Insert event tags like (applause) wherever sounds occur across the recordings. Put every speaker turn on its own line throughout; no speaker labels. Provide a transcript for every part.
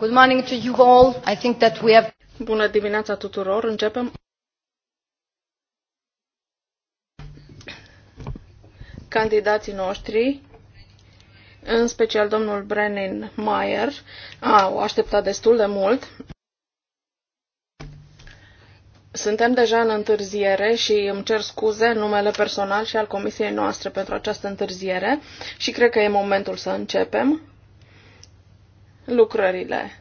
Good morning to you all. I think that we have... Bună dimineața tuturor. Începem. Candidații noștri, în special domnul Brennan Mayer, au așteptat destul de mult. Suntem deja în întârziere și îmi cer scuze în numele personal și al comisiei noastre pentru această întârziere și cred că e momentul să începem lucrările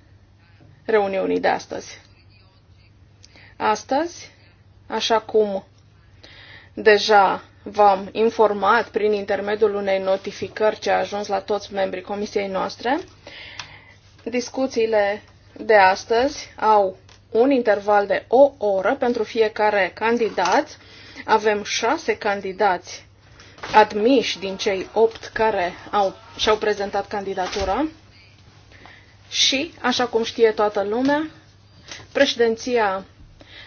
reuniunii de astăzi. Astăzi, așa cum deja v-am informat prin intermediul unei notificări ce a ajuns la toți membrii comisiei noastre, discuțiile de astăzi au un interval de o oră pentru fiecare candidat. Avem șase candidați admiși din cei opt care au, și-au prezentat candidatura. Și, așa cum știe toată lumea, președinția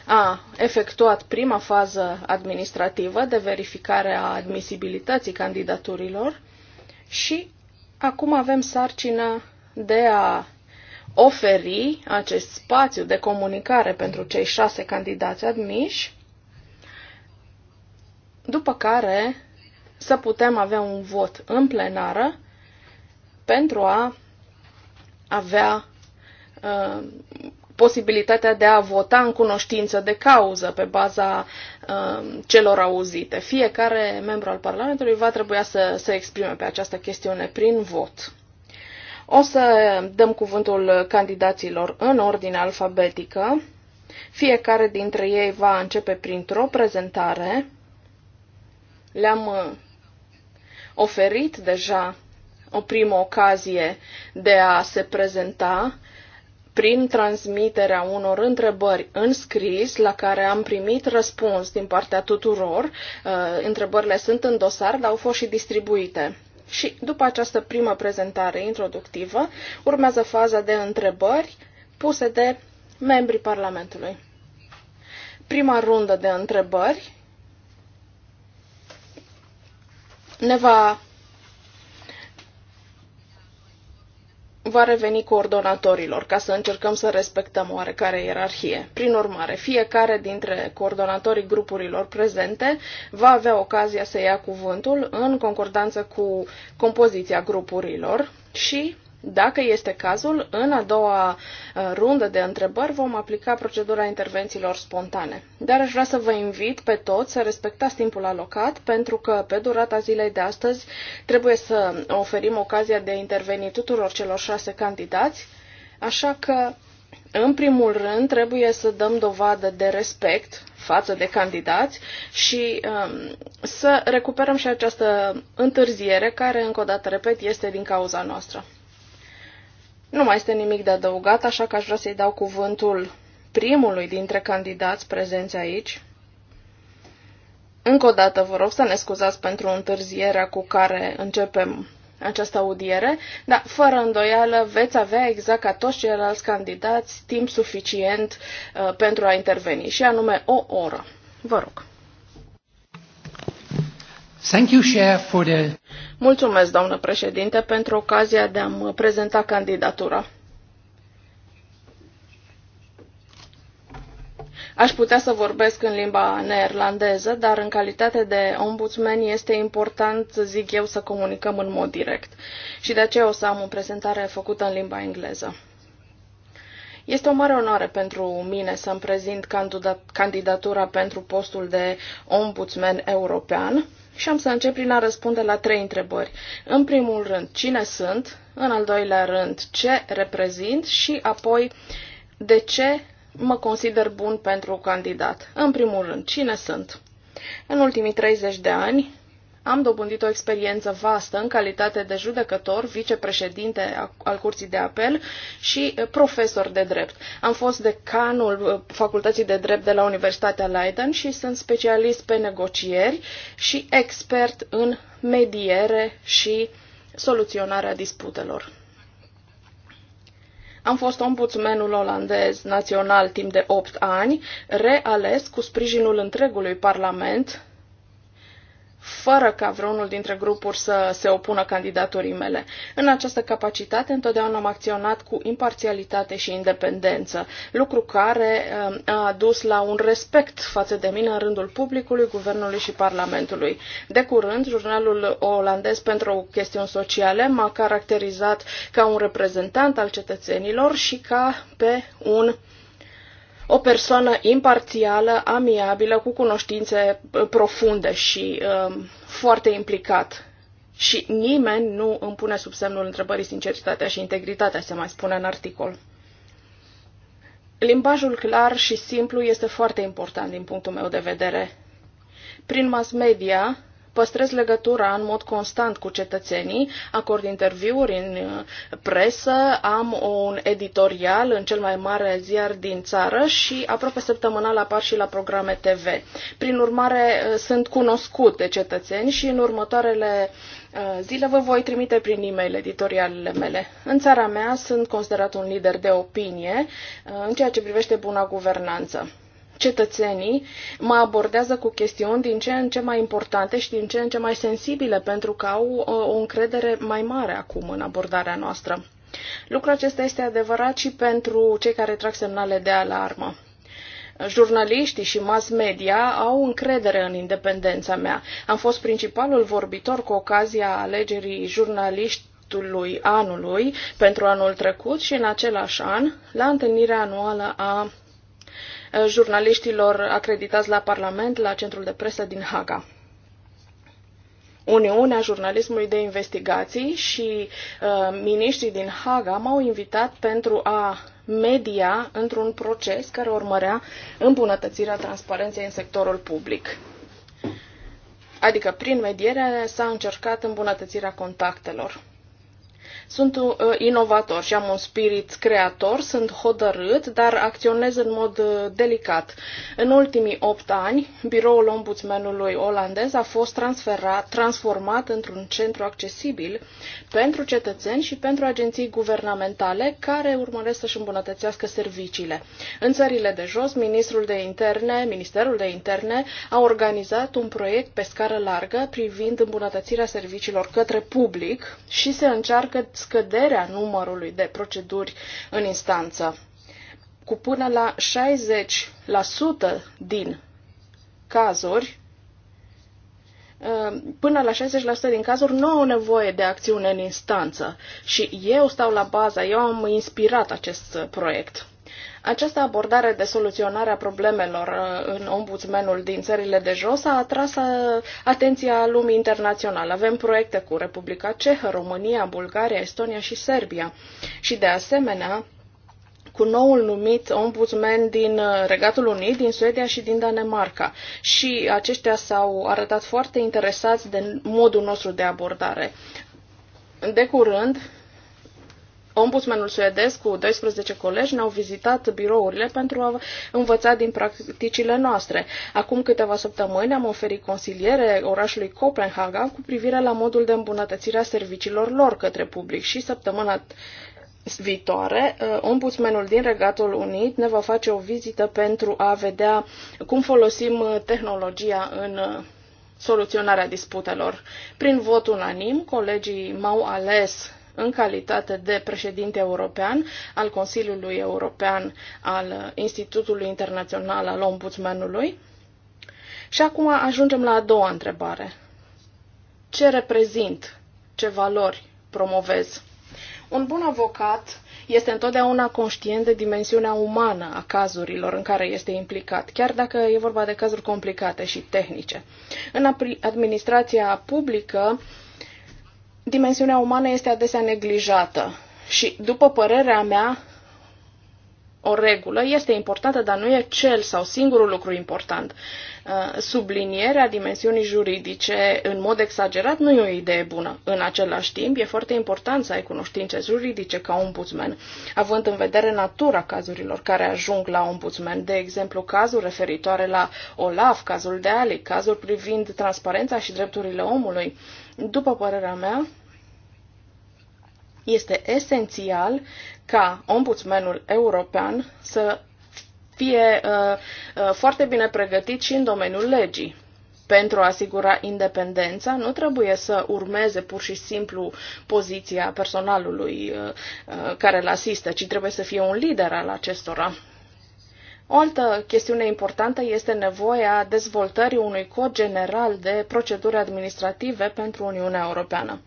a efectuat prima fază administrativă de verificare a admisibilității candidaturilor și acum avem sarcina de a oferi acest spațiu de comunicare pentru cei șase candidați admiși, după care să putem avea un vot în plenară pentru a avea uh, posibilitatea de a vota în cunoștință de cauză pe baza uh, celor auzite. Fiecare membru al Parlamentului va trebui să se exprime pe această chestiune prin vot. O să dăm cuvântul candidaților în ordine alfabetică. Fiecare dintre ei va începe printr-o prezentare. Le-am uh, oferit deja o primă ocazie de a se prezenta prin transmiterea unor întrebări în scris la care am primit răspuns din partea tuturor. Uh, întrebările sunt în dosar, dar au fost și distribuite. Și după această primă prezentare introductivă, urmează faza de întrebări puse de membrii Parlamentului. Prima rundă de întrebări ne va va reveni coordonatorilor ca să încercăm să respectăm oarecare ierarhie. Prin urmare, fiecare dintre coordonatorii grupurilor prezente va avea ocazia să ia cuvântul în concordanță cu compoziția grupurilor și dacă este cazul, în a doua uh, rundă de întrebări vom aplica procedura intervențiilor spontane. Dar aș vrea să vă invit pe toți să respectați timpul alocat, pentru că pe durata zilei de astăzi trebuie să oferim ocazia de a interveni tuturor celor șase candidați, așa că, în primul rând, trebuie să dăm dovadă de respect față de candidați și um, să recuperăm și această întârziere care, încă o dată, repet, este din cauza noastră. Nu mai este nimic de adăugat, așa că aș vrea să-i dau cuvântul primului dintre candidați prezenți aici. Încă o dată vă rog să ne scuzați pentru întârzierea cu care începem această audiere, dar fără îndoială veți avea exact ca toți ceilalți candidați timp suficient uh, pentru a interveni, și anume o oră. Vă rog. Mulțumesc, doamnă președinte, pentru ocazia de a-mi prezenta candidatura. Aș putea să vorbesc în limba neerlandeză, dar în calitate de ombudsman este important, zic eu, să comunicăm în mod direct. Și de aceea o să am o prezentare făcută în limba engleză. Este o mare onoare pentru mine să-mi prezint candidatura pentru postul de ombudsman european și am să încep prin a răspunde la trei întrebări. În primul rând, cine sunt? În al doilea rând, ce reprezint? Și apoi, de ce mă consider bun pentru candidat? În primul rând, cine sunt? În ultimii 30 de ani am dobândit o experiență vastă în calitate de judecător, vicepreședinte al Curții de Apel și eh, profesor de drept. Am fost decanul eh, Facultății de Drept de la Universitatea Leiden și sunt specialist pe negocieri și expert în mediere și soluționarea disputelor. Am fost ombudsmenul olandez național timp de 8 ani, reales cu sprijinul întregului Parlament fără ca vreunul dintre grupuri să se opună candidaturii mele. În această capacitate întotdeauna am acționat cu imparțialitate și independență, lucru care um, a dus la un respect față de mine în rândul publicului, guvernului și Parlamentului. De curând, jurnalul olandez pentru chestiuni sociale m-a caracterizat ca un reprezentant al cetățenilor și ca pe un o persoană imparțială, amiabilă, cu cunoștințe uh, profunde și uh, foarte implicat. Și nimeni nu îmi pune sub semnul întrebării sinceritatea și integritatea, se mai spune în articol. Limbajul clar și simplu este foarte important din punctul meu de vedere. Prin mass media, păstrez legătura în mod constant cu cetățenii, acord interviuri în uh, presă, am un editorial în cel mai mare ziar din țară și aproape săptămânal apar și la programe TV. Prin urmare, uh, sunt cunoscut de cetățeni și în următoarele uh, zile vă voi trimite prin e-mail editorialele mele. În țara mea sunt considerat un lider de opinie în ceea ce privește buna guvernanță cetățenii mă abordează cu chestiuni din ce în ce mai importante și din ce în ce mai sensibile, pentru că au o, uh, o încredere mai mare acum în abordarea noastră. Lucrul acesta este adevărat și pentru cei care trag semnale de alarmă jurnaliștii și mass media au încredere în independența mea. Am fost principalul vorbitor cu ocazia alegerii jurnaliștului anului pentru anul trecut și în același an la întâlnirea anuală a Eh, jurnaliștilor acreditați la Parlament, la centrul de presă din Haga. Uniunea Jurnalismului de Investigații și uh, miniștrii din Haga m-au invitat pentru a media într-un proces care urmărea îmbunătățirea transparenței în sectorul public. Adică prin mediere s-a încercat îmbunătățirea contactelor. Sunt uh, inovator și am un spirit creator, sunt hotărât, dar acționez în mod uh, delicat. În ultimii opt ani, biroul ombudsmanului olandez a fost transferat, transformat într-un centru accesibil pentru cetățeni și pentru agenții guvernamentale care urmăresc să-și îmbunătățească serviciile. În țările de jos, ministrul de interne, Ministerul de Interne a organizat un proiect pe scară largă privind îmbunătățirea serviciilor către public și se încearcă scăderea numărului de proceduri în instanță cu până la 60% din cazuri uh, până la 60% din cazuri nu au nevoie de acțiune în instanță. Și eu stau la baza, eu am inspirat acest proiect. Această abordare de soluționare a problemelor uh, în ombudsmenul din țările de jos a atras uh, atenția lumii internaționale. Avem proiecte cu Republica Cehă, România, Bulgaria, Estonia și Serbia. Și de asemenea, cu noul numit ombudsman din uh, Regatul Unit, din Suedia și din Danemarca. Și aceștia s-au arătat foarte interesați de modul nostru de abordare. De curând, Ombudsmanul suedez cu 12 colegi ne-au vizitat birourile pentru a învăța din practicile noastre. Acum câteva săptămâni am oferit consiliere orașului Copenhaga cu privire la modul de îmbunătățire a serviciilor lor către public și săptămâna viitoare, uh, ombudsmanul din Regatul Unit ne va face o vizită pentru a vedea cum folosim uh, tehnologia în uh, soluționarea disputelor. Prin vot unanim, colegii m-au ales în calitate de președinte european al Consiliului European al Institutului Internațional al Ombudsmanului. Și acum ajungem la a doua întrebare. Ce reprezint? Ce valori promovez? Un bun avocat este întotdeauna conștient de dimensiunea umană a cazurilor în care este implicat, chiar dacă e vorba de cazuri complicate și tehnice. În administrația publică, dimensiunea umană este adesea neglijată și, după părerea mea, o regulă este importantă, dar nu e cel sau singurul lucru important. Uh, sublinierea dimensiunii juridice în mod exagerat nu e o idee bună. În același timp, e foarte important să ai cunoștințe juridice ca ombudsman, având în vedere natura cazurilor care ajung la ombudsman, de exemplu cazul referitoare la OLAF, cazul de Ali, cazul privind transparența și drepturile omului după părerea mea, este esențial ca ombudsmanul european să fie uh, uh, foarte bine pregătit și în domeniul legii. Pentru a asigura independența, nu trebuie să urmeze pur și simplu poziția personalului uh, uh care îl asistă, ci trebuie să fie un lider al acestora. O altă chestiune importantă este nevoia dezvoltării unui cod general de proceduri administrative pentru Uniunea Europeană.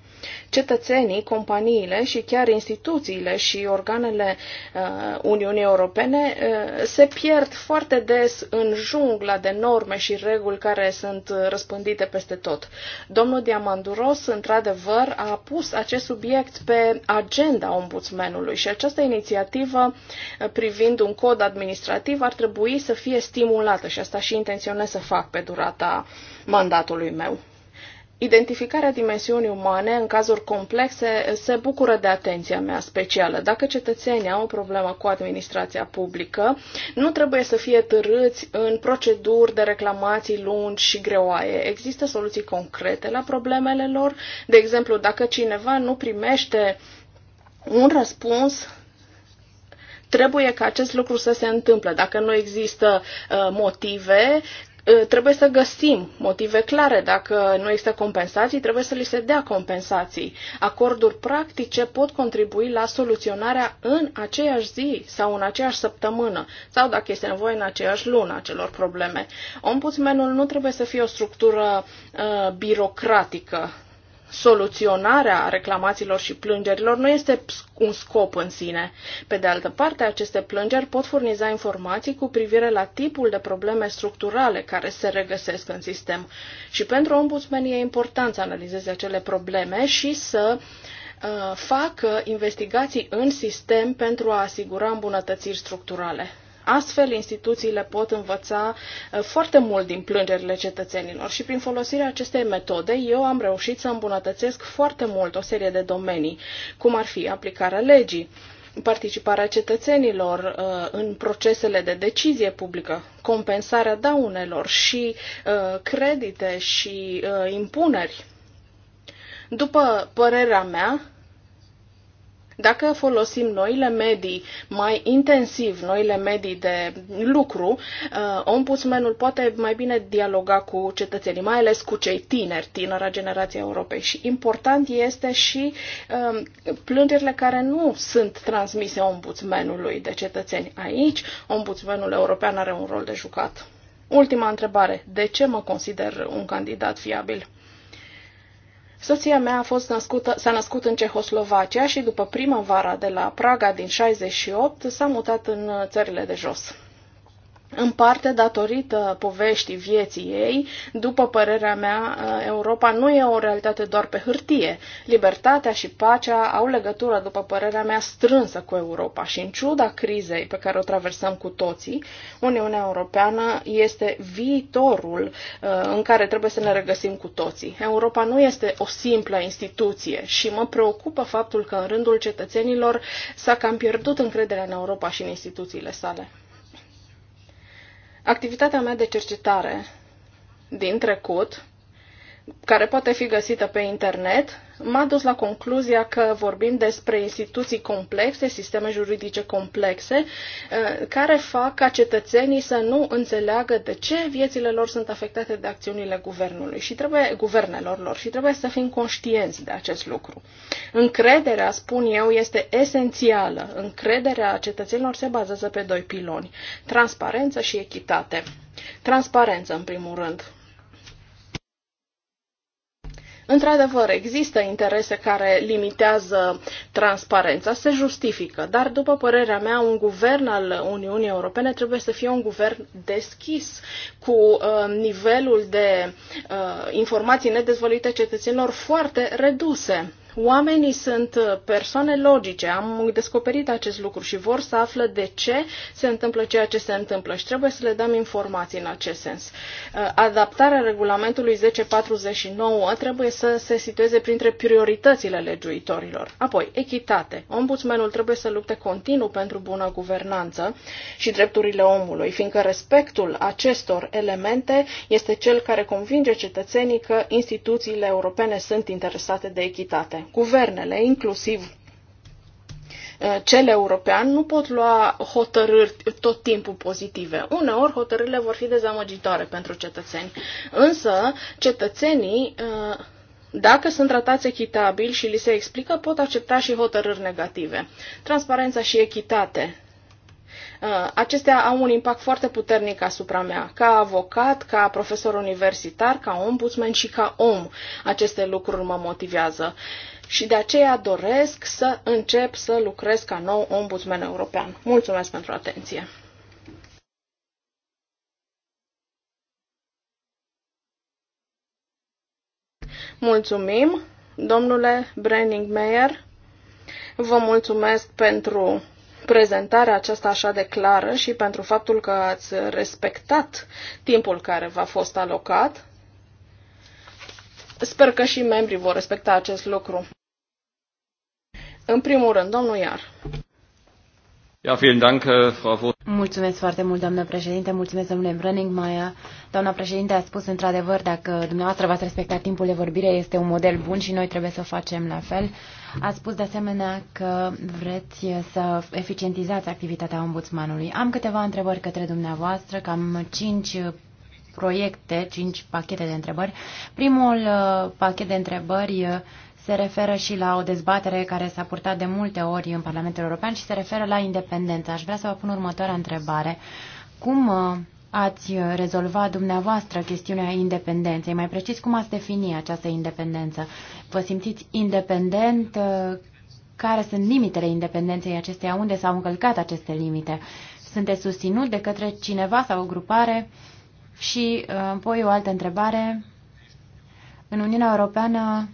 Cetățenii, companiile și chiar instituțiile și organele uh, Uniunii Europene uh, se pierd foarte des în jungla de norme și reguli care sunt răspândite peste tot. Domnul Diamanduros, într-adevăr, a pus acest subiect pe agenda ombudsmenului și această inițiativă uh, privind un cod administrativ ar trebui să fie stimulată și asta și intenționez să fac pe durata mandatului meu. Identificarea dimensiunii umane în cazuri complexe se bucură de atenția mea specială. Dacă cetățenii au o problemă cu administrația publică, nu trebuie să fie târâți în proceduri de reclamații lungi și greoaie. Există soluții concrete la problemele lor. De exemplu, dacă cineva nu primește un răspuns trebuie ca acest lucru să se întâmple. Dacă nu există uh, motive Uh, trebuie să găsim motive clare. Dacă nu există compensații, trebuie să li se dea compensații. Acorduri practice pot contribui la soluționarea în aceeași zi sau în aceeași săptămână sau, dacă este nevoie, în aceeași lună acelor celor probleme. Ombudsmanul nu trebuie să fie o structură uh, birocratică soluționarea reclamațiilor și plângerilor nu este un scop în sine. Pe de altă parte, aceste plângeri pot furniza informații cu privire la tipul de probleme structurale care se regăsesc în sistem. Și pentru ombudsman e important să analizeze acele probleme și să uh, facă investigații în sistem pentru a asigura îmbunătățiri structurale. Astfel, instituțiile pot învăța uh, foarte mult din plângerile cetățenilor și prin folosirea acestei metode eu am reușit să îmbunătățesc foarte mult o serie de domenii, cum ar fi aplicarea legii, participarea cetățenilor uh, în procesele de decizie publică, compensarea daunelor și uh, credite și impuneri. După părerea mea, dacă folosim noile medii mai intensiv, noile medii de lucru, uh, ombudsmanul poate mai bine dialoga cu cetățenii, mai ales cu cei tineri, tinera generație Europei. Și important este și um, plângerile care nu sunt transmise ombudsmanului de cetățeni. Aici, ombudsmanul european are un rol de jucat. Ultima întrebare. De ce mă consider un candidat fiabil? Soția mea a fost născută, s-a născut în Cehoslovacia și după primăvara de la Praga din 68 s-a mutat în țările de jos în parte datorită poveștii vieții ei, după părerea mea, uh, Europa nu e o realitate doar pe hârtie. Libertatea și pacea au legătură, după părerea mea, strânsă cu Europa și în ciuda crizei pe care o traversăm cu toții, Uniunea Europeană este viitorul uh, în care trebuie să ne regăsim cu toții. Europa nu este o simplă instituție și mă preocupă faptul că în rândul cetățenilor s-a cam pierdut încrederea în Europa și în instituțiile sale. Activitatea mea de cercetare din trecut, care poate fi găsită pe internet, m-a dus la concluzia că vorbim despre instituții complexe, sisteme juridice complexe, eh, care fac ca cetățenii să nu înțeleagă de ce viețile lor sunt afectate de acțiunile guvernului și trebuie, guvernelor lor și trebuie să fim conștienți de acest lucru. Încrederea, spun eu, este esențială. Încrederea cetățenilor se bazează pe doi piloni, transparență și echitate. Transparență, în primul rând Într-adevăr, există interese care limitează transparența, se justifică, dar, după părerea mea, un guvern al Uniunii Europene trebuie să fie un guvern deschis, cu uh, nivelul de uh, informații nedezvăluite cetățenilor foarte reduse. Oamenii sunt uh, persoane logice, am descoperit acest lucru și vor să află de ce se întâmplă ceea ce se întâmplă și trebuie să le dăm informații în acest sens. Uh, adaptarea regulamentului 1049 trebuie să se situeze printre prioritățile legiuitorilor. Apoi, echitate. Ombudsmanul trebuie să lupte continuu pentru bună guvernanță și drepturile omului, fiindcă respectul acestor elemente este cel care convinge cetățenii că instituțiile europene sunt interesate de echitate. Guvernele, inclusiv uh, cel european, nu pot lua hotărâri tot timpul pozitive. Uneori hotărârile vor fi dezamăgitoare pentru cetățeni, însă cetățenii uh, dacă sunt tratați echitabil și li se explică, pot accepta și hotărâri negative. Transparența și echitate. Uh, acestea au un impact foarte puternic asupra mea, ca avocat, ca profesor universitar, ca ombudsman și ca om. Aceste lucruri mă motivează și de aceea doresc să încep să lucrez ca nou ombudsman european. Mulțumesc pentru atenție! Mulțumim, domnule Brenning Meyer. Vă mulțumesc pentru prezentarea aceasta așa de clară și pentru faptul că ați respectat timpul care v-a fost alocat. Sper că și membrii vor respecta acest lucru. În primul rând, domnul Iar.
Ja,
vielen Dank, äh, Frau
Mulțumesc foarte mult, doamnă președinte. Mulțumesc, domnule Brunning. Maia. Doamna președinte a spus, într-adevăr, dacă dumneavoastră v-ați respectat timpul de vorbire, este un model bun și noi trebuie să o facem la fel. A spus, de asemenea, că vreți să eficientizați activitatea ombudsmanului. Am câteva întrebări către dumneavoastră, cam cinci proiecte, cinci pachete de întrebări. Primul uh, pachet de întrebări uh, se referă și la o dezbatere care s-a purtat de multe ori în Parlamentul European și se referă la independență. Aș vrea să vă pun următoarea întrebare. Cum uh, ați rezolvat dumneavoastră chestiunea independenței? Mai precis, cum ați defini această independență? Vă simțiți independent? Uh, care sunt limitele independenței acesteia? Unde s-au încălcat aceste limite? Sunteți susținut de către cineva sau o grupare? Și uh, apoi o altă întrebare. În Uniunea Europeană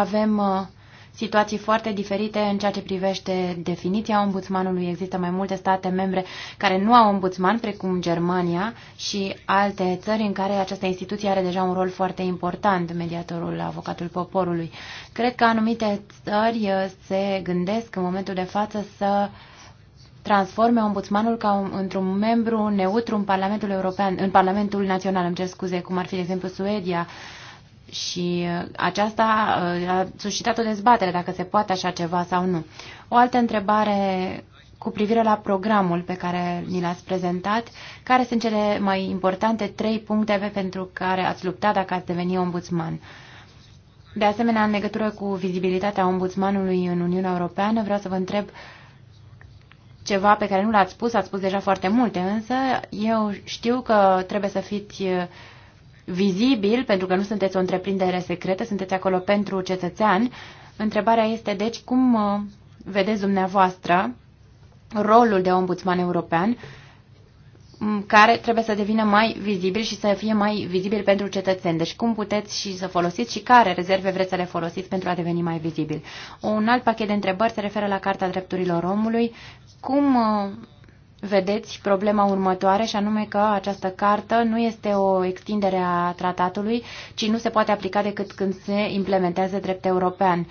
avem uh, situații foarte diferite în ceea ce privește definiția ombudsmanului. Există mai multe state membre care nu au ombudsman, precum Germania și alte țări în care această instituție are deja un rol foarte important, mediatorul, avocatul poporului. Cred că anumite țări uh, se gândesc în momentul de față să transforme ombudsmanul ca un, într-un membru neutru în Parlamentul European, în Parlamentul Național, îmi cer scuze, cum ar fi, de exemplu, Suedia și uh, aceasta uh, a suscitat o dezbatere dacă se poate așa ceva sau nu. O altă întrebare cu privire la programul pe care ni l-ați prezentat, care sunt cele mai importante trei puncte pentru care ați luptat dacă ați deveni ombudsman? De asemenea, în legătură cu vizibilitatea ombudsmanului în Uniunea Europeană, vreau să vă întreb ceva pe care nu l-ați spus, ați spus deja foarte multe, însă eu știu că trebuie să fiți uh, vizibil, pentru că nu sunteți o întreprindere secretă, sunteți acolo pentru cetățean. Întrebarea este, deci, cum uh, vedeți dumneavoastră rolul de ombudsman european care trebuie să devină mai vizibil și să fie mai vizibil pentru cetățeni. Deci cum puteți și să folosiți și care rezerve vreți să le folosiți pentru a deveni mai vizibil. Un alt pachet de întrebări se referă la Carta Drepturilor Omului. Cum uh, vedeți problema următoare și anume că această cartă nu este o extindere a tratatului, ci nu se poate aplica decât când se implementează drept european.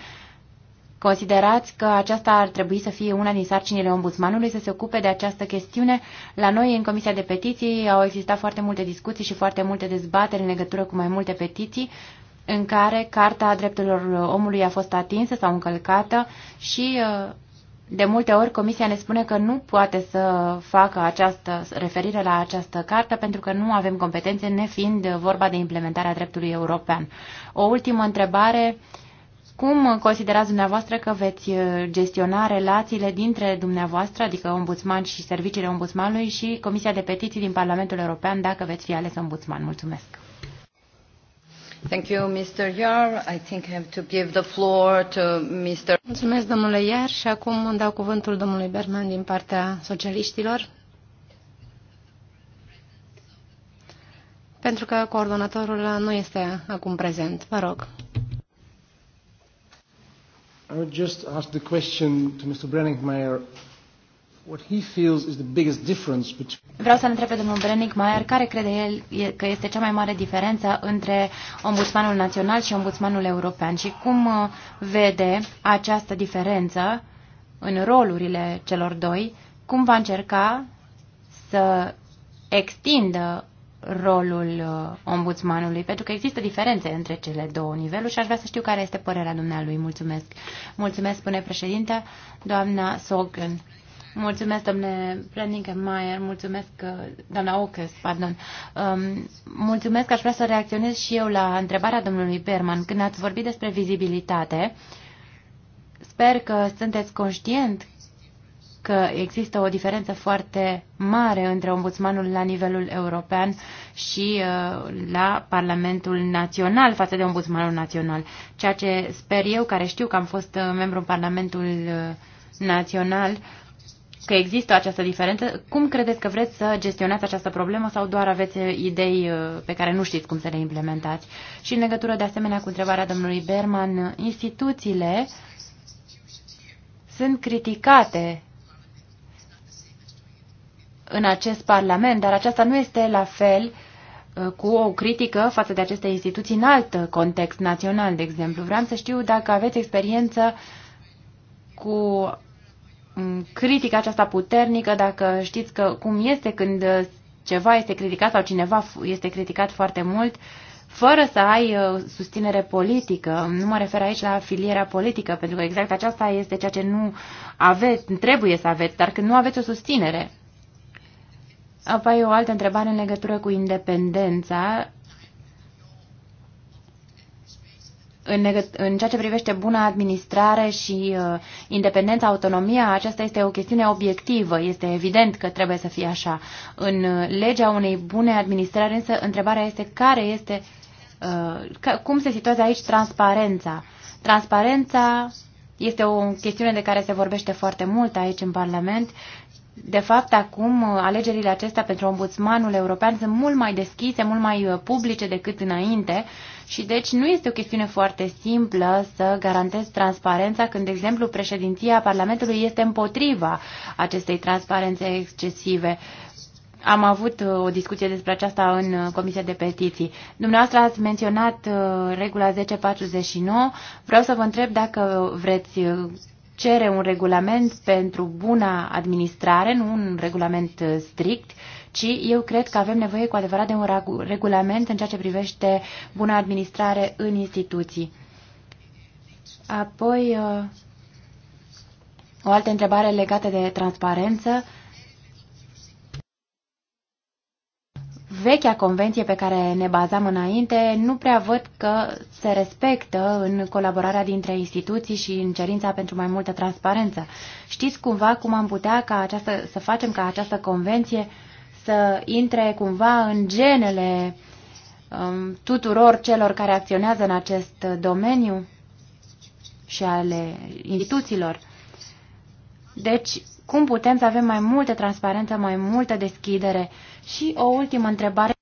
Considerați că aceasta ar trebui să fie una din sarcinile ombudsmanului să se ocupe de această chestiune? La noi, în Comisia de Petiții, au existat foarte multe discuții și foarte multe dezbateri în legătură cu mai multe petiții în care Carta Drepturilor Omului a fost atinsă sau încălcată și uh, de multe ori Comisia ne spune că nu poate să facă această referire la această carte pentru că nu avem competențe nefiind vorba de implementarea dreptului european. O ultimă întrebare. Cum considerați dumneavoastră că veți gestiona relațiile dintre dumneavoastră, adică ombudsman și serviciile ombudsmanului și Comisia de Petiții din Parlamentul European, dacă veți fi ales ombudsman? Mulțumesc! Yar.
Mulțumesc, domnule Iar, și acum îmi dau cuvântul domnului Berman din partea socialiștilor. Pentru că coordonatorul nu este acum prezent. Vă rog.
I would just ask the question to Mr. Brenningmeier
Vreau să-l întreb pe domnul Brennick Mayer care crede el că este cea mai mare diferență între ombudsmanul național și ombudsmanul european și cum uh, vede această diferență în rolurile celor doi, cum va încerca să extindă rolul uh, ombudsmanului, pentru că există diferențe între cele două niveluri și aș vrea să știu care este părerea dumnealui. Mulțumesc. Mulțumesc, spune președinte, doamna Sogan. Mulțumesc, domnule Plenninger-Meyer, mulțumesc, uh, doamna Ocas, pardon. Um, mulțumesc, aș vrea să reacționez și eu la întrebarea domnului Berman. Când ați vorbit despre vizibilitate, sper că sunteți conștient că există o diferență foarte mare între ombudsmanul la nivelul european și uh, la Parlamentul Național față de ombudsmanul național. Ceea ce sper eu, care știu că am fost uh, membru în Parlamentul uh, Național, că există această diferență. Cum credeți că vreți să gestionați această problemă sau doar aveți idei uh, pe care nu știți cum să le implementați? Și în legătură de asemenea cu întrebarea domnului Berman, instituțiile sunt criticate în acest Parlament, dar aceasta nu este la fel uh, cu o critică față de aceste instituții în alt context național, de exemplu. Vreau să știu dacă aveți experiență cu Mm, critica aceasta puternică, dacă știți că cum este când ceva este criticat sau cineva este criticat foarte mult, fără să ai uh, susținere politică. Nu mă refer aici la filiera politică, pentru că exact aceasta este ceea ce nu aveți, trebuie să aveți, dar când nu aveți o susținere. Apoi o altă întrebare în legătură cu independența în, în ceea ce privește buna administrare și uh, independența, autonomia, aceasta este o chestiune obiectivă. Este evident că trebuie să fie așa. În uh, legea unei bune administrare, însă, întrebarea este care este, uh, ca, cum se situează aici transparența. Transparența este o chestiune de care se vorbește foarte mult aici în Parlament. De fapt, acum uh, alegerile acestea pentru ombudsmanul european sunt mult mai deschise, mult mai uh, publice decât înainte. Uh, și deci nu este o chestiune foarte simplă să garantezi transparența când, de exemplu, președinția Parlamentului este împotriva acestei transparențe excesive. Am avut uh, o discuție despre aceasta în uh, Comisia de Petiții. Dumneavoastră ați menționat uh, regula 1049. Vreau să vă întreb dacă vreți cere un regulament pentru buna administrare, nu un regulament strict, ci eu cred că avem nevoie cu adevărat de un regulament în ceea ce privește buna administrare în instituții. Apoi, uh, o altă întrebare legată de transparență. Vechea convenție pe care ne bazam înainte nu prea văd că se respectă în colaborarea dintre instituții și în cerința pentru mai multă transparență. Știți cumva cum am putea ca această, să facem ca această convenție să intre cumva în genele um, tuturor celor care acționează în acest domeniu și ale instituțiilor. Deci, cum putem să avem mai multă transparență, mai multă deschidere? Și o ultimă întrebare.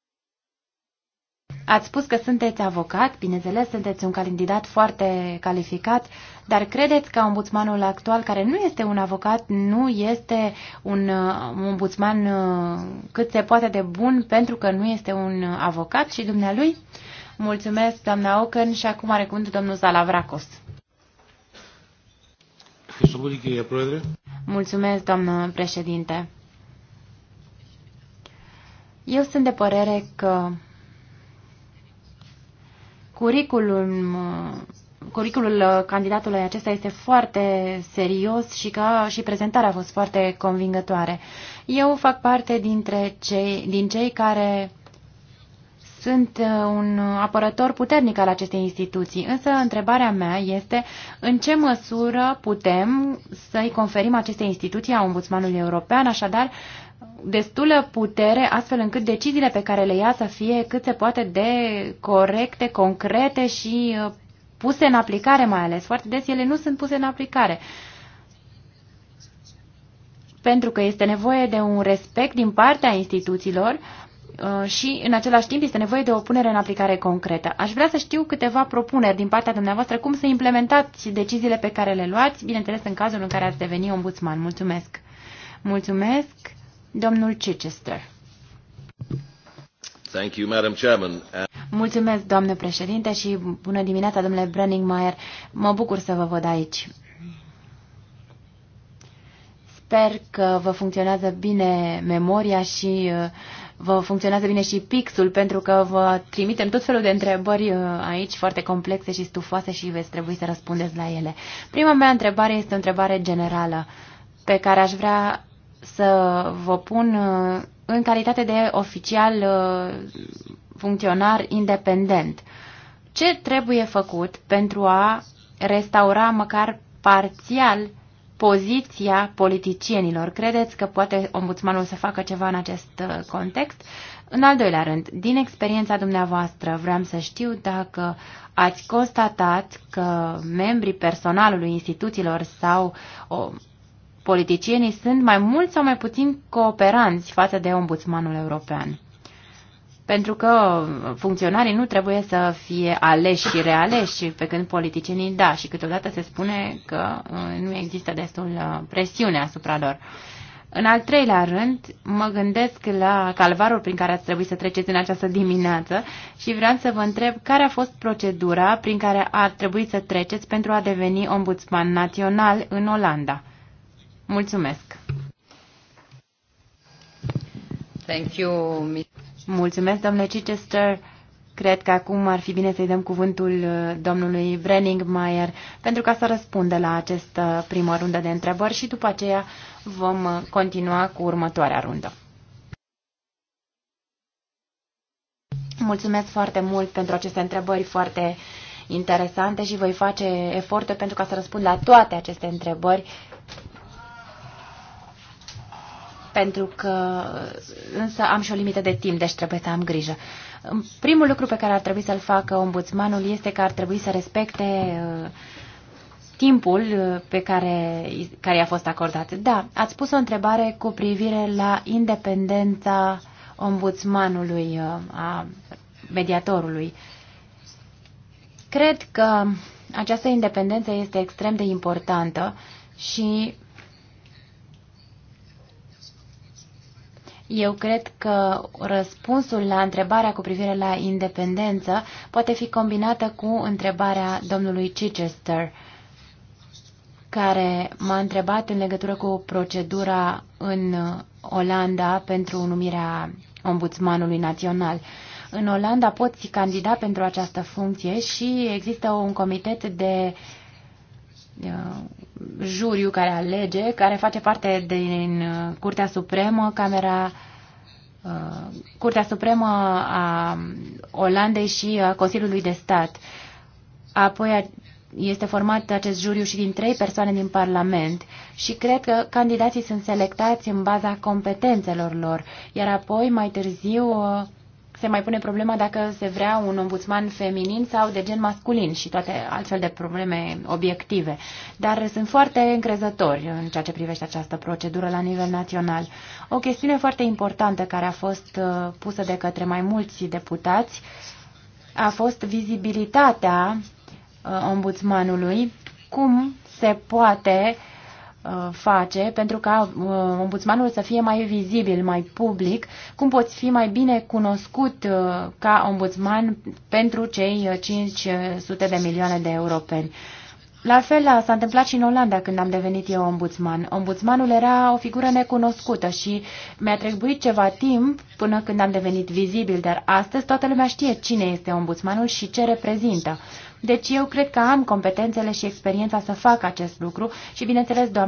Ați spus că sunteți avocat, bineînțeles, sunteți un candidat foarte calificat. Dar credeți că ombudsmanul actual, care nu este un avocat, nu este un uh, ombudsman uh, cât se poate de bun pentru că nu este un avocat și dumnealui? Mulțumesc, doamna Ocăn, și acum are cuvântul domnul Zalavracos. Mulțumesc, doamnă președinte. Eu sunt de părere că curriculum uh, Curiculul uh, candidatului acesta este foarte serios și ca și prezentarea a fost foarte convingătoare. Eu fac parte dintre cei, din cei care sunt uh, un apărător puternic al acestei instituții, însă întrebarea mea este în ce măsură putem să-i conferim acestei instituții a Ombudsmanului European, așadar destulă putere astfel încât deciziile pe care le ia să fie cât se poate de corecte, concrete și uh, puse în aplicare mai ales. Foarte des ele nu sunt puse în aplicare. Pentru că este nevoie de un respect din partea instituțiilor uh, și, în același timp, este nevoie de o punere în aplicare concretă. Aș vrea să știu câteva propuneri din partea dumneavoastră cum să implementați deciziile pe care le luați, bineînțeles în cazul în care ați deveni ombudsman. Mulțumesc! Mulțumesc, domnul Chichester! Mulțumesc, doamnă președinte, și bună dimineața, domnule Brenningmeier. Mă bucur să vă văd aici. Sper că vă funcționează bine memoria și uh, vă funcționează bine și pixul, pentru că vă trimitem tot felul de întrebări uh, aici foarte complexe și stufoase și veți trebui să răspundeți la ele. Prima mea întrebare este o întrebare generală pe care aș vrea să vă pun uh, în calitate de oficial uh, funcționar independent. Ce trebuie făcut pentru a restaura măcar parțial poziția politicienilor? Credeți că poate ombudsmanul să facă ceva în acest uh, context? În al doilea rând, din experiența dumneavoastră, vreau să știu dacă ați constatat că membrii personalului instituțiilor sau politicienii sunt mai mult sau mai puțin cooperanți față de ombudsmanul european. Pentru că funcționarii nu trebuie să fie aleși și realeși, pe când politicienii da, și câteodată se spune că uh, nu există destul uh, presiune asupra lor. În al treilea rând, mă gândesc la calvarul prin care ați trebuit să treceți în această dimineață și vreau să vă întreb care a fost procedura prin care a trebuit să treceți pentru a deveni ombudsman național în Olanda. Mulțumesc! Thank you, Mulțumesc, domnule Chichester. Cred că acum ar fi bine să-i dăm cuvântul uh, domnului Brenning Mayer pentru ca să răspundă la această uh, primă rundă de întrebări și după aceea vom uh, continua cu următoarea rundă. Mulțumesc foarte mult pentru aceste întrebări foarte interesante și voi face eforturi pentru ca să răspund la toate aceste întrebări pentru că însă am și o limită de timp, deci trebuie să am grijă. Primul lucru pe care ar trebui să-l facă ombudsmanul este că ar trebui să respecte uh, timpul uh, pe care, care i-a fost acordat. Da, ați pus o întrebare cu privire la independența ombudsmanului, uh, a mediatorului. Cred că această independență este extrem de importantă și Eu cred că răspunsul la întrebarea cu privire la independență poate fi combinată cu întrebarea domnului Chichester, care m-a întrebat în legătură cu procedura în Olanda pentru numirea ombudsmanului național. În Olanda poți candida pentru această funcție și există un comitet de uh, Uh, juriu care alege, care face parte din uh, Curtea Supremă, Camera uh, Curtea Supremă a Olandei și a Consiliului de Stat. Apoi este format acest juriu și din trei persoane din Parlament și cred că candidații sunt selectați în baza competențelor lor, iar apoi mai târziu se mai pune problema dacă se vrea un ombudsman feminin sau de gen masculin și toate altfel de probleme obiective. Dar sunt foarte încrezători în ceea ce privește această procedură la nivel național. O chestiune foarte importantă care a fost uh, pusă de către mai mulți deputați a fost vizibilitatea uh, ombudsmanului, cum se poate uh, Uh, face pentru ca uh, ombudsmanul să fie mai vizibil, mai public, cum poți fi mai bine cunoscut uh, ca ombudsman pentru cei 500 de milioane de europeni. La fel s-a întâmplat și în Olanda când am devenit eu ombudsman. Ombudsmanul era o figură necunoscută și mi-a trebuit ceva timp până când am devenit vizibil, dar astăzi toată lumea știe cine este ombudsmanul și ce reprezintă. Deci eu cred că am competențele și experiența să fac acest lucru și, bineînțeles, că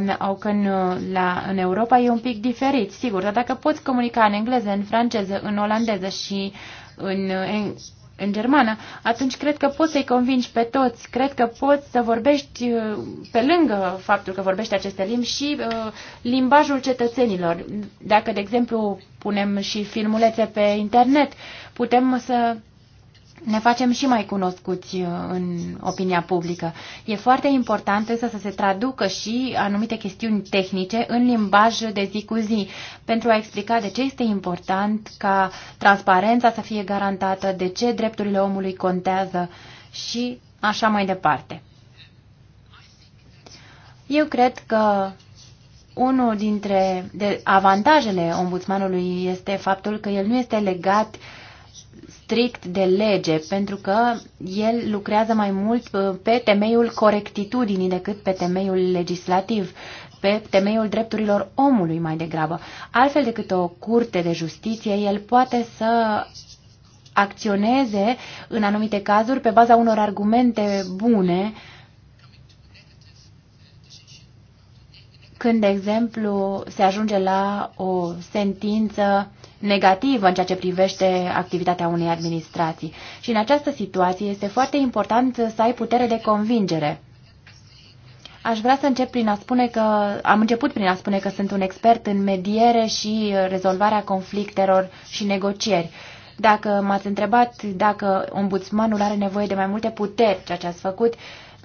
în, uh, la, în Europa e un pic diferit, sigur, dar dacă poți comunica în engleză, în franceză, în olandeză și în, uh, în în germană, atunci cred că poți să-i convingi pe toți, cred că poți să vorbești uh, pe lângă faptul că vorbești aceste limbi și uh, limbajul cetățenilor. Dacă, de exemplu, punem și filmulețe pe internet, putem să ne facem și mai cunoscuți uh, în opinia publică. E foarte important însă să se traducă și anumite chestiuni tehnice în limbaj de zi cu zi, pentru a explica de ce este important ca transparența să fie garantată, de ce drepturile omului contează și așa mai departe. Eu cred că unul dintre avantajele ombudsmanului este faptul că el nu este legat uh, strict de lege, pentru că el lucrează mai mult uh, pe temeiul corectitudinii decât pe temeiul legislativ, pe temeiul drepturilor omului mai degrabă. Altfel decât o curte de justiție, el poate să acționeze în anumite cazuri pe baza unor argumente bune, când, de exemplu, se ajunge la o sentință negativă în ceea ce privește activitatea unei administrații. Și în această situație este foarte important să ai putere de convingere. Aș vrea să încep prin a spune că am început prin a spune că sunt un expert în mediere și rezolvarea conflictelor și negocieri. Dacă m-ați întrebat dacă ombudsmanul are nevoie de mai multe puteri, ceea ce ați făcut, uh,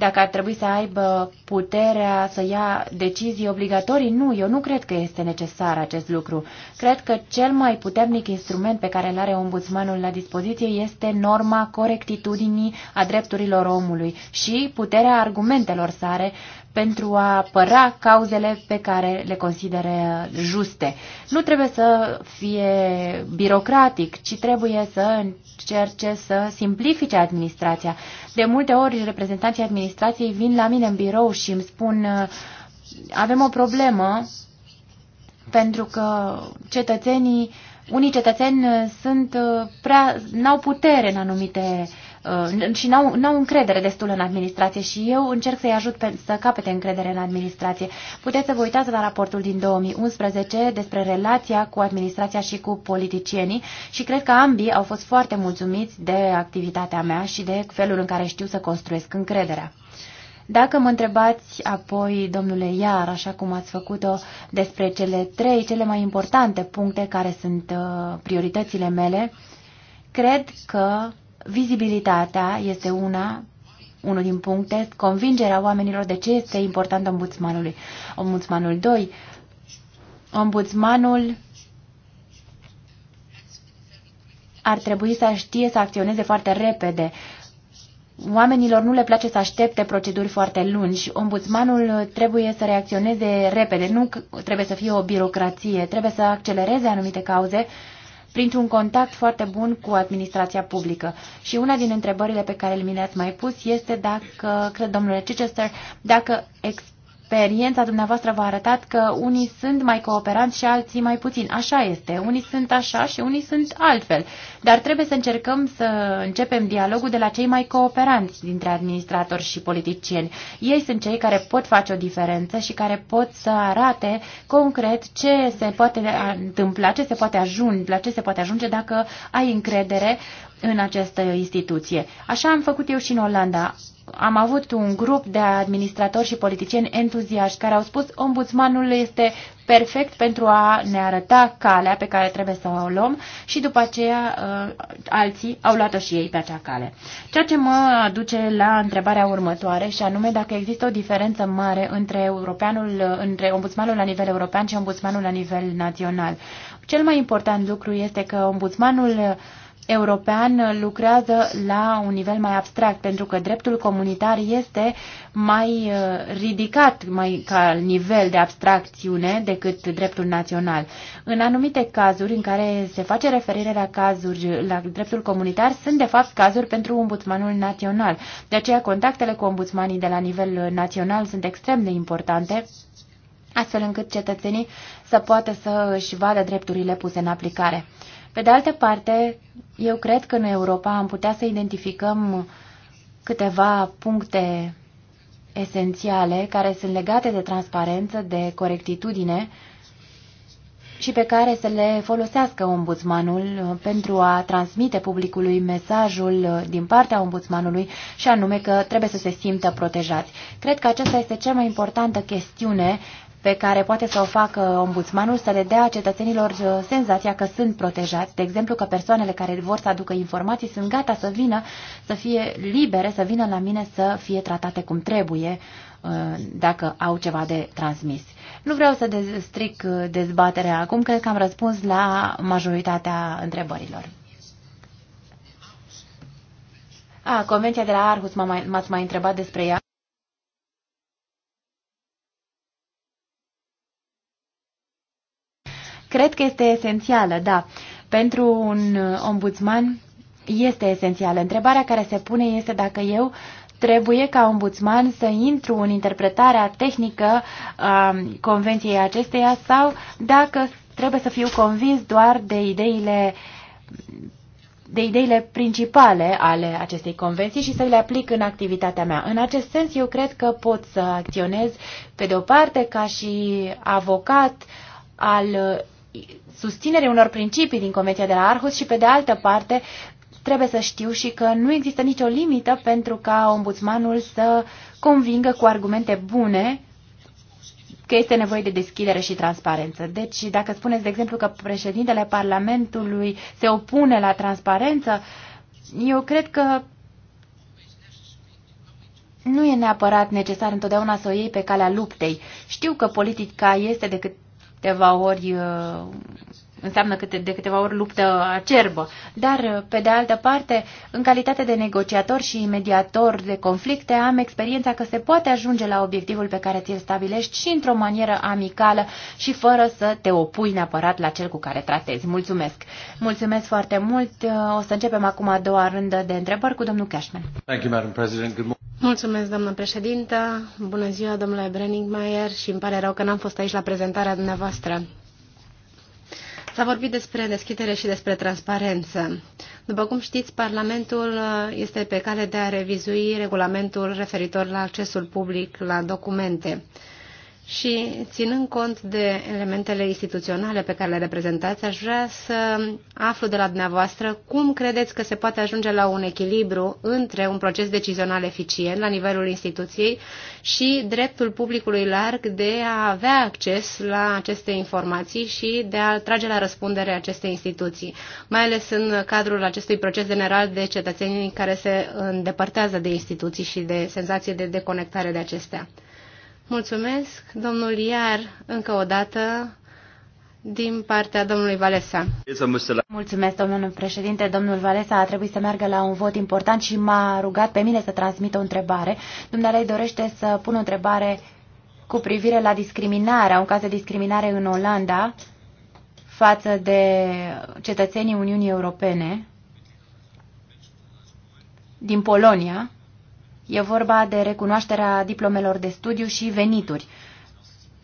dacă ar trebui să aibă puterea să ia decizii obligatorii. Nu, eu nu cred că este necesar acest lucru. Cred că cel mai puternic instrument pe care îl are ombudsmanul la dispoziție este norma corectitudinii a drepturilor omului și puterea argumentelor sare pentru a apăra cauzele pe care le consideră juste. Nu trebuie să fie birocratic, ci trebuie să încerce să simplifice administrația. De multe ori reprezentanții administrației vin la mine în birou și îmi spun avem o problemă pentru că cetățenii, unii cetățeni sunt prea, n-au putere în anumite uh, Uh, și n-au, n-au încredere destul în administrație și eu încerc să-i ajut pe, să capete încredere în administrație. Puteți să vă uitați la raportul din 2011 despre relația cu administrația și cu politicienii și cred că ambii au fost foarte mulțumiți de activitatea mea și de felul în care știu să construiesc încrederea. Dacă mă întrebați apoi, domnule Iar, așa cum ați făcut-o, despre cele trei, cele mai importante puncte care sunt uh, prioritățile mele, cred că Vizibilitatea este una, unul din puncte, convingerea oamenilor de ce este important ombudsmanului. Ombudsmanul 2, ombudsmanul ar trebui să știe să acționeze foarte repede. Oamenilor nu le place să aștepte proceduri foarte lungi. Ombudsmanul trebuie să reacționeze repede, nu trebuie să fie o birocrație, trebuie să accelereze anumite cauze printr-un contact foarte bun cu administrația publică. Și una din întrebările pe care mi le-ați mai pus este dacă, cred domnule Chichester, dacă experții experiența dumneavoastră v-a arătat că unii sunt mai cooperanți și alții mai puțin. Așa este. Unii sunt așa și unii sunt altfel. Dar trebuie să încercăm să începem dialogul de la cei mai cooperanți dintre administratori și politicieni. Ei sunt cei care pot face o diferență și care pot să arate concret ce se poate întâmpla, ce se poate ajunge, la ce se poate ajunge dacă ai încredere în această instituție. Așa am făcut eu și în Olanda am avut un grup de administratori și politicieni entuziaști care au spus ombudsmanul este perfect pentru a ne arăta calea pe care trebuie să o luăm și după aceea uh, alții au luat-o și ei pe acea cale. Ceea ce mă aduce la întrebarea următoare și anume dacă există o diferență mare între, europeanul, uh, între ombudsmanul la nivel european și ombudsmanul la nivel național. Cel mai important lucru este că ombudsmanul uh, european lucrează la un nivel mai abstract, pentru că dreptul comunitar este mai uh, ridicat mai ca nivel de abstracțiune decât dreptul național. În anumite cazuri în care se face referire la cazuri la dreptul comunitar, sunt de fapt cazuri pentru ombudsmanul național. De aceea contactele cu ombudsmanii de la nivel național sunt extrem de importante astfel încât cetățenii să poată să își vadă drepturile puse în aplicare. Pe de altă parte, eu cred că în Europa am putea să identificăm câteva puncte esențiale care sunt legate de transparență, de corectitudine și pe care să le folosească ombudsmanul pentru a transmite publicului mesajul din partea ombudsmanului și anume că trebuie să se simtă protejați. Cred că aceasta este cea mai importantă chestiune pe care poate să o facă ombudsmanul să le dea cetățenilor uh, senzația că sunt protejați, de exemplu că persoanele care vor să aducă informații sunt gata să vină, să fie libere, să vină la mine să fie tratate cum trebuie uh, dacă au ceva de transmis. Nu vreau să stric uh, dezbaterea acum, cred că am răspuns la majoritatea întrebărilor. A, convenția de la Arhus m-ați mai întrebat despre ea. Cred că este esențială, da. Pentru un ombudsman este esențială. Întrebarea care se pune este dacă eu trebuie ca ombudsman să intru în interpretarea tehnică a convenției acesteia sau dacă trebuie să fiu convins doar de ideile de ideile principale ale acestei convenții și să le aplic în activitatea mea. În acest sens, eu cred că pot să acționez, pe de o parte, ca și avocat al susținere unor principii din Convenția de la Arhus și, pe de altă parte, trebuie să știu și că nu există nicio limită pentru ca ombudsmanul să convingă cu argumente bune că este nevoie de deschidere și transparență. Deci, dacă spuneți, de exemplu, că președintele Parlamentului se opune la transparență, eu cred că nu e neapărat necesar întotdeauna să o iei pe calea luptei. Știu că politica este decât câteva ori uh, înseamnă câte, de câteva ori luptă acerbă. Dar, pe de altă parte, în calitate de negociator și mediator de conflicte, am experiența că se poate ajunge la obiectivul pe care ți-l stabilești și într-o manieră amicală și fără să te opui neapărat la cel cu care tratezi. Mulțumesc! Mulțumesc foarte mult! O să începem acum a doua rândă de întrebări cu domnul Cashman.
Thank you, Madam President. Good
Mulțumesc, doamnă
președintă. Bună ziua, domnule Brenningmeier, și îmi pare rău că n-am fost aici la prezentarea dumneavoastră. S-a vorbit despre deschidere și despre transparență. După cum știți, Parlamentul uh, este pe cale de a revizui regulamentul referitor la accesul public la documente. Și ținând cont de elementele instituționale pe care le reprezentați, aș vrea să aflu de la dumneavoastră cum credeți că se poate ajunge la un echilibru între un proces decizional eficient la nivelul instituției și dreptul publicului larg de a avea acces la aceste informații și de a trage la răspundere aceste instituții, mai ales în cadrul acestui proces general de cetățenii care se îndepărtează de instituții și de senzație de deconectare de acestea. Mulțumesc, domnul Iar, încă o dată,
din partea domnului Valesa. Mulțumesc, domnul președinte. Domnul Valesa a trebuit să meargă la un vot important și m-a rugat pe mine să transmit o întrebare. Dumnealei dorește să pun o întrebare cu privire la discriminarea, un caz de discriminare în Olanda față de cetățenii Uniunii Europene din Polonia E vorba de recunoașterea diplomelor de studiu și venituri,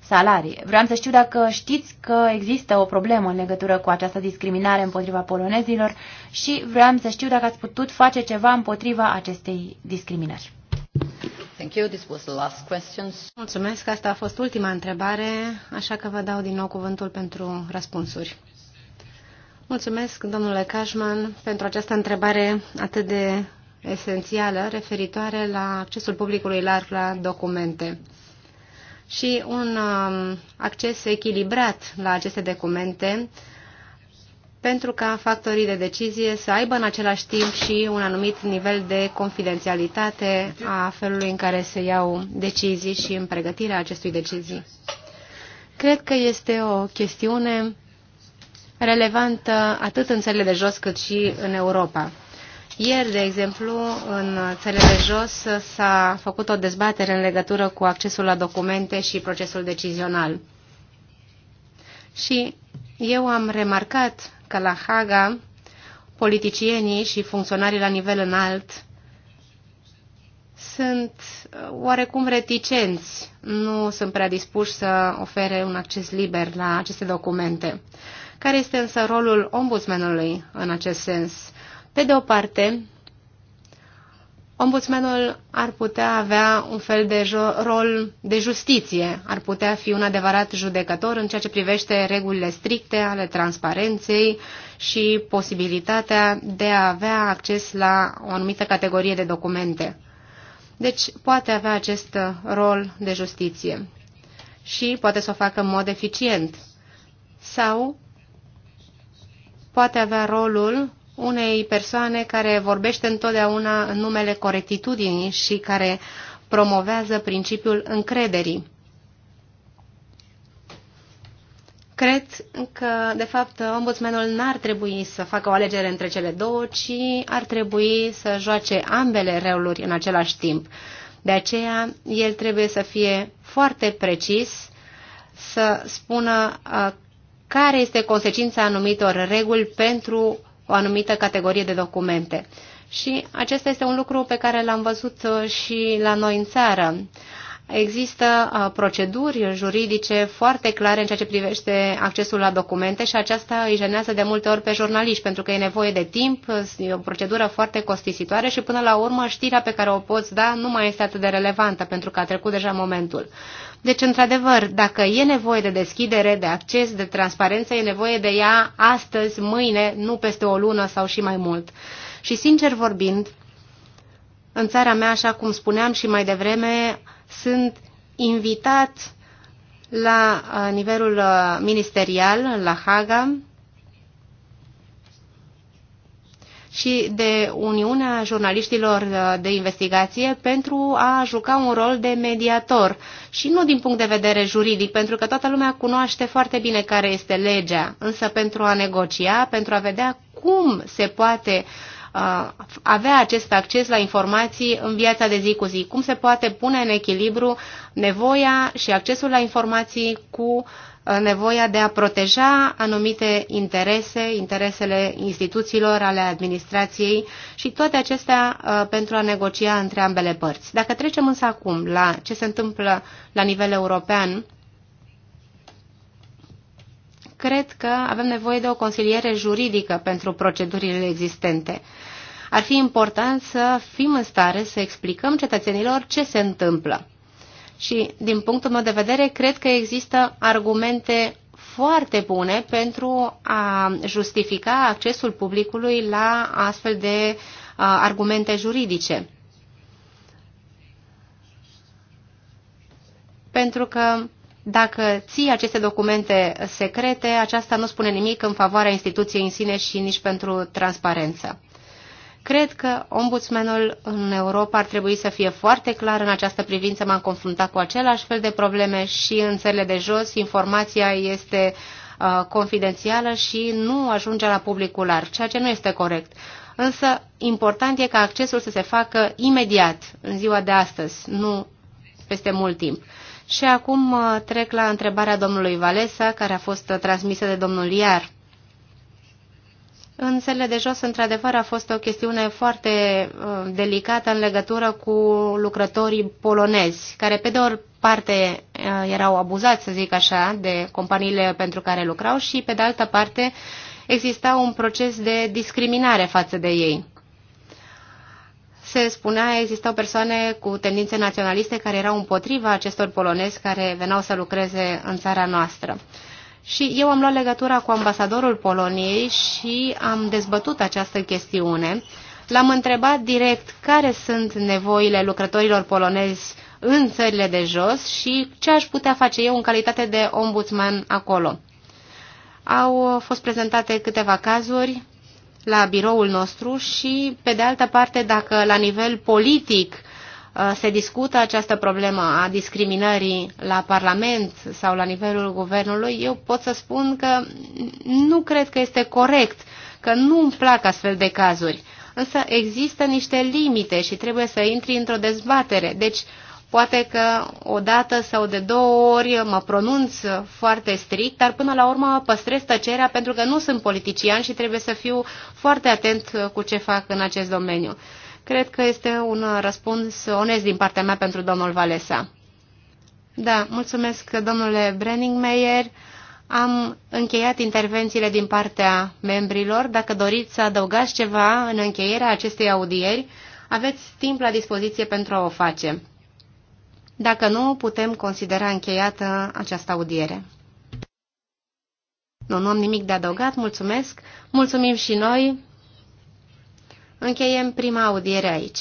salarii. Vreau să știu dacă știți că există o problemă în legătură cu această discriminare împotriva polonezilor și vreau să știu dacă ați putut face ceva împotriva acestei discriminări.
Thank you. This was the last question. Mulțumesc, asta a fost ultima întrebare, așa că vă dau din nou cuvântul pentru răspunsuri. Mulțumesc, domnule Cashman, pentru această întrebare atât de esențială referitoare la accesul publicului larg la documente și un um, acces echilibrat la aceste documente pentru ca factorii de decizie să aibă în același timp și un anumit nivel de confidențialitate a felului în care se iau decizii și în pregătirea acestui decizii. Cred că este o chestiune relevantă atât în țările de jos cât și în Europa. Ieri, de exemplu, în țările jos s-a făcut o dezbatere în legătură cu accesul la documente și procesul decizional. Și eu am remarcat că la Haga politicienii și funcționarii la nivel înalt sunt uh, oarecum reticenți, nu sunt prea dispuși să ofere un acces liber la aceste documente. Care este însă rolul ombudsmanului în acest sens? Pe de o parte, ombudsmanul ar putea avea un fel de rol de justiție, ar putea fi un adevărat judecător în ceea ce privește regulile stricte ale transparenței și posibilitatea de a avea acces la o anumită categorie de documente. Deci poate avea acest rol de justiție și poate să o facă în mod eficient. Sau poate avea rolul unei persoane care vorbește întotdeauna în numele corectitudinii și care promovează principiul încrederii. Cred că, de fapt, ombudsmanul n-ar trebui să facă o alegere între cele două, ci ar trebui să joace ambele reuluri în același timp. De aceea, el trebuie să fie foarte precis, să spună uh, care este consecința anumitor reguli pentru o anumită categorie de documente. Și acesta este un lucru pe care l-am văzut uh, și la noi în țară. Există uh, proceduri juridice foarte clare în ceea ce privește accesul la documente și aceasta îi jenează de multe ori pe jurnaliști, pentru că e nevoie de timp, e o procedură foarte costisitoare și până la urmă știrea pe care o poți da nu mai este atât de relevantă, pentru că a trecut deja momentul. Deci, într-adevăr, dacă e nevoie de deschidere, de acces, de transparență, e nevoie de ea astăzi, mâine, nu peste o lună sau și mai mult. Și, sincer vorbind, în țara mea, așa cum spuneam și mai devreme, sunt invitat la uh, nivelul uh, ministerial, la Haga, și de Uniunea Jurnaliștilor uh, de Investigație pentru a juca un rol de mediator și nu din punct de vedere juridic, pentru că toată lumea cunoaște foarte bine care este legea, însă pentru a negocia, pentru a vedea cum se poate uh, avea acest acces la informații în viața de zi cu zi, cum se poate pune în echilibru nevoia și accesul la informații cu uh, Uh, nevoia de a proteja anumite interese, interesele instituțiilor, ale administrației și toate acestea uh, pentru a negocia între ambele părți. Dacă trecem însă acum la ce se întâmplă la nivel european, cred că avem nevoie de o consiliere juridică pentru procedurile existente. Ar fi important să fim în stare să explicăm cetățenilor ce se întâmplă. Și, din punctul meu de vedere, cred că există argumente foarte bune pentru a justifica accesul publicului la astfel de uh, argumente juridice. Pentru că dacă ții aceste documente secrete, aceasta nu spune nimic în favoarea instituției în sine și nici pentru transparență. Cred că ombudsmanul în Europa ar trebui să fie foarte clar în această privință. M-am confruntat cu același fel de probleme și în țările de jos. Informația este uh, confidențială și nu ajunge la publicul larg, ceea ce nu este corect. Însă, important e ca accesul să se facă imediat, în ziua de astăzi, nu peste mult timp. Și acum uh, trec la întrebarea domnului Valesa, care a fost uh, transmisă de domnul Iar. În cele de jos, într-adevăr, a fost o chestiune foarte uh, delicată în legătură cu lucrătorii polonezi, care pe de o parte uh, erau abuzați, să zic așa, de companiile pentru care lucrau și pe de altă parte exista un proces de discriminare față de ei. Se spunea, existau persoane cu tendințe naționaliste care erau împotriva acestor polonezi care veneau să lucreze în țara noastră. Și eu am luat legătura cu ambasadorul Poloniei și am dezbătut această chestiune. L-am întrebat direct care sunt nevoile lucrătorilor polonezi în țările de jos și ce aș putea face eu în calitate de ombudsman acolo. Au fost prezentate câteva cazuri la biroul nostru și, pe de altă parte, dacă la nivel politic Uh, se discută această problemă a discriminării la Parlament sau la nivelul guvernului, eu pot să spun că nu cred că este corect, că nu îmi plac astfel de cazuri. Însă există niște limite și trebuie să intri într-o dezbatere. Deci, poate că o dată sau de două ori mă pronunț foarte strict, dar până la urmă păstrez tăcerea pentru că nu sunt politician și trebuie să fiu foarte atent cu ce fac în acest domeniu. Cred că este un răspuns onest din partea mea pentru domnul Valesa. Da, mulțumesc, domnule Brenningmeier. Am încheiat intervențiile din partea membrilor. Dacă doriți să adăugați ceva în încheierea acestei audieri, aveți timp la dispoziție pentru a o face. Dacă nu, putem considera încheiată această audiere. Nu, nu am nimic de adăugat, mulțumesc. Mulțumim și noi Încheiem prima audiere aici.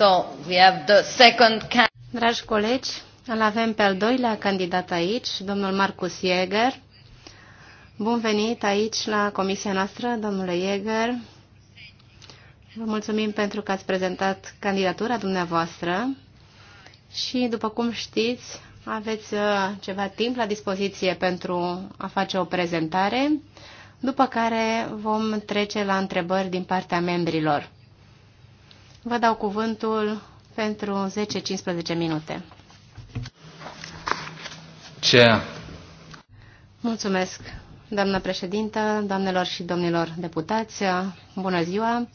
So, we have the second Dragi colegi, îl avem pe al doilea candidat aici, domnul Marcus Jäger. Bun venit aici la comisia noastră, domnule Jäger. Vă mulțumim pentru că ați prezentat candidatura dumneavoastră și, după cum știți, aveți uh, ceva timp la dispoziție pentru a face o prezentare, după care vom trece la întrebări din partea membrilor. Vă dau cuvântul pentru 10-15 minute. Ce? Mulțumesc, doamnă președintă, doamnelor și domnilor deputați, bună ziua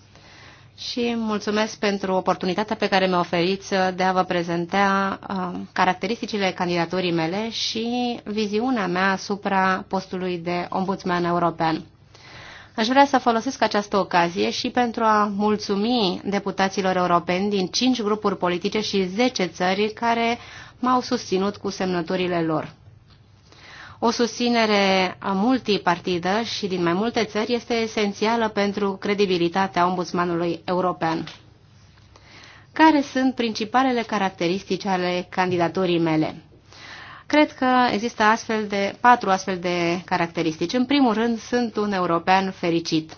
și mulțumesc pentru oportunitatea pe care mi-o oferiți de a vă prezenta uh, caracteristicile candidaturii mele și viziunea mea asupra postului de ombudsman european. Aș vrea să folosesc această ocazie și pentru a mulțumi deputaților europeni din 5 grupuri politice și 10 țări care m-au susținut cu semnăturile lor. O susținere multipartidă și din mai multe țări este esențială pentru credibilitatea ombudsmanului european. Care sunt principalele caracteristici ale candidaturii mele? Cred că există astfel de, patru astfel de caracteristici. În primul rând, sunt un european fericit.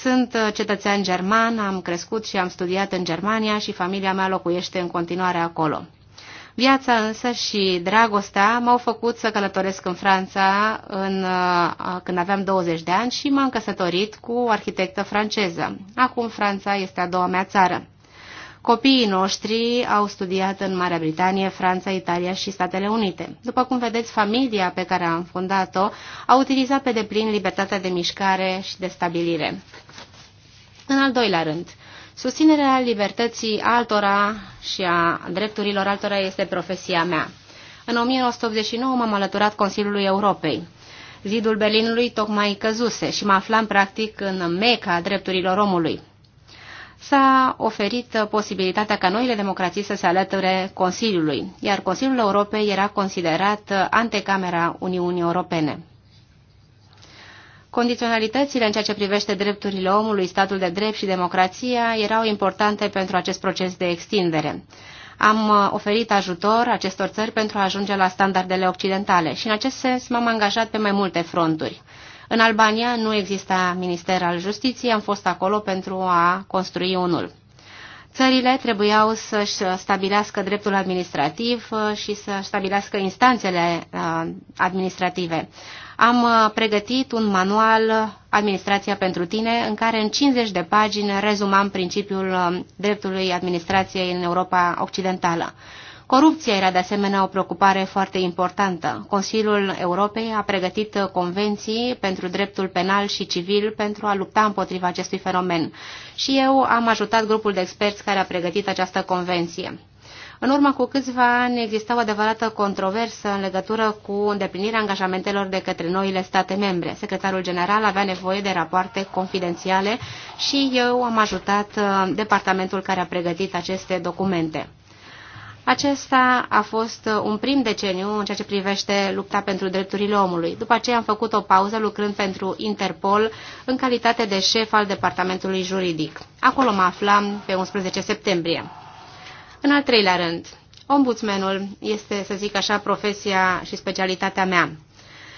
Sunt uh, cetățean german, am crescut și am studiat în Germania și familia mea locuiește în continuare acolo. Viața însă și dragostea m-au făcut să călătoresc în Franța în, uh, când aveam 20 de ani și m-am căsătorit cu o arhitectă franceză. Acum Franța este a doua mea țară. Copiii noștri au studiat în Marea Britanie, Franța, Italia și Statele Unite. După cum vedeți, familia pe care am fondat-o a utilizat pe deplin libertatea de mișcare și de stabilire. În al doilea rând, susținerea libertății altora și a drepturilor altora este profesia mea. În 1989 m-am alăturat Consiliului Europei. Zidul Berlinului tocmai căzuse și mă aflam practic în meca drepturilor omului s-a oferit posibilitatea ca noile democrații să se alăture Consiliului, iar Consiliul Europei era considerat antecamera Uniunii Europene. Condiționalitățile în ceea ce privește drepturile omului, statul de drept și democrația erau importante pentru acest proces de extindere. Am oferit ajutor acestor țări pentru a ajunge la standardele occidentale și în acest sens m-am angajat pe mai multe fronturi. În Albania nu exista minister al justiției, am fost acolo pentru a construi unul. Țările trebuiau să-și stabilească dreptul administrativ uh, și să stabilească instanțele uh, administrative. Am uh, pregătit un manual Administrația pentru tine, în care în 50 de pagini rezumam principiul dreptului administrației în Europa Occidentală. Corupția era de asemenea o preocupare foarte importantă. Consiliul Europei a pregătit convenții pentru dreptul penal și civil pentru a lupta împotriva acestui fenomen. Și eu am ajutat grupul de experți care a pregătit această convenție. În urmă cu câțiva ani exista o adevărată controversă în legătură cu îndeplinirea angajamentelor de către noile state membre. Secretarul general avea nevoie de rapoarte confidențiale și eu am ajutat uh, departamentul care a pregătit aceste documente. Acesta a fost uh, un prim deceniu în ceea ce privește lupta pentru drepturile omului. După aceea am făcut o pauză lucrând pentru Interpol în calitate de șef al Departamentului Juridic. Acolo mă aflam pe 11 septembrie. În al treilea rând, ombudsmenul este, să zic așa, profesia și specialitatea mea.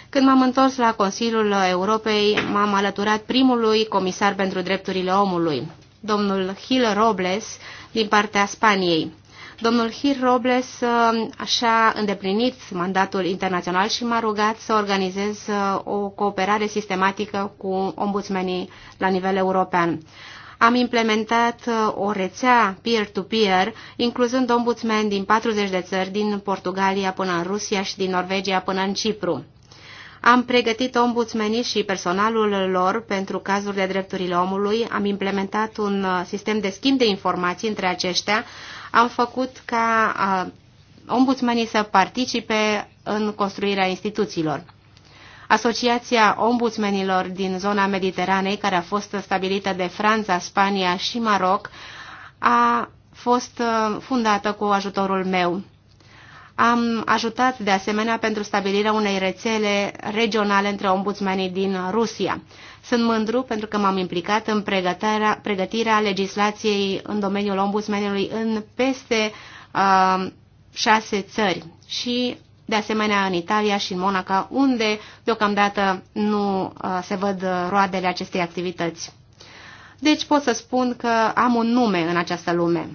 Când m-am întors la Consiliul Europei, m-am alăturat primului comisar pentru drepturile omului, domnul Gil Robles, din partea Spaniei. Domnul Hir Robles uh, așa îndeplinit mandatul internațional și m-a rugat să organizez uh, o cooperare sistematică cu ombudsmenii la nivel european. Am implementat uh, o rețea peer-to-peer, -peer, incluzând ombudsmeni din 40 de țări, din Portugalia până în Rusia și din Norvegia până în Cipru. Am pregătit ombudsmenii și personalul lor pentru cazuri de drepturile omului, am implementat un uh, sistem de schimb de informații între aceștia, am făcut ca uh, ombudsmenii să participe în construirea instituțiilor. Asociația ombudsmenilor din zona Mediteranei, care a fost stabilită de Franța, Spania și Maroc, a fost uh, fundată cu ajutorul meu. Am ajutat de asemenea pentru stabilirea unei rețele regionale între ombudsmanii din Rusia. Sunt mândru pentru că m-am implicat în pregătirea, pregătirea legislației în domeniul ombudsmanului în peste uh, șase țări și de asemenea în Italia și în Monaca, unde deocamdată nu uh, se văd roadele acestei activități. Deci pot să spun că am un nume în această lume.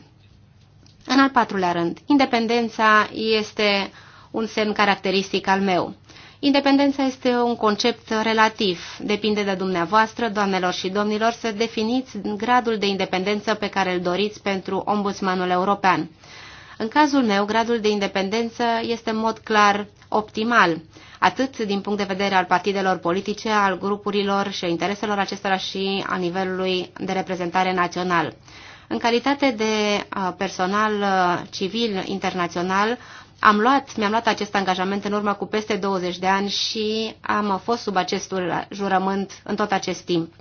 În al patrulea rând, independența este un semn caracteristic al meu. Independența este un concept relativ. Depinde de dumneavoastră, doamnelor și domnilor, să definiți gradul de independență pe care îl doriți pentru ombudsmanul european. În cazul meu, gradul de independență este în mod clar optimal, atât din punct de vedere al partidelor politice, al grupurilor și intereselor acestora și a nivelului de reprezentare național. În calitate de personal civil internațional, am luat, mi-am luat acest angajament în urmă cu peste 20 de ani și am fost sub acest jurământ în tot acest timp.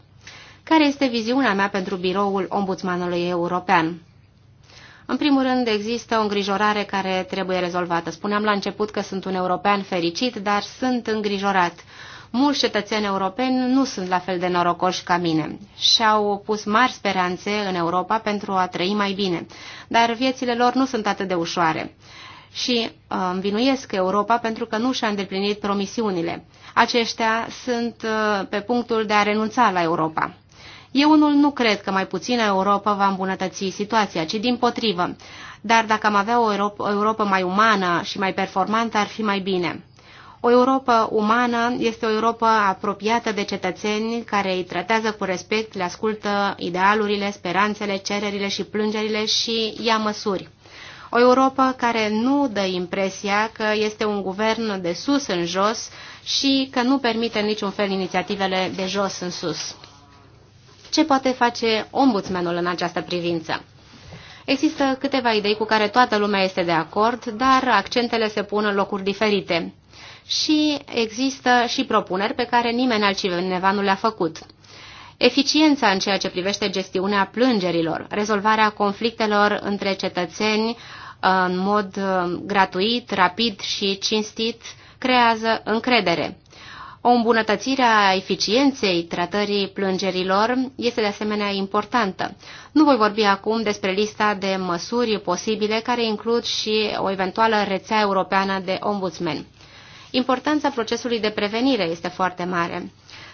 Care este viziunea mea pentru biroul ombudsmanului european? În primul rând, există o îngrijorare care trebuie rezolvată. Spuneam la început că sunt un european fericit, dar sunt îngrijorat mulți cetățeni europeni nu sunt la fel de norocoși ca mine și-au pus mari speranțe în Europa pentru a trăi mai bine, dar viețile lor nu sunt atât de ușoare și uh, învinuiesc Europa pentru că nu și-a îndeplinit promisiunile. Aceștia sunt uh, pe punctul de a renunța la Europa. Eu unul nu cred că mai puțină Europa va îmbunătăți situația, ci din potrivă. Dar dacă am avea o Europa mai umană și mai performantă, ar fi mai bine. O Europa umană este o Europa apropiată de cetățeni care îi tratează cu respect, le ascultă idealurile, speranțele, cererile și plângerile și ia măsuri. O Europa care nu dă impresia că este un guvern de sus în jos și că nu permite în niciun fel inițiativele de jos în sus. Ce poate face ombudsmanul în această privință? Există câteva idei cu care toată lumea este de acord, dar accentele se pun în locuri diferite și există și propuneri pe care nimeni altcineva nu le-a făcut. Eficiența în ceea ce privește gestiunea plângerilor, rezolvarea conflictelor între cetățeni uh, în mod uh, gratuit, rapid și cinstit, creează încredere. O îmbunătățire a eficienței tratării plângerilor este de asemenea importantă. Nu voi vorbi acum despre lista de măsuri posibile care includ și o eventuală rețea europeană de ombudsman. Importanța procesului de prevenire este foarte mare.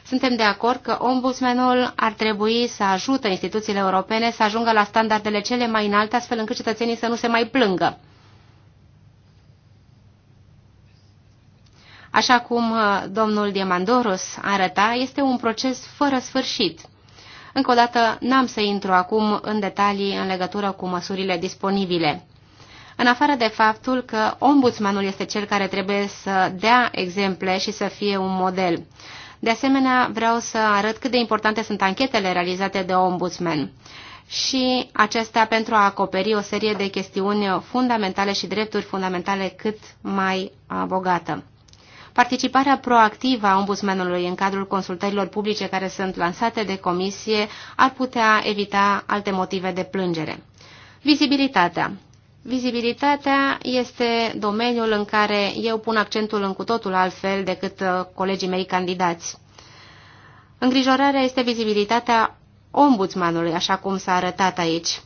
Suntem de acord că ombudsmanul ar trebui să ajută instituțiile europene să ajungă la standardele cele mai înalte, astfel încât cetățenii să nu se mai plângă. Așa cum uh, domnul Diamandoros arăta, este un proces fără sfârșit. Încă o dată, n-am să intru acum în detalii în legătură cu măsurile disponibile în afară de faptul că ombudsmanul este cel care trebuie să dea exemple și să fie un model. De asemenea, vreau să arăt cât de importante sunt anchetele realizate de ombudsman și acestea pentru a acoperi o serie de chestiuni fundamentale și drepturi fundamentale cât mai bogată. Participarea proactivă a ombudsmanului în cadrul consultărilor publice care sunt lansate de comisie ar putea evita alte motive de plângere. Vizibilitatea. Vizibilitatea este domeniul în care eu pun accentul în cu totul altfel decât uh, colegii mei candidați. Îngrijorarea este vizibilitatea ombudsmanului, așa cum s-a arătat aici.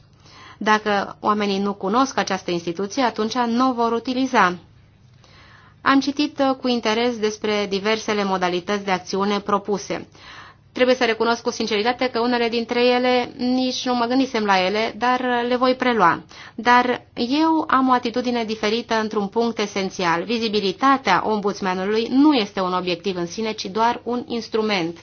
Dacă oamenii nu cunosc această instituție, atunci nu o vor utiliza. Am citit uh, cu interes despre diversele modalități de acțiune propuse. Trebuie să recunosc cu sinceritate că unele dintre ele nici nu mă gândisem la ele, dar le voi prelua. Dar eu am o atitudine diferită într-un punct esențial. Vizibilitatea ombudsmanului nu este un obiectiv în sine, ci doar un instrument.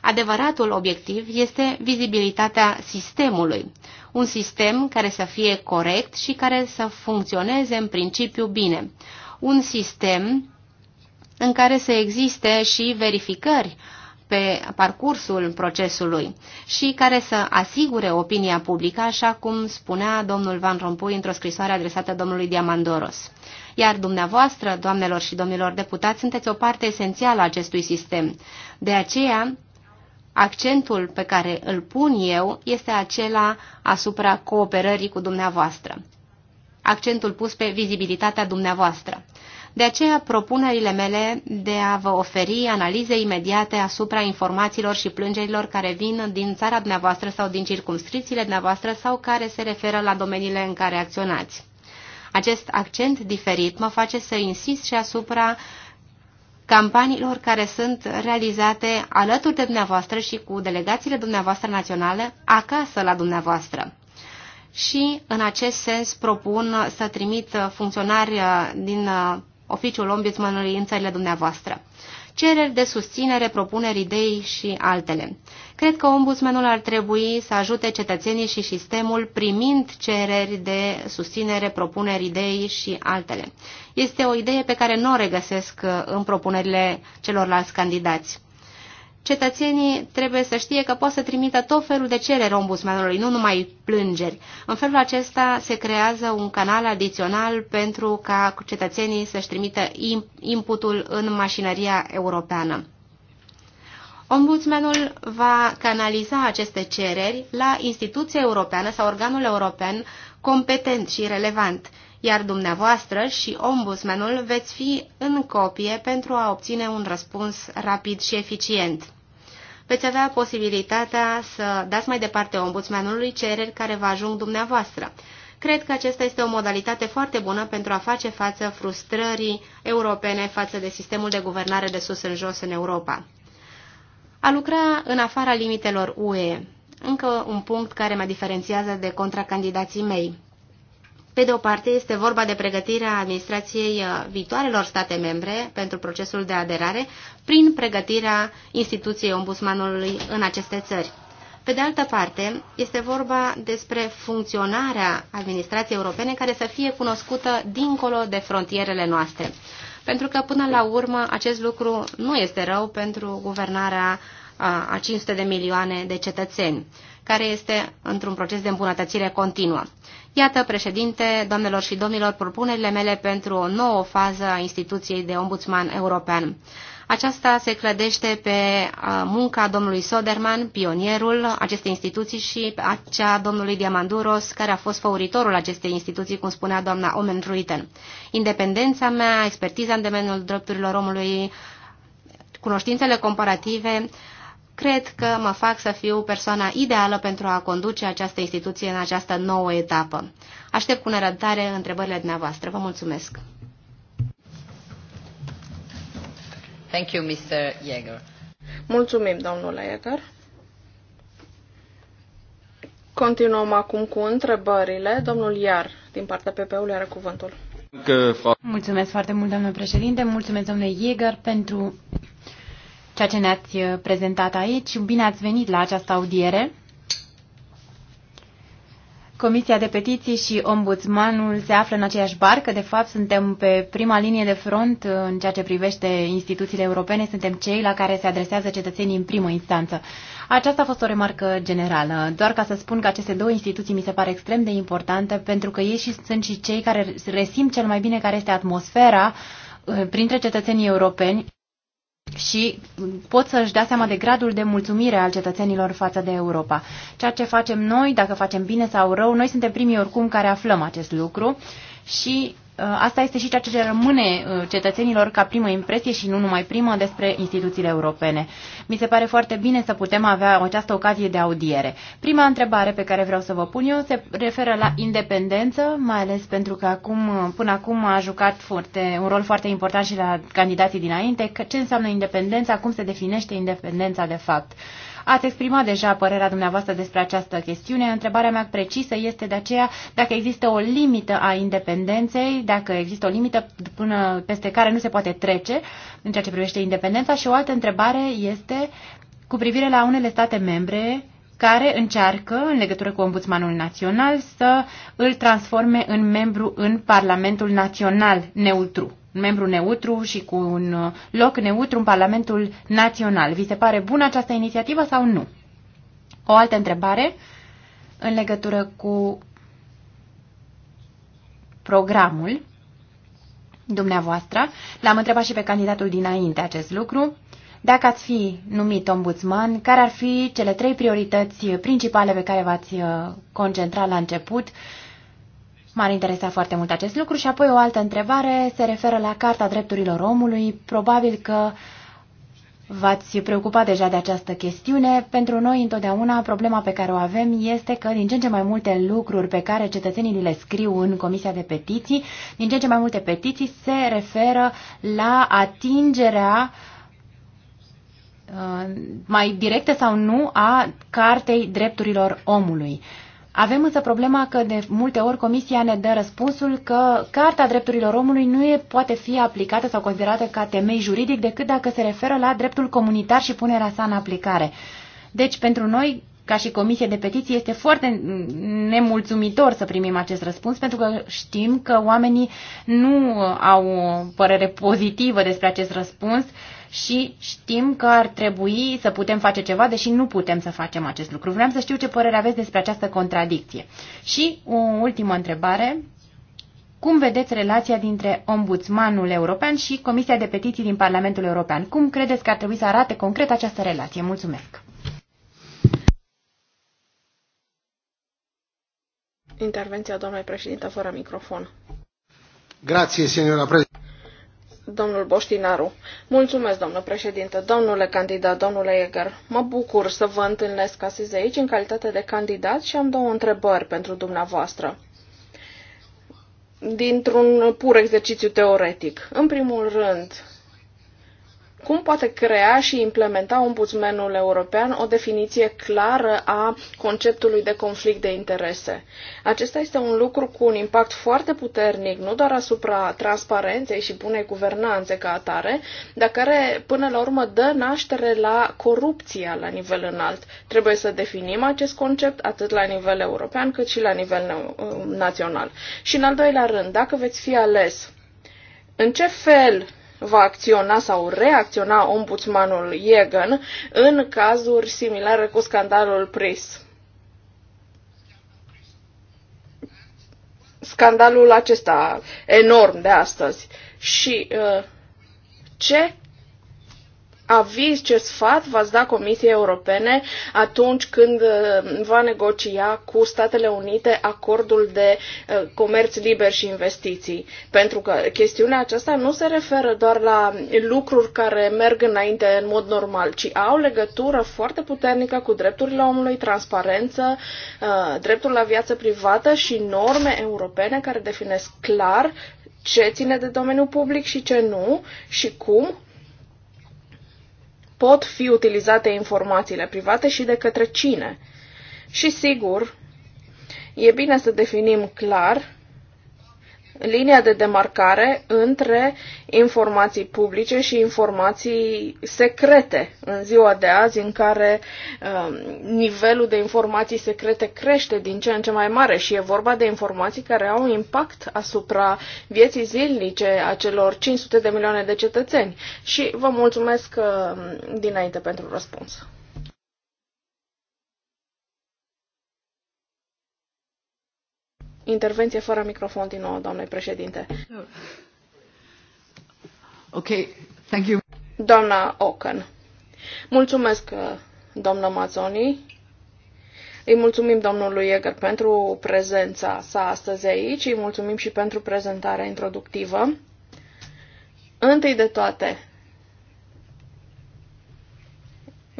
Adevăratul obiectiv este vizibilitatea sistemului, un sistem care să fie corect și care să funcționeze în principiu bine, un sistem în care să existe și verificări pe parcursul procesului și care să asigure opinia publică, așa cum spunea domnul Van Rompuy într-o scrisoare adresată domnului Diamandoros. Iar dumneavoastră, doamnelor și domnilor deputați, sunteți o parte esențială a acestui sistem. De aceea, accentul pe care îl pun eu este acela asupra cooperării cu dumneavoastră. Accentul pus pe vizibilitatea dumneavoastră. De aceea, propunerile mele de a vă oferi analize imediate asupra informațiilor și plângerilor care vin din țara dumneavoastră sau din circumscrițiile dumneavoastră sau care se referă la domeniile în care acționați. Acest accent diferit mă face să insist și asupra campaniilor care sunt realizate alături de dumneavoastră și cu delegațiile dumneavoastră naționale acasă la dumneavoastră. Și în acest sens propun să trimit funcționari din oficiul ombudsmanului în țările dumneavoastră. Cereri de susținere, propuneri, idei și altele. Cred că ombudsmanul ar trebui să ajute cetățenii și sistemul primind cereri de susținere, propuneri, idei și altele. Este o idee pe care nu o regăsesc uh, în propunerile celorlalți candidați cetățenii trebuie să știe că pot să trimită tot felul de cereri ombudsmanului, nu numai plângeri. În felul acesta se creează un canal adițional pentru ca cetățenii să-și trimită inputul în mașinăria europeană. Ombudsmanul va canaliza aceste cereri la instituția europeană sau organul european competent și relevant iar dumneavoastră și ombudsmanul veți fi în copie pentru a obține un răspuns rapid și eficient. Veți avea posibilitatea să dați mai departe ombudsmanului cereri care vă ajung dumneavoastră. Cred că acesta este o modalitate foarte bună pentru a face față frustrării europene față de sistemul de guvernare de sus în jos în Europa. A lucra în afara limitelor UE, încă un punct care mă diferențiază de contracandidații mei. Pe de o parte, este vorba de pregătirea administrației uh, viitoarelor state membre pentru procesul de aderare prin pregătirea instituției ombudsmanului în aceste țări. Pe de altă parte, este vorba despre funcționarea administrației europene care să fie cunoscută dincolo de frontierele noastre. Pentru că, până la urmă, acest lucru nu este rău pentru guvernarea uh, a 500 de milioane de cetățeni, care este într-un proces de îmbunătățire continuă. Iată, președinte, doamnelor și domnilor, propunerile mele pentru o nouă fază a instituției de ombudsman european. Aceasta se clădește pe munca domnului Soderman, pionierul acestei instituții, și a cea domnului Diamanduros, care a fost făuritorul acestei instituții, cum spunea doamna Omen Ruiten. Independența mea, expertiza în domeniul drepturilor omului, cunoștințele comparative, cred că mă fac să fiu persoana ideală pentru a conduce această instituție în această nouă etapă. Aștept cu nerăbdare întrebările dumneavoastră. Vă mulțumesc. Thank you, Mr. Jäger.
Mulțumim, domnule Jäger. Continuăm acum cu întrebările. Domnul Iar, din partea PP-ului, are cuvântul.
Mulțumesc foarte mult, domnule președinte. Mulțumesc, domnule Jäger, pentru ceea ce ne-ați uh, prezentat aici. Bine ați venit la această audiere. Comisia de Petiții și Ombudsmanul se află în aceeași barcă. De fapt, suntem pe prima linie de front uh, în ceea ce privește instituțiile europene. Suntem cei la care se adresează cetățenii în primă instanță. Aceasta a fost o remarcă generală. Doar ca să spun că aceste două instituții mi se par extrem de importante pentru că ei și sunt și cei care resimt cel mai bine care este atmosfera uh, printre cetățenii europeni și pot să-și dea seama de gradul de mulțumire al cetățenilor față de Europa. Ceea ce facem noi, dacă facem bine sau rău, noi suntem primii oricum care aflăm acest lucru și Uh, asta este și ceea ce rămâne uh, cetățenilor ca primă impresie și nu numai primă despre instituțiile europene. Mi se pare foarte bine să putem avea această ocazie de audiere. Prima întrebare pe care vreau să vă pun eu se referă la independență, mai ales pentru că acum, uh, până acum a jucat foarte, un rol foarte important și la candidații dinainte. Ce înseamnă independența? Cum se definește independența de fapt? Uh, Ați exprimat deja părerea dumneavoastră despre această chestiune. Întrebarea mea precisă este de aceea dacă există o limită a independenței, dacă există o limită până peste care nu se poate trece în ceea ce privește independența și o altă întrebare este cu privire la unele state membre care încearcă, în legătură cu Ombudsmanul Național, să îl transforme în membru în Parlamentul Național neutru membru neutru și cu un uh, loc neutru în Parlamentul Național. Vi se pare bună această inițiativă sau nu? O altă întrebare în legătură cu programul dumneavoastră. L-am întrebat și pe candidatul dinainte acest lucru. Dacă ați fi numit ombudsman, care ar fi cele trei priorități principale pe care v-ați uh, concentrat la început M-ar interesa foarte mult acest lucru și apoi o altă întrebare se referă la Carta Drepturilor Omului. Probabil că v-ați preocupat deja de această chestiune. Pentru noi întotdeauna problema pe care o avem este că din ce în ce mai multe lucruri pe care cetățenii le scriu în Comisia de Petiții, din ce în ce mai multe petiții se referă la atingerea uh, mai directă sau nu a Cartei Drepturilor Omului. Avem însă problema că de multe ori Comisia ne dă răspunsul că Carta Drepturilor Omului nu e, poate fi aplicată sau considerată ca temei juridic decât dacă se referă la dreptul comunitar și punerea sa în aplicare. Deci, pentru noi, ca și Comisie de Petiții, este foarte nemulțumitor să primim acest răspuns, pentru că știm că oamenii nu au o părere pozitivă despre acest răspuns, uh, și știm că ar trebui să putem face ceva, deși nu putem să facem acest lucru. Vreau să știu ce părere aveți despre această contradicție. Și o ultimă întrebare. Cum vedeți relația dintre Ombudsmanul European și Comisia de Petiții din Parlamentul European? Cum credeți că ar trebui să arate concret această relație? Mulțumesc!
Intervenția doamnei președinte fără microfon.
Grație, seniora președinte.
Domnul Boștinaru. Mulțumesc, domnule președinte, domnule candidat, domnule Eger. Mă bucur să vă întâlnesc astăzi aici în calitate de candidat și am două întrebări pentru dumneavoastră. Dintr-un pur exercițiu teoretic. În primul rând, cum poate crea și implementa ombudsmenul european o definiție clară a conceptului de conflict de interese? Acesta este un lucru cu un impact foarte puternic, nu doar asupra transparenței și bunei guvernanțe ca atare, dar care până la urmă dă naștere la corupția la nivel înalt. Trebuie să definim acest concept atât la nivel european cât și la nivel uh, național. Și în al doilea rând, dacă veți fi ales, în ce fel va acționa sau reacționa ombudsmanul Yegan în cazuri similare cu scandalul PRIS. Scandalul acesta enorm de astăzi. Și uh, ce aviz, ce sfat v-ați da Comisiei Europene atunci când uh, va negocia cu Statele Unite acordul de uh, comerț liber și investiții? Pentru că chestiunea aceasta nu se referă doar la lucruri care merg înainte în mod normal, ci au legătură foarte puternică cu drepturile omului, transparență, uh, dreptul la viață privată și norme europene care definesc clar ce ține de domeniul public și ce nu și cum pot fi utilizate informațiile private și de către cine. Și sigur, e bine să definim clar linia de demarcare între informații publice și informații secrete în ziua de azi, în care uh, nivelul de informații secrete crește din ce în ce mai mare și e vorba de informații care au impact asupra vieții zilnice a celor 500 de milioane de cetățeni. Și vă mulțumesc uh, dinainte pentru răspuns. Intervenție fără microfon din nou, doamnei președinte.
Ok, thank you.
Doamna Ocan. Mulțumesc, doamna Mazzoni. Îi mulțumim domnului Eger pentru prezența sa astăzi aici, îi mulțumim și pentru prezentarea introductivă. Întâi de toate,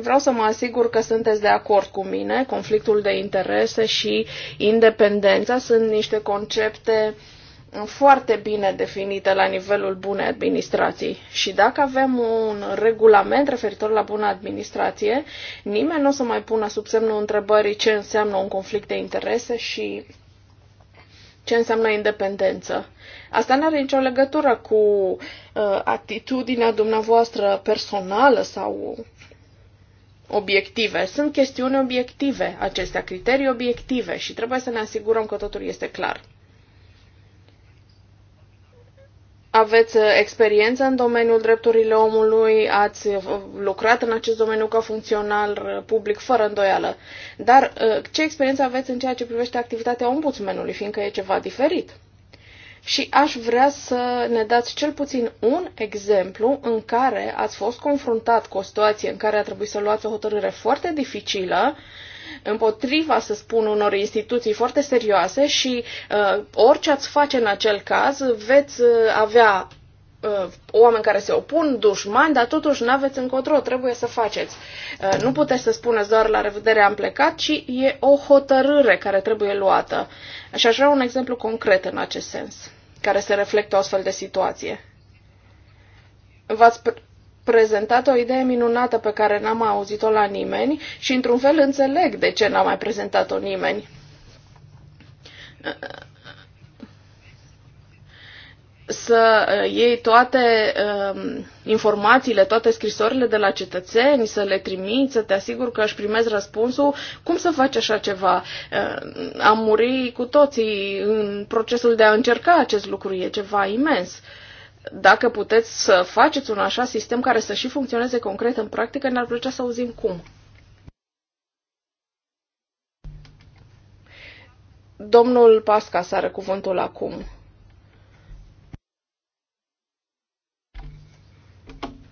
Vreau să mă asigur că sunteți de acord cu mine. Conflictul de interese și independența sunt niște concepte foarte bine definite la nivelul bunei administrații. Și dacă avem un regulament referitor la bună administrație, nimeni nu o să mai pună sub semnul întrebării ce înseamnă un conflict de interese și ce înseamnă independență. Asta nu are nicio legătură cu uh, atitudinea dumneavoastră personală sau obiective. Sunt chestiuni obiective, acestea criterii obiective și trebuie să ne asigurăm că totul este clar. Aveți uh, experiență în domeniul drepturile omului, ați uh, lucrat în acest domeniu ca funcțional uh, public, fără îndoială. Dar ce experiență aveți în ceea ce privește activitatea ombudsmenului, fiindcă e ceva diferit? și aș vrea să ne dați cel puțin un exemplu în care ați fost confruntat cu o situație în care a trebuit să luați o hotărâre foarte dificilă împotriva, să spun, unor instituții foarte serioase și uh, orice ați face în acel caz, veți uh, avea Uh, oameni care se opun, dușmani, dar totuși nu aveți încotro, trebuie să faceți. Uh, nu puteți să spuneți doar la revedere am plecat, ci e o hotărâre care trebuie luată. Și aș vrea un exemplu concret în acest sens, care se reflectă o astfel de situație. V-ați pre prezentat o idee minunată pe care n-am auzit-o la nimeni și într-un fel înțeleg de ce n-a mai prezentat-o nimeni uh, să uh, iei toate uh, informațiile, toate scrisorile de la cetățeni, să le trimiți, să te asigur că își primezi răspunsul. Cum să faci așa ceva? Uh, am muri cu toții în procesul de a încerca acest lucru. E ceva imens. Dacă puteți să faceți un așa sistem care să și funcționeze concret în practică, ne-ar plăcea să auzim cum. Domnul Pasca sară cuvântul acum.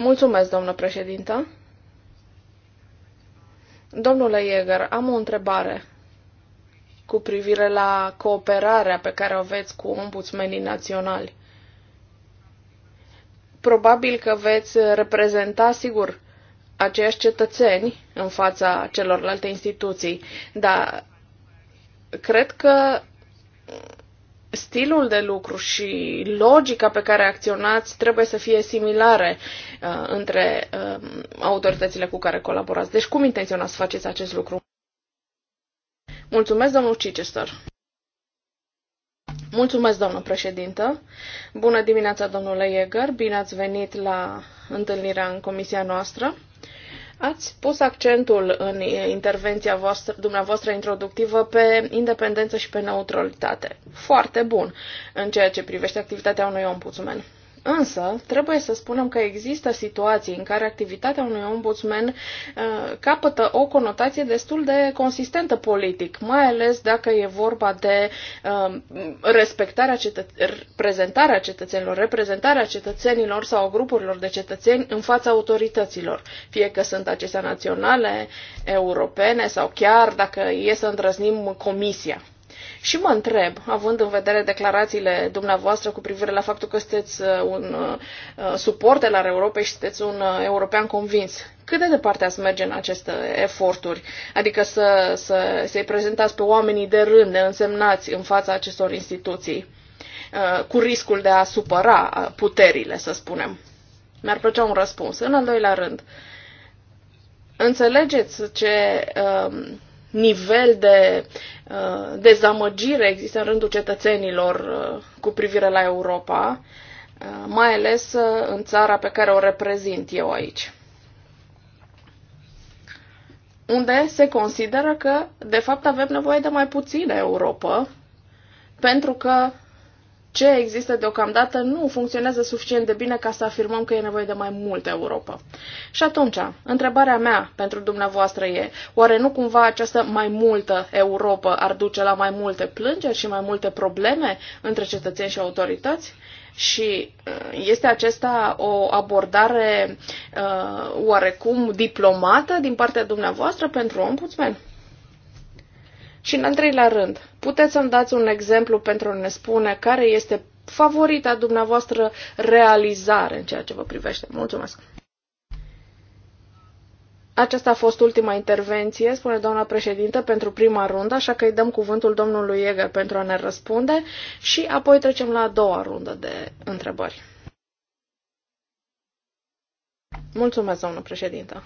Mulțumesc, doamnă președintă. Domnule Jäger, am o întrebare cu privire la cooperarea pe care o aveți cu ombudsmenii naționali. Probabil că veți reprezenta, sigur, aceiași cetățeni în fața celorlalte instituții, dar cred că stilul de lucru și logica pe care acționați trebuie să fie similare uh, între uh, autoritățile cu care colaborați. Deci cum intenționați să faceți acest lucru? Mulțumesc, domnul Chichester. Mulțumesc, doamnă președintă. Bună dimineața, domnule Jäger. Bine ați venit la întâlnirea în comisia noastră. Ați pus accentul în intervenția voastră, dumneavoastră introductivă pe independență și pe neutralitate. Foarte bun în ceea ce privește activitatea unui ombudsman. Însă, trebuie să spunem că există situații în care activitatea unui ombudsman uh, capătă o conotație destul de consistentă politic, mai ales dacă e vorba de uh, respectarea cetă- prezentarea cetățenilor, reprezentarea cetățenilor sau grupurilor de cetățeni în fața autorităților, fie că sunt acestea naționale, europene sau chiar dacă e să îndrăznim comisia. Și mă întreb, având în vedere declarațiile dumneavoastră cu privire la faptul că sunteți uh, un uh, suporter al Europei și sunteți un uh, european convins, cât de departe ați merge în aceste eforturi? Adică să, să, să-i prezentați pe oamenii de rând, de însemnați în fața acestor instituții, cu riscul de a supăra puterile, să spunem. Mi-ar plăcea un răspuns. În al doilea rând, înțelegeți ce um, nivel de uh, dezamăgire există în rândul cetățenilor uh, cu privire la Europa, uh, mai ales în țara pe care o reprezint eu aici unde se consideră că, de fapt, avem nevoie de mai puțină Europa, pentru că ce există deocamdată nu funcționează suficient de bine ca să afirmăm că e nevoie de mai multă Europa. Și atunci, întrebarea mea pentru dumneavoastră e, oare nu cumva această mai multă Europa ar duce la mai multe plângeri și mai multe probleme între cetățeni și autorități? Și uh, este acesta o abordare uh, oarecum diplomată din partea dumneavoastră pentru ombudsman? Și în al treilea rând, puteți să-mi dați un exemplu pentru a ne spune care este favorita dumneavoastră realizare în ceea ce vă privește. Mulțumesc! Aceasta a fost ultima intervenție, spune doamna președintă, pentru prima rundă, așa că îi dăm cuvântul domnului Eger pentru a ne răspunde și apoi trecem la a doua rundă de întrebări. Mulțumesc, doamnă președintă.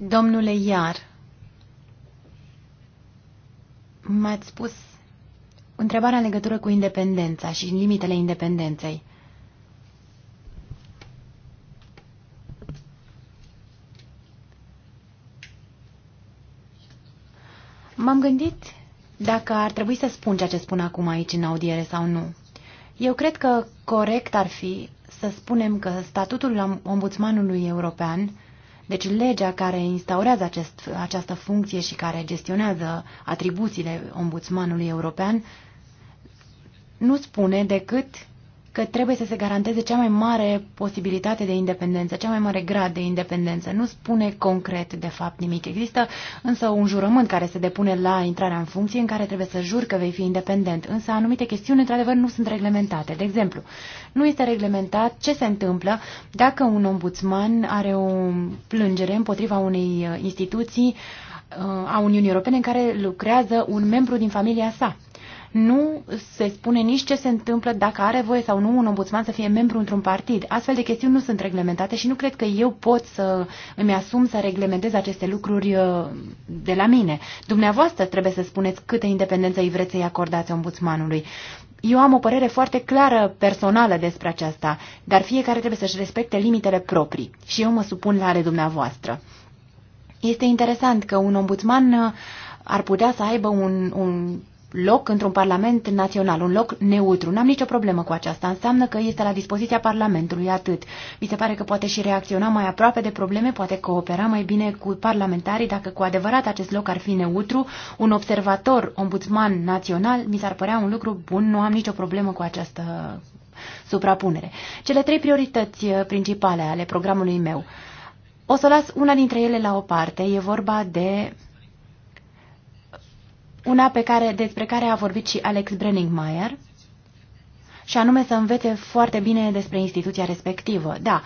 Domnule Iar, m-ați spus întrebarea în legătură cu independența și limitele independenței. M-am gândit dacă ar trebui să spun ceea ce spun acum aici în audiere sau nu. Eu cred că corect ar fi să spunem că statutul ombudsmanului european deci legea care instaurează acest, această funcție și care gestionează atribuțiile ombudsmanului european nu spune decât că trebuie să se garanteze cea mai mare posibilitate de independență, cea mai mare grad de independență. Nu spune concret, de fapt, nimic. Există însă un jurământ care se depune la intrarea în funcție în care trebuie să jur că vei fi independent, însă anumite chestiuni, într-adevăr, nu sunt reglementate. De exemplu, nu este reglementat ce se întâmplă dacă un ombudsman are o plângere împotriva unei uh, instituții uh, a Uniunii Europene în care lucrează un membru din familia sa nu se spune nici ce se întâmplă dacă are voie sau nu un ombudsman să fie membru într-un partid. Astfel de chestiuni nu sunt reglementate și nu cred că eu pot să îmi asum să reglementez aceste lucruri uh, de la mine. Dumneavoastră trebuie să spuneți câtă independență îi vreți să-i acordați ombudsmanului. Eu am o părere foarte clară personală despre aceasta, dar fiecare trebuie să-și respecte limitele proprii și eu mă supun la ale dumneavoastră. Este interesant că un ombudsman uh, ar putea să aibă un, un loc într-un parlament național, un loc neutru. N-am nicio problemă cu aceasta. Înseamnă că este la dispoziția Parlamentului atât. Mi se pare că poate și reacționa mai aproape de probleme, poate coopera mai bine cu parlamentarii dacă cu adevărat acest loc ar fi neutru. Un observator, ombudsman național, mi s-ar părea un lucru bun. Nu am nicio problemă cu această suprapunere. Cele trei priorități uh, principale ale programului meu. O să las una dintre ele la o parte. E vorba de una pe care, despre care a vorbit și Alex Brenningmeier, și anume să învețe foarte bine despre instituția respectivă. Da,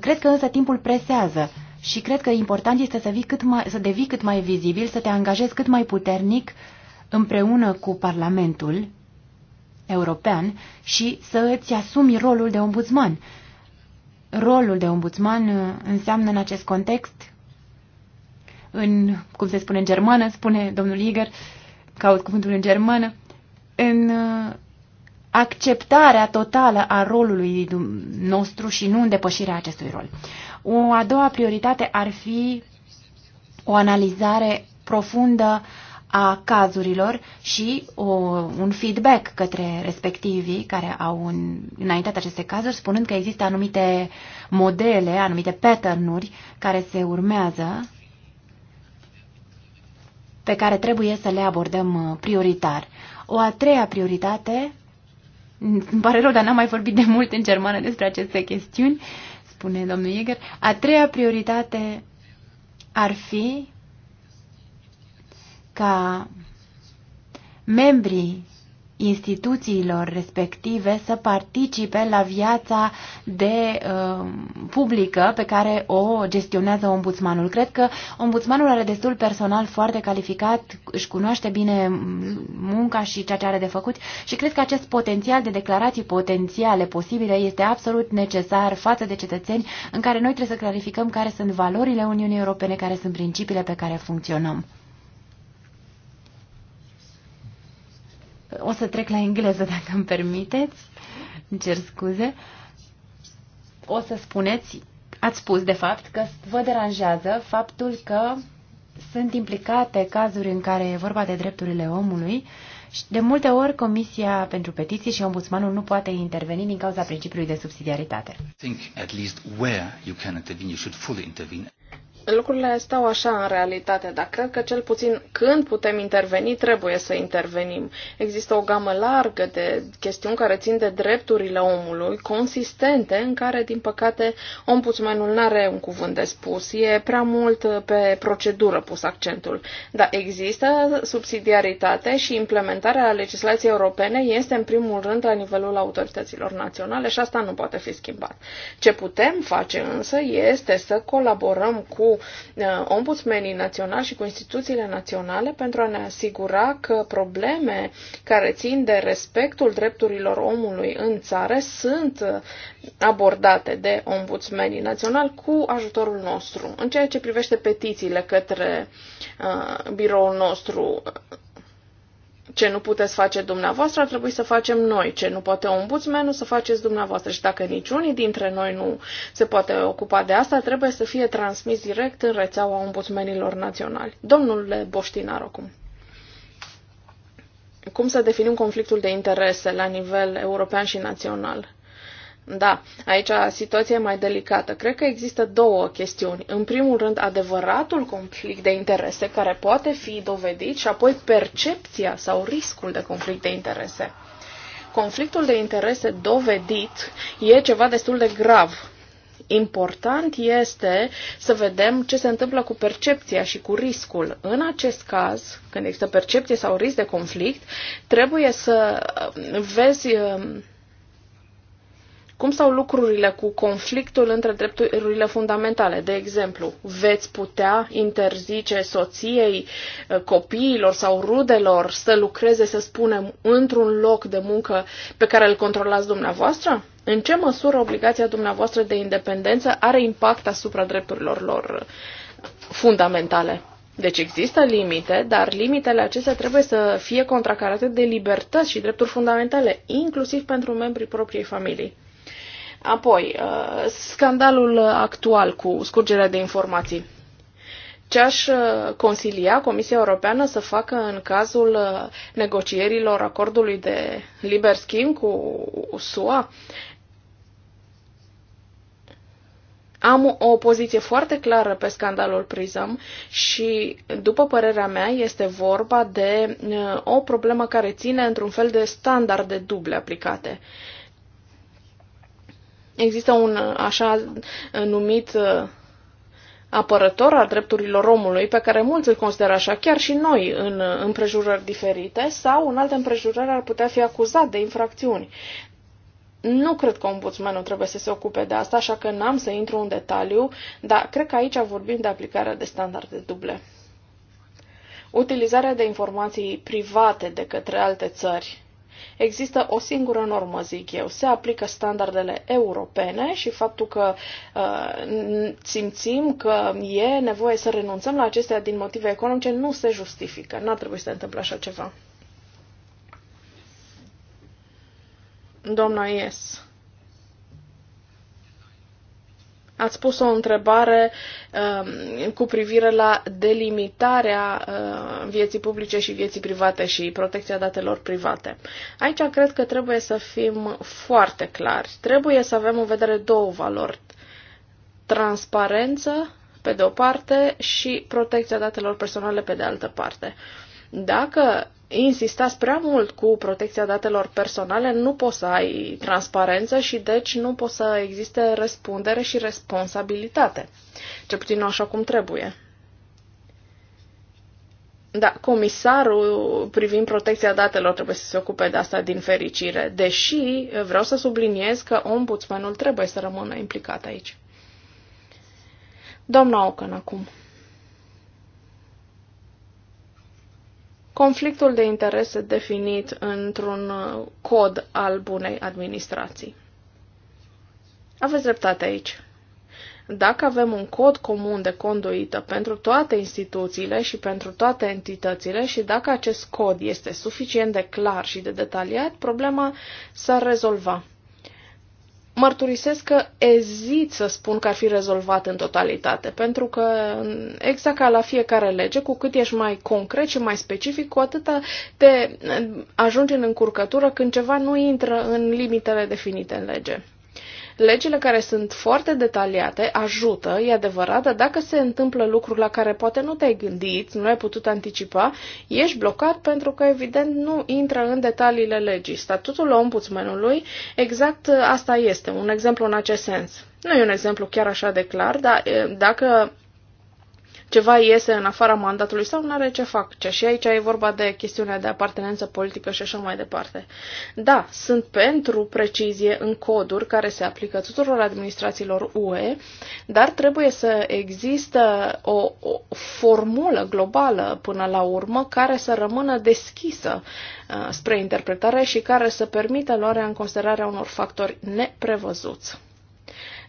cred că însă timpul presează și cred că important este să, vii cât mai, să devii cât mai vizibil, să te angajezi cât mai puternic împreună cu Parlamentul European și să îți asumi rolul de ombudsman. Rolul de ombudsman înseamnă în acest context, în, cum se spune în germană, spune domnul Iger, uh, caut cuvântul în germană, în uh, acceptarea totală a rolului nostru și nu în depășirea acestui rol. O a doua prioritate ar fi o analizare profundă a cazurilor și o, un feedback către respectivii care au în, înaintat aceste cazuri, spunând că există anumite modele, anumite pattern-uri care se urmează pe care trebuie să le abordăm uh, prioritar. O a treia prioritate, îmi pare rău, dar n-am mai vorbit de mult în germană despre aceste chestiuni, spune domnul Jäger, a treia prioritate ar fi ca membrii instituțiilor respective să participe la viața de uh, publică pe care o gestionează ombudsmanul. Cred că ombudsmanul are destul personal foarte calificat, își cunoaște bine munca și ceea ce are de făcut și cred că acest potențial de declarații potențiale posibile este absolut necesar față de cetățeni în care noi trebuie să clarificăm care sunt valorile Uniunii Europene, care sunt principiile pe care funcționăm. O să trec la engleză, (laughs) dacă îmi permiteți. Îmi cer scuze. O să spuneți, ați spus, de fapt, că vă deranjează faptul că sunt implicate cazuri în care e vorba de drepturile omului și de multe ori Comisia pentru Petiții și Ombudsmanul nu poate interveni din cauza principiului de subsidiaritate
lucrurile stau așa în realitate, dar cred că cel puțin când putem interveni, trebuie să intervenim. Există o gamă largă de chestiuni care țin de drepturile omului, consistente, în care, din păcate, ombudsmanul nu are un cuvânt de spus. E prea mult uh, pe procedură pus accentul. Dar există subsidiaritate și implementarea legislației europene este, în primul rând, la nivelul autorităților naționale și asta nu poate fi schimbat. Ce putem face, însă, este să colaborăm cu cu uh, ombudsmenii naționali și cu instituțiile naționale pentru a ne asigura că probleme care țin de respectul drepturilor omului în țară sunt abordate de ombudsmenii naționali cu ajutorul nostru. În ceea ce privește petițiile către uh, biroul nostru, ce nu puteți face dumneavoastră, ar trebui să facem noi. Ce nu poate ombudsmanul, să faceți dumneavoastră. Și dacă niciunii dintre noi nu se poate ocupa de asta, trebuie să fie transmis direct în rețeaua ombudsmenilor naționali. Domnule Boștinar, acum. Cum să definim conflictul de interese la nivel european și național? Da, aici situația e mai delicată. Cred că există două chestiuni. În primul rând, adevăratul conflict de interese care poate fi dovedit și apoi percepția sau riscul de conflict de interese. Conflictul de interese dovedit e ceva destul de grav. Important este să vedem ce se întâmplă cu percepția și cu riscul. În acest caz, când există percepție sau risc de conflict, trebuie să vezi um, cum stau lucrurile cu conflictul între drepturile fundamentale? De exemplu, veți putea interzice soției, eh, copiilor sau rudelor să lucreze, să spunem, într-un loc de muncă pe care îl controlați dumneavoastră? În ce măsură obligația dumneavoastră de independență are impact asupra drepturilor lor eh, fundamentale? Deci există limite, dar limitele acestea trebuie să fie contracarate de libertăți și drepturi fundamentale, inclusiv pentru membrii propriei familii. Apoi, uh, scandalul actual cu scurgerea de informații. Ce aș uh, consilia Comisia Europeană să facă în cazul uh, negocierilor acordului de liber schimb cu SUA? Am o poziție foarte clară pe scandalul Prism și, după părerea mea, este vorba de o problemă care ține într-un fel de standarde duble aplicate. Uh, Există un așa numit uh, apărător al drepturilor omului, pe care mulți îl consideră așa, chiar și noi, în uh, împrejurări diferite, sau în alte împrejurări ar putea fi acuzat de infracțiuni. Nu cred că ombudsmanul trebuie să se ocupe de asta, așa că n-am să intru în detaliu, dar cred că aici vorbim de aplicarea de standarde duble. Utilizarea de informații private de către alte țări Există o singură normă, zic eu. Se aplică standardele europene și faptul că uh, simțim că e nevoie să renunțăm la acestea din motive economice nu se justifică. N-ar trebui să se întâmple așa ceva. Doamna Yes. Ați pus o întrebare um, cu privire la delimitarea uh, vieții publice și vieții private și protecția datelor private. Aici cred că trebuie să fim foarte clari. Trebuie să avem în vedere două valori. Transparență, pe de o parte, și protecția datelor personale, pe de altă parte. Dacă insistați prea mult cu protecția datelor personale, nu poți să ai transparență și deci nu poți să existe răspundere și responsabilitate. Ce puțin nu așa cum trebuie. Da, comisarul privind protecția datelor trebuie să se ocupe de asta din fericire, deși vreau să subliniez că ombudsmanul trebuie să rămână implicat aici. Doamna Ocan acum. conflictul de interese definit într-un uh, cod al bunei administrații. Aveți dreptate aici. Dacă avem un cod comun de conduită pentru toate instituțiile și pentru toate entitățile și dacă acest cod este suficient de clar și de detaliat, problema s-ar rezolva mărturisesc că ezit să spun că ar fi rezolvat în totalitate, pentru că exact ca la fiecare lege, cu cât ești mai concret și mai specific, cu atât te ajungi în încurcătură când ceva nu intră în limitele definite în lege. Legile care sunt foarte detaliate ajută, e adevărat, dar dacă se întâmplă lucruri la care poate nu te-ai gândit, nu ai putut anticipa, ești blocat pentru că, evident, nu intră în detaliile legii. Statutul ombudsmanului, exact ă, asta este, un exemplu în acest sens. Nu e un exemplu chiar așa de clar, dar ă, dacă ceva iese în afara mandatului sau nu are ce face. Și aici e vorba de chestiunea de apartenență politică și așa mai departe. Da, sunt pentru precizie în coduri care se aplică tuturor administrațiilor UE, dar trebuie să există o, o formulă globală până la urmă care să rămână deschisă uh, spre interpretare și care să permită luarea în considerare a unor factori neprevăzuți.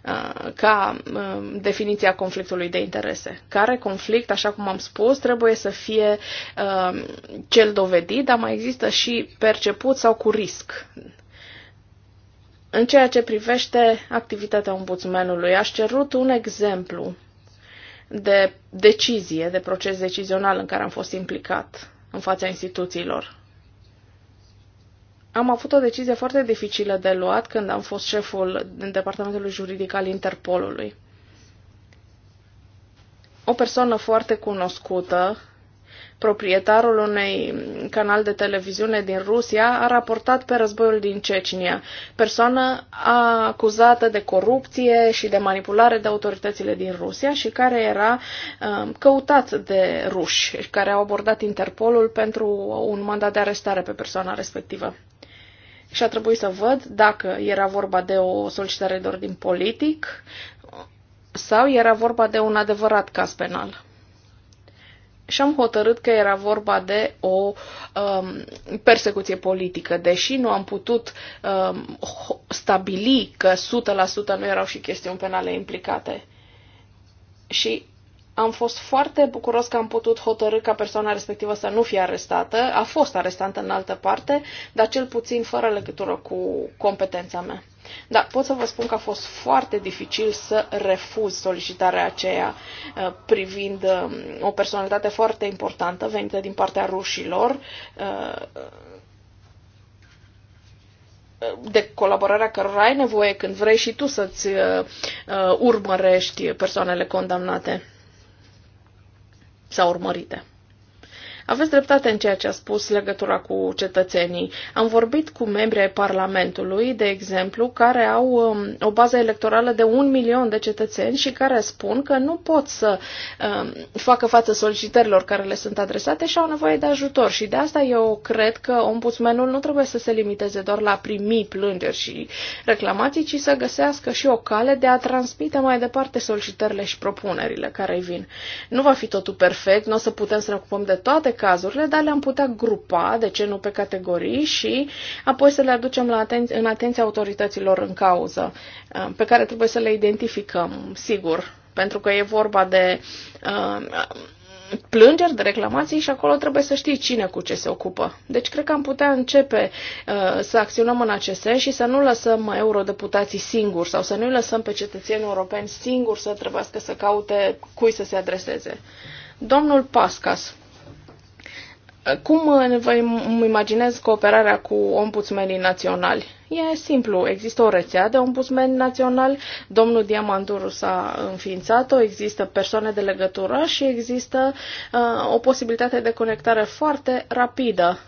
Uh, ca um, definiția conflictului de interese. Care conflict, așa cum am spus, trebuie să fie um, cel dovedit, dar mai există și perceput sau cu risc. În ceea ce privește activitatea ombudsmenului, aș cerut un exemplu de decizie, de proces decizional în care am fost implicat în fața instituțiilor. Am avut o decizie foarte dificilă de luat când am fost șeful în departamentul juridic al Interpolului. O persoană foarte cunoscută, proprietarul unei canal de televiziune din Rusia, a raportat pe războiul din Cecinia. Persoană acuzată de corupție și de manipulare de autoritățile din Rusia și care era um, căutat de ruși, care au abordat Interpolul pentru un mandat de arestare pe persoana respectivă și a trebuit să văd dacă era vorba de o solicitare de ordin politic sau era vorba de un adevărat caz penal. Și am hotărât că era vorba de o um, persecuție politică, deși nu am putut um, stabili că 100% nu erau și chestiuni penale implicate. Și am fost foarte bucuros că am putut hotărâ ca persoana respectivă să nu fie arestată. A fost arestată în altă parte, dar cel puțin fără legătură cu competența mea. Da, pot să vă spun că a fost foarte dificil să refuz solicitarea aceea uh, privind um, o personalitate foarte importantă venită din partea rușilor uh, de colaborarea cărora ai nevoie când vrei și tu să-ți uh, urmărești persoanele condamnate sau urmărite. Aveți dreptate în ceea ce a spus legătura cu cetățenii. Am vorbit cu membri ai Parlamentului, de exemplu, care au um, o bază electorală de un milion de cetățeni și care spun că nu pot să um, facă față solicitărilor care le sunt adresate și au nevoie de ajutor. Și de asta eu cred că ombudsmenul nu trebuie să se limiteze doar la primi plângeri și reclamații, ci să găsească și o cale de a transmite mai departe solicitările și propunerile care vin. Nu va fi totul perfect, nu o să putem să ne ocupăm de toate cazurile, dar le-am putea grupa, de ce nu pe categorii, și apoi să le aducem la aten- în atenția autorităților în cauză, uh, pe care trebuie să le identificăm, sigur, pentru că e vorba de uh, plângeri, de reclamații și acolo trebuie să știi cine cu ce se ocupă. Deci cred că am putea începe uh, să acționăm în acest sens și să nu lăsăm eurodeputații singuri sau să nu-i lăsăm pe cetățenii europeni singuri să trebuiască să caute cui să se adreseze. Domnul Pascas. Cum uh, vă imaginez cooperarea cu ombudsmenii naționali? E simplu, există o rețea de ombudsmeni naționali, domnul Diamanduru s-a înființat-o, există persoane de legătură și există uh, o posibilitate de conectare foarte rapidă.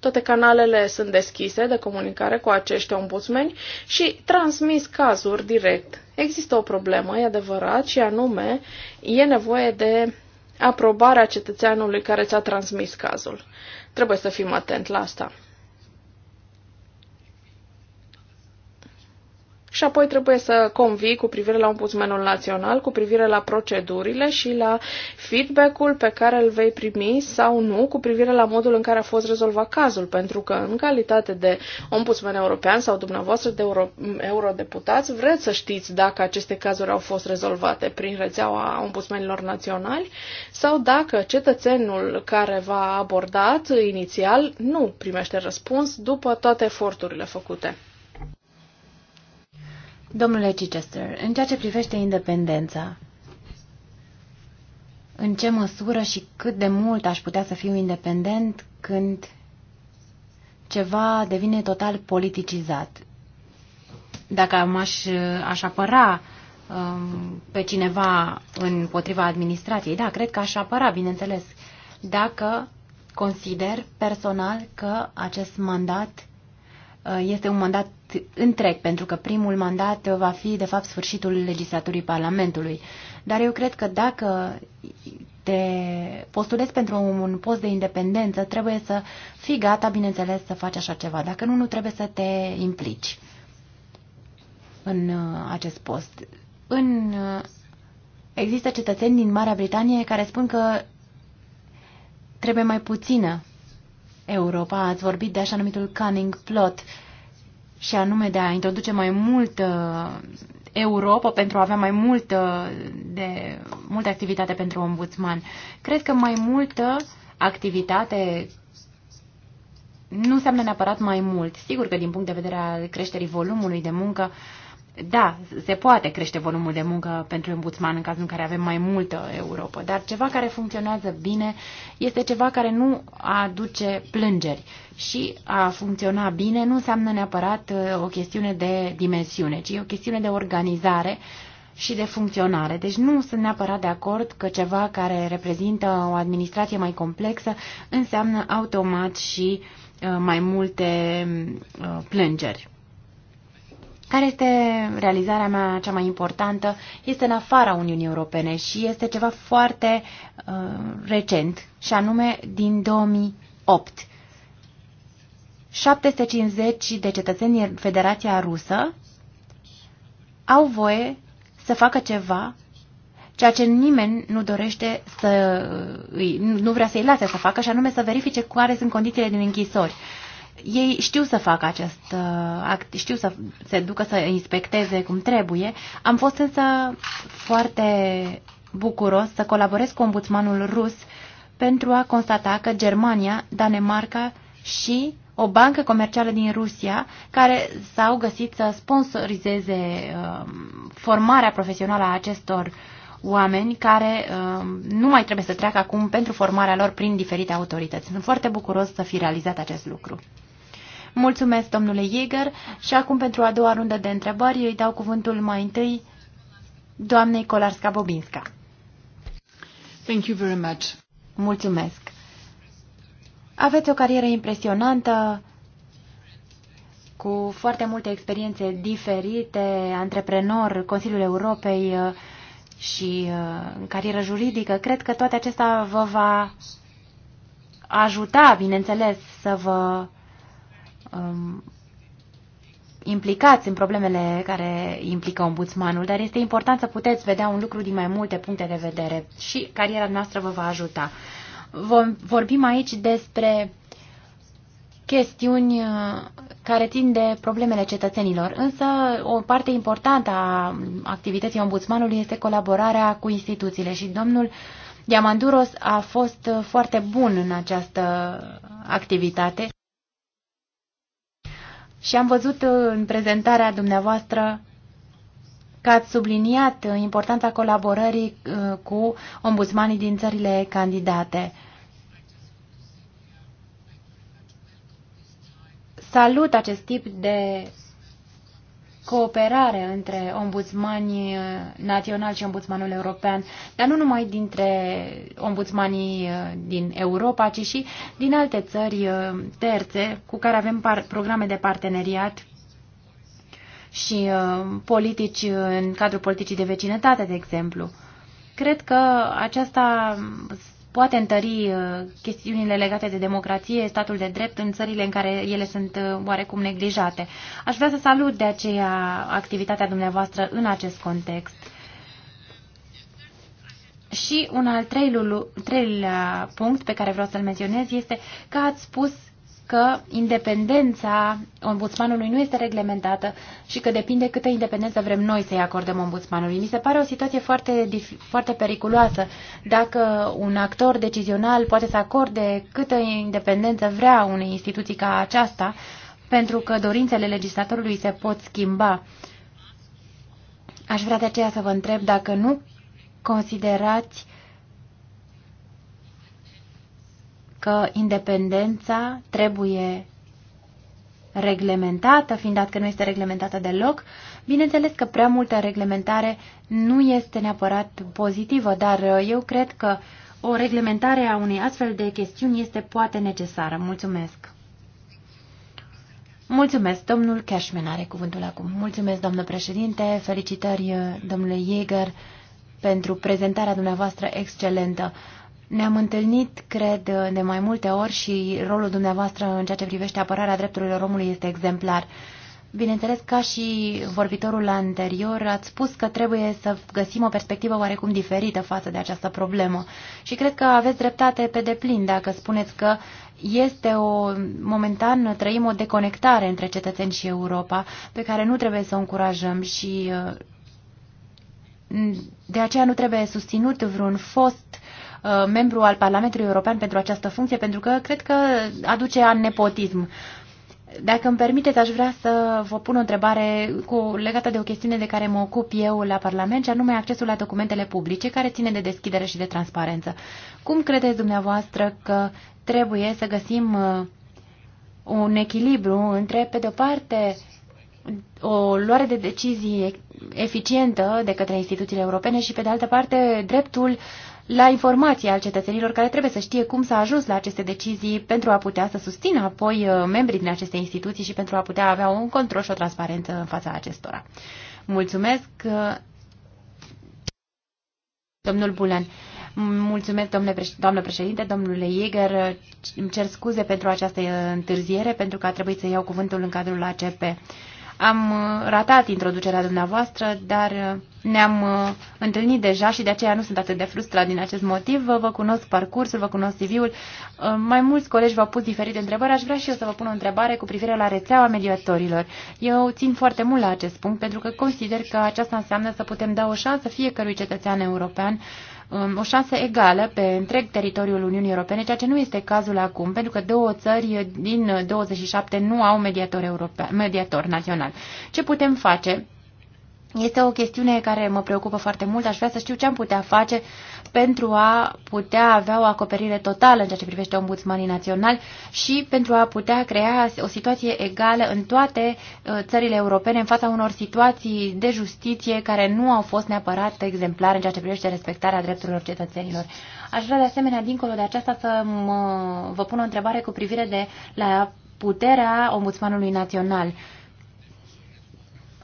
Toate canalele sunt deschise de comunicare cu acești ombudsmeni și transmis cazuri direct. Există o problemă, e adevărat, și anume e nevoie de aprobarea cetățeanului care ți-a transmis cazul. Trebuie să fim atenți la asta. și apoi trebuie să convii cu privire la ombudsmanul național, cu privire la procedurile și la feedback-ul pe care îl vei primi sau nu cu privire la modul în care a fost rezolvat cazul, pentru că în calitate de ombudsman european sau dumneavoastră de euro, eurodeputați vreți să știți dacă aceste cazuri au fost rezolvate prin rețeaua ombudsmanilor naționali sau dacă cetățenul care v-a abordat inițial nu primește răspuns după toate eforturile făcute.
Domnule Chichester, în ceea ce privește independența, în ce măsură și cât de mult aș putea să fiu independent când ceva devine total politicizat? Dacă m-aș, aș apăra um, pe cineva împotriva administrației, da, cred că aș apăra, bineînțeles, dacă consider personal că acest mandat Uh, este un mandat întreg, pentru că primul mandat va fi, de fapt, sfârșitul legislaturii Parlamentului. Dar eu cred că dacă te postulezi pentru un post de independență, trebuie să fii gata, bineînțeles, să faci așa ceva. Dacă nu, nu trebuie să te implici în uh, acest post. În, uh, există cetățeni din Marea Britanie care spun că trebuie mai puțină Europa. Ați vorbit de așa numitul Cunning Plot și anume de a introduce mai mult Europa pentru a avea mai multă, de, multă activitate pentru ombudsman. Cred că mai multă activitate nu înseamnă neapărat mai mult. Sigur că din punct de vedere al creșterii volumului de muncă, uh, da, se poate crește volumul de muncă pentru ombudsman în cazul în care avem mai multă Europa, dar ceva care funcționează bine este ceva care nu aduce plângeri și a funcționa bine nu înseamnă neapărat uh, o chestiune de dimensiune, ci o chestiune de organizare și de funcționare. Deci nu sunt neapărat de acord că ceva care reprezintă o administrație mai complexă înseamnă automat și uh, mai multe uh, plângeri care este realizarea mea cea mai importantă, este în afara Uniunii Europene și este ceva foarte uh, recent, și anume din 2008. 750 de cetățeni din Federația Rusă au voie să facă ceva ceea ce nimeni nu dorește să îi, nu vrea să-i lase să facă, și anume să verifice care sunt condițiile din închisori ei știu să facă acest uh, act, știu să se ducă să inspecteze cum trebuie. Am fost însă foarte bucuros să colaborez cu ombudsmanul rus pentru a constata că Germania, Danemarca și o bancă comercială din Rusia care s-au găsit să sponsorizeze um, formarea profesională a acestor oameni care um, nu mai trebuie să treacă acum pentru formarea lor prin diferite autorități. Sunt foarte bucuros să fi realizat acest lucru. Mulțumesc, domnule Jäger. Și acum, pentru a doua rundă de întrebări, îi dau cuvântul mai întâi doamnei Kolarska-Bobinska. Thank you very much. Mulțumesc. Aveți o carieră impresionantă, cu foarte multe experiențe diferite, antreprenor, Consiliul Europei uh, și uh, carieră juridică. Cred că toate acestea vă va ajuta, bineînțeles, să vă um, implicați în problemele care implică ombudsmanul, dar este important să puteți vedea un lucru din mai multe puncte de vedere și cariera noastră vă va ajuta. Vom, vorbim aici despre chestiuni uh, care țin de problemele cetățenilor, însă o parte importantă a activității ombudsmanului este colaborarea cu instituțiile și domnul Diamanduros a fost foarte bun în această activitate. Și am văzut uh, în prezentarea dumneavoastră că ați subliniat uh, importanța colaborării uh, cu ombudsmanii din țările candidate. Salut acest tip de cooperare între ombudsmanii naționali și ombudsmanul european, dar nu numai dintre ombudsmanii uh, din Europa, ci și din alte țări uh, terțe cu care avem programe de parteneriat și uh, politici în cadrul politicii de vecinătate, de exemplu. Cred că aceasta poate întări uh, chestiunile legate de democrație, statul de drept în țările în care ele sunt uh, oarecum neglijate. Aș vrea să salut de aceea activitatea dumneavoastră în acest context. Și un al treilea punct pe care vreau să-l menționez este că ați spus că independența ombudsmanului nu este reglementată și că depinde câtă independență vrem noi să-i acordăm ombudsmanului. Mi se pare o situație foarte, foarte periculoasă dacă un actor decizional poate să acorde câtă independență vrea unei instituții ca aceasta, pentru că dorințele legislatorului se pot schimba. Aș vrea de aceea să vă întreb dacă nu considerați uh, că independența trebuie reglementată, fiind dat că nu este reglementată deloc, bineînțeles că prea multă reglementare nu este neapărat pozitivă, dar uh, eu cred că o reglementare a unei astfel de chestiuni este poate necesară. Mulțumesc! Mulțumesc, domnul Cashman are cuvântul acum. Mulțumesc, domnul președinte, felicitări, uh, domnule Jäger, pentru prezentarea dumneavoastră excelentă. Ne-am întâlnit, cred, de mai multe ori și rolul dumneavoastră în ceea ce privește apărarea drepturilor omului este exemplar. Bineînțeles, ca și vorbitorul anterior, ați spus că trebuie să găsim o perspectivă oarecum diferită față de această problemă. Și cred că aveți dreptate pe deplin dacă spuneți că este o, momentan trăim o deconectare între cetățeni și Europa, pe care nu trebuie să o încurajăm și uh, de aceea nu trebuie susținut vreun fost Uh, membru al Parlamentului European pentru această funcție, pentru că cred că aduce an nepotism. Dacă îmi permiteți, aș vrea să vă pun o întrebare cu, legată de o chestiune de care mă ocup eu la Parlament, și anume accesul la documentele publice, care ține de deschidere și de transparență. Cum credeți dumneavoastră că trebuie să găsim uh, un echilibru între, pe de-o parte, o luare de decizii eficientă de către instituțiile europene și, pe de altă parte, dreptul uh, la informația al cetățenilor care trebuie să știe cum s-a ajuns la aceste decizii pentru a putea să susțină apoi uh, membrii din aceste instituții și pentru a putea avea un control și o transparență în fața acestora. Mulțumesc, uh, domnul Bulan. Mulțumesc, domnule preș doamnă președinte, domnule Iger. Îmi cer scuze pentru această uh, întârziere, pentru că a trebuit să iau cuvântul în cadrul ACP. Am uh, ratat introducerea dumneavoastră, dar uh, ne-am uh, întâlnit deja și de aceea nu sunt atât de frustrat din acest motiv. Vă cunosc parcursul, vă cunosc CV-ul. Mai mulți colegi v-au pus diferite întrebări. Aș vrea și eu să vă pun o întrebare cu privire la rețeaua mediatorilor. Eu țin foarte mult la acest punct pentru că consider că aceasta înseamnă să putem da o șansă fiecărui cetățean european Um, o șansă egală pe întreg teritoriul Uniunii Europene, ceea ce nu este cazul acum, pentru că două țări din 27 nu au mediator, european, mediator național. Ce putem face? Este o chestiune care mă preocupă foarte mult. Aș vrea să știu ce am putea face pentru a putea avea o acoperire totală în ceea ce privește ombudsmanii naționali și pentru a putea crea o situație egală în toate uh, țările europene în fața unor situații de justiție care nu au fost neapărat exemplare în ceea ce privește respectarea drepturilor cetățenilor. Aș vrea de asemenea, dincolo de aceasta, să mă, vă pun o întrebare cu privire de la puterea ombudsmanului național. Uh,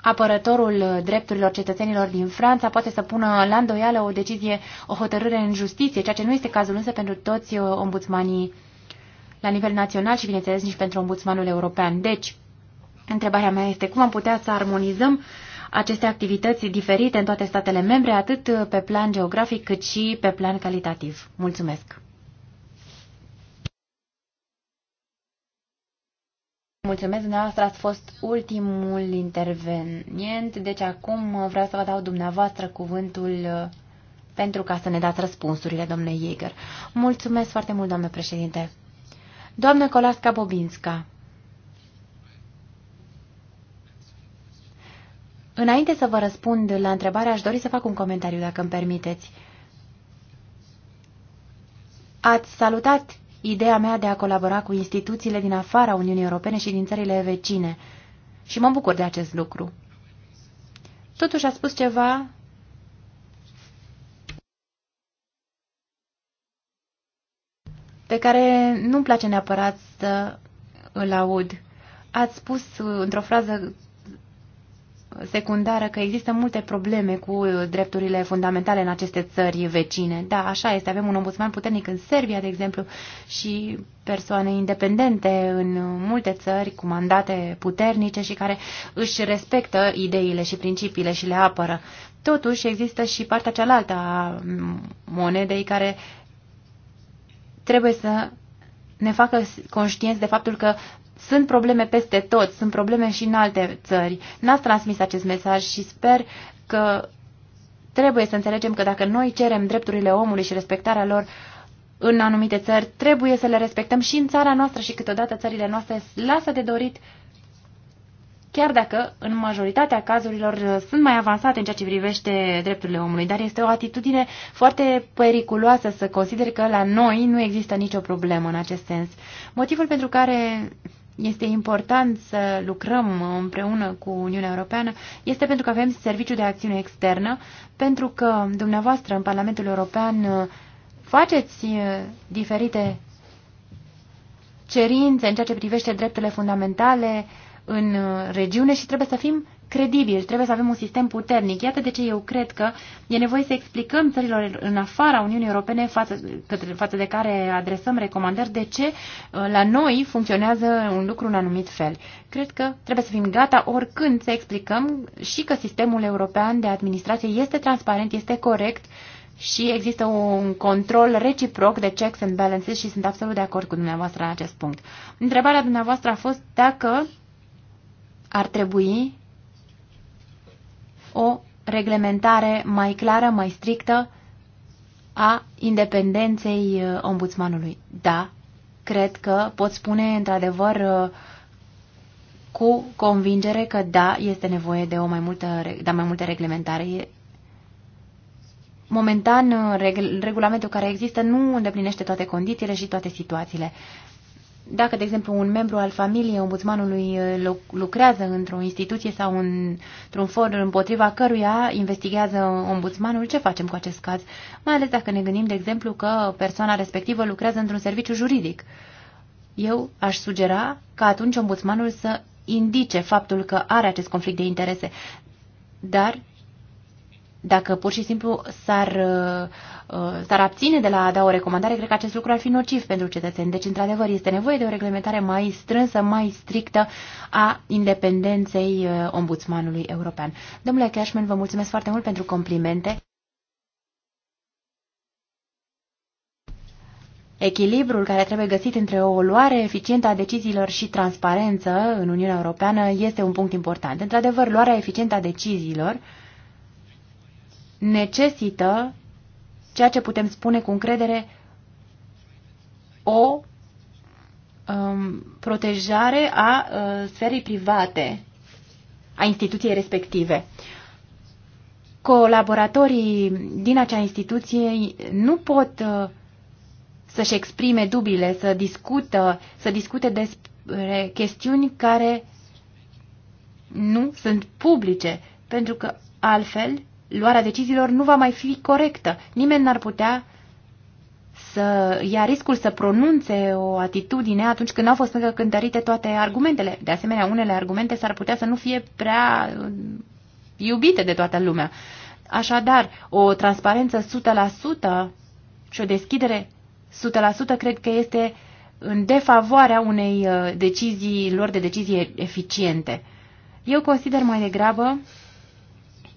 apărătorul drepturilor cetățenilor din Franța poate să pună la îndoială o decizie, o hotărâre în justiție, ceea ce nu este cazul însă pentru toți uh, ombudsmanii la nivel național și, bineînțeles, nici pentru ombudsmanul european. Deci, întrebarea mea este cum am putea să armonizăm aceste activități diferite în toate statele membre, atât pe plan geografic cât și pe plan calitativ. Mulțumesc! Mulțumesc, dumneavoastră ați fost ultimul intervenient, deci acum vreau să vă dau dumneavoastră cuvântul uh, pentru ca să ne dați răspunsurile, domnule Jäger. Mulțumesc foarte mult, doamnă președinte. Doamnă Colasca Bobinska, înainte să vă răspund la întrebare, aș dori să fac un comentariu, dacă îmi permiteți. Ați salutat ideea mea de a colabora cu instituțiile din afara Uniunii Europene și din țările vecine. Și mă bucur de acest lucru. Totuși a spus ceva pe care nu-mi place neapărat să îl aud. Ați spus într-o frază secundară că există multe probleme cu drepturile fundamentale în aceste țări vecine. Da, așa este. Avem un ombudsman puternic în Serbia, de exemplu, și persoane independente în multe țări cu mandate puternice și care își respectă ideile și principiile și le apără. Totuși, există și partea cealaltă a monedei care trebuie să ne facă conștienți de faptul că sunt probleme peste tot, sunt probleme și în alte țări. N-ați transmis acest mesaj și sper că trebuie să înțelegem că dacă noi cerem drepturile omului și respectarea lor în anumite țări, trebuie să le respectăm și în țara noastră și câteodată țările noastre lasă de dorit chiar dacă în majoritatea cazurilor sunt mai avansate în ceea ce privește drepturile omului, dar este o atitudine foarte periculoasă să consideri că la noi nu există nicio problemă în acest sens. Motivul pentru care este important să lucrăm împreună cu Uniunea Europeană este pentru că avem serviciu de acțiune externă, pentru că dumneavoastră în Parlamentul European uh, faceți uh, diferite cerințe în ceea ce privește drepturile fundamentale în uh, regiune și trebuie să fim credibil, trebuie să avem un sistem puternic. Iată de ce eu cred că e nevoie să explicăm țărilor în afara Uniunii Europene față, către, față de care adresăm recomandări de ce uh, la noi funcționează un lucru în anumit fel. Cred că trebuie să fim gata oricând să explicăm și că sistemul european de administrație este transparent, este corect și există un control reciproc de checks and balances și sunt absolut de acord cu dumneavoastră în acest punct. Întrebarea dumneavoastră a fost dacă ar trebui o reglementare mai clară, mai strictă a independenței uh, ombudsmanului. Da, cred că pot spune într-adevăr uh, cu convingere că da, este nevoie de o mai multă, de mai multă reglementare. Momentan, uh, regulamentul care există nu îndeplinește toate condițiile și toate situațiile dacă, de exemplu, un membru al familiei ombudsmanului uh, lucrează într-o instituție sau într-un for împotriva căruia investigează ombudsmanul, ce facem cu acest caz? Mai ales dacă ne gândim, de exemplu, că persoana respectivă lucrează într-un serviciu juridic. Eu aș sugera ca atunci ombudsmanul să indice faptul că are acest conflict de interese. Dar dacă pur și simplu s-ar uh, Uh, s-ar abține de la a da o recomandare, cred că acest lucru ar fi nociv pentru cetățeni. Deci, într-adevăr, este nevoie de o reglementare mai strânsă, mai strictă a independenței uh, ombudsmanului european. Domnule Cashman, vă mulțumesc foarte mult pentru complimente. Echilibrul care trebuie găsit între o luare eficientă a deciziilor și transparență în Uniunea Europeană este un punct important. Într-adevăr, luarea eficientă a deciziilor necesită ceea ce putem spune cu încredere o um, protejare a uh, sferii private, a instituției respective. Colaboratorii din acea instituție nu pot uh, să-și exprime dubile, să, discută, să discute despre chestiuni care nu sunt publice, pentru că altfel luarea deciziilor nu va mai fi corectă. Nimeni n-ar putea să ia riscul să pronunțe o atitudine atunci când au fost încă cântărite toate argumentele. De asemenea, unele argumente s-ar putea să nu fie prea uh, iubite de toată lumea. Așadar, o transparență 100% și o deschidere 100% cred că este în defavoarea unei uh, decizii lor de decizie eficiente. Eu consider mai degrabă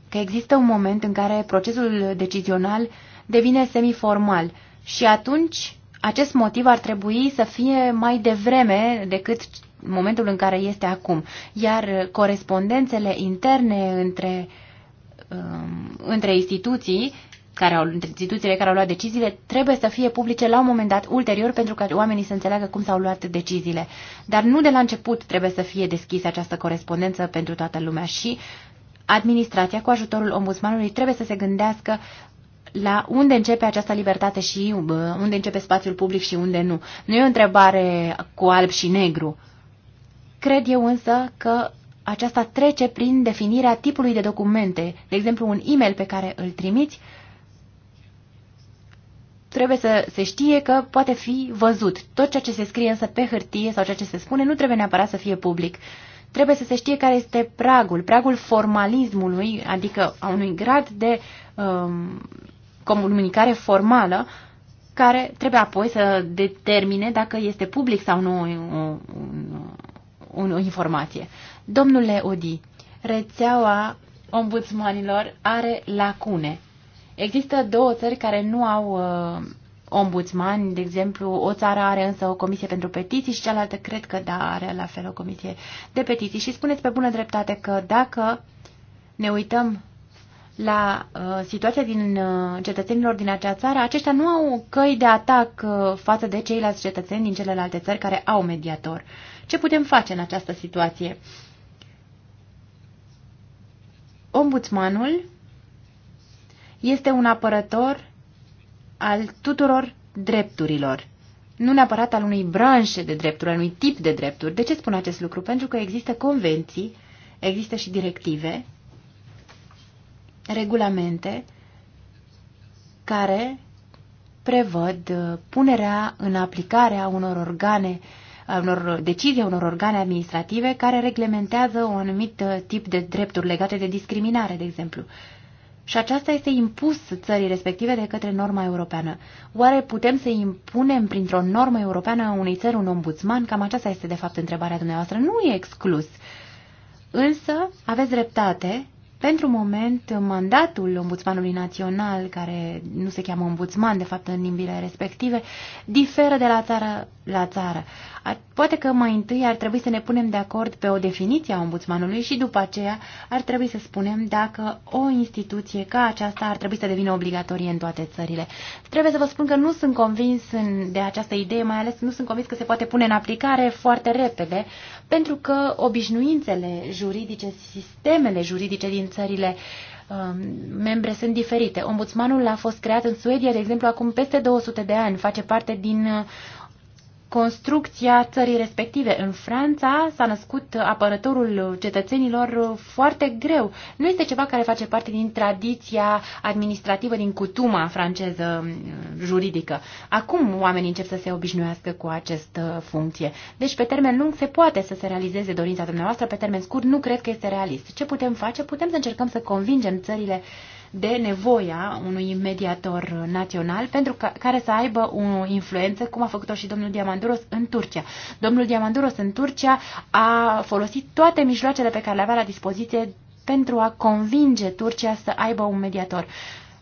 că există un moment în care procesul decizional devine semiformal și atunci acest motiv ar trebui să fie mai devreme decât momentul în care este acum. Iar corespondențele interne între, um, între instituții care au, instituțiile care au luat deciziile trebuie să fie publice la un moment dat ulterior pentru ca oamenii să înțeleagă cum s-au luat deciziile. Dar nu de la început trebuie să fie deschisă această corespondență pentru toată lumea și administrația cu ajutorul ombudsmanului trebuie să se gândească la unde începe această libertate și uh, unde începe spațiul public și unde nu. Nu e o întrebare cu alb și negru. Cred eu însă că aceasta trece prin definirea tipului de documente. De exemplu, un e-mail pe care îl trimiți trebuie să se știe că poate fi văzut. Tot ceea ce se scrie însă pe hârtie sau ceea ce se spune nu trebuie neapărat să fie public trebuie să se știe care este pragul, pragul formalismului, adică a unui grad de um, comunicare formală, care trebuie apoi să determine dacă este public sau nu o, o, o informație. Domnule Odi, rețeaua ombudsmanilor are lacune. Există două țări care nu au uh, Ombudsman, de exemplu, o țară are însă o comisie pentru petiții și cealaltă cred că da, are la fel o comisie de petiții. Și spuneți pe bună dreptate că dacă ne uităm la uh, situația din uh, cetățenilor din acea țară, aceștia nu au căi de atac uh, față de ceilalți cetățeni din celelalte țări care au mediator. Ce putem face în această situație? Ombudsmanul este un apărător al tuturor drepturilor. Nu neapărat al unei branșe de drepturi, al unui tip de drepturi. De ce spun acest lucru? Pentru că există convenții, există și directive, regulamente care prevăd uh, punerea în aplicare a unor organe, a unor decizii, a unor organe administrative care reglementează un anumit uh, tip de drepturi legate de discriminare, de exemplu și aceasta este impus țării respective de către norma europeană. Oare putem să impunem printr-o normă europeană a unei țări un ombudsman? Cam aceasta este de fapt întrebarea dumneavoastră. Nu e exclus. Însă, aveți dreptate, pentru moment, mandatul ombudsmanului național, care nu se cheamă ombudsman, de fapt, în limbile respective, diferă de la țară la țară. Ar, poate că mai întâi ar trebui să ne punem de acord pe o definiție a ombudsmanului și după aceea ar trebui să spunem dacă o instituție ca aceasta ar trebui să devină obligatorie în toate țările. Trebuie să vă spun că nu sunt convins în, de această idee, mai ales nu sunt convins că se poate pune în aplicare foarte repede, pentru că obișnuințele juridice, sistemele juridice din țările um, membre sunt diferite. Ombudsmanul a fost creat în Suedia, de exemplu, acum peste 200 de ani, face parte din uh, construcția țării respective. În Franța s-a născut apărătorul cetățenilor foarte greu. Nu este ceva care face parte din tradiția administrativă, din cutuma franceză mm, juridică. Acum oamenii încep să se obișnuiască cu această funcție. Deci pe termen lung se poate să se realizeze dorința dumneavoastră, pe termen scurt nu cred că este realist. Ce putem face? Putem să încercăm să convingem țările uh, de nevoia unui mediator național pentru ca, care să aibă o influență, cum a făcut-o și domnul Diamanduros în Turcia. Domnul Diamanduros în Turcia a folosit toate mijloacele pe care le avea la dispoziție pentru a convinge Turcia să aibă un mediator.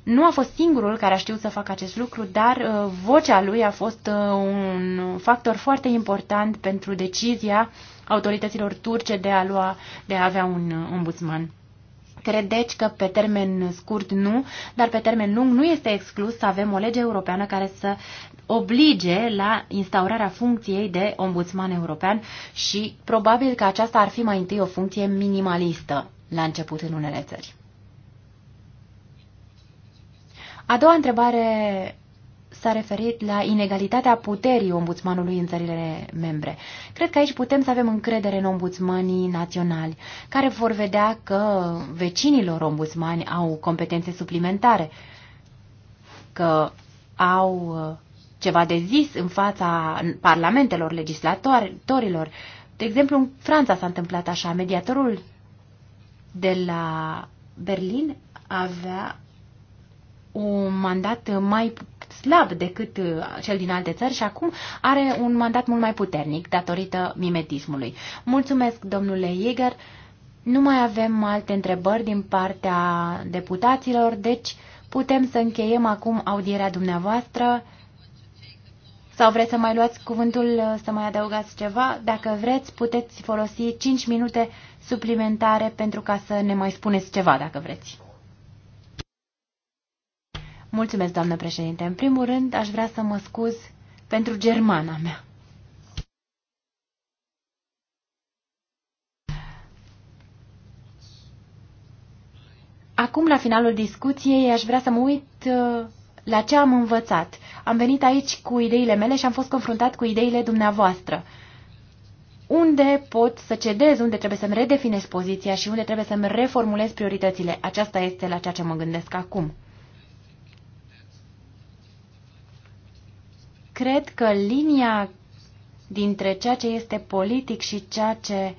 Nu a fost singurul care a știut să facă acest lucru, dar uh, vocea lui a fost uh, un factor foarte important pentru decizia autorităților turce de a, lua, de a avea un uh, ombudsman. Credeți că pe termen scurt nu, dar pe termen lung nu este exclus să avem o lege europeană care să oblige la instaurarea funcției de ombudsman european și probabil că aceasta ar fi mai întâi o funcție minimalistă la început în unele țări. A doua întrebare s-a referit la inegalitatea puterii ombudsmanului în țările membre. Cred că aici putem să avem încredere în ombudsmanii naționali, care vor vedea că vecinilor ombudsmani au competențe suplimentare, că au uh, ceva de zis în fața parlamentelor legislatorilor. De exemplu, în Franța s-a întâmplat așa. Mediatorul de la Berlin avea un mandat mai mandat slab decât uh, cel din alte țări și acum are un mandat mult mai puternic datorită mimetismului. Mulțumesc, domnule Jäger. Nu mai avem alte întrebări din partea deputaților, deci putem să încheiem acum audierea dumneavoastră. Sau vreți să mai luați cuvântul, uh, să mai adăugați ceva? Dacă vreți, puteți folosi 5 minute suplimentare pentru ca să ne mai spuneți ceva, dacă vreți. Mulțumesc, doamnă președinte. În primul rând, aș vrea să mă scuz pentru germana mea. Acum, la finalul discuției, aș vrea să mă uit uh, la ce am învățat. Am venit aici cu ideile mele și am fost confruntat cu ideile dumneavoastră. Unde pot să cedez, unde trebuie să-mi redefinez poziția și unde trebuie să-mi reformulez prioritățile? Aceasta este la ceea ce mă gândesc acum. cred că linia dintre ceea ce este politic și ceea ce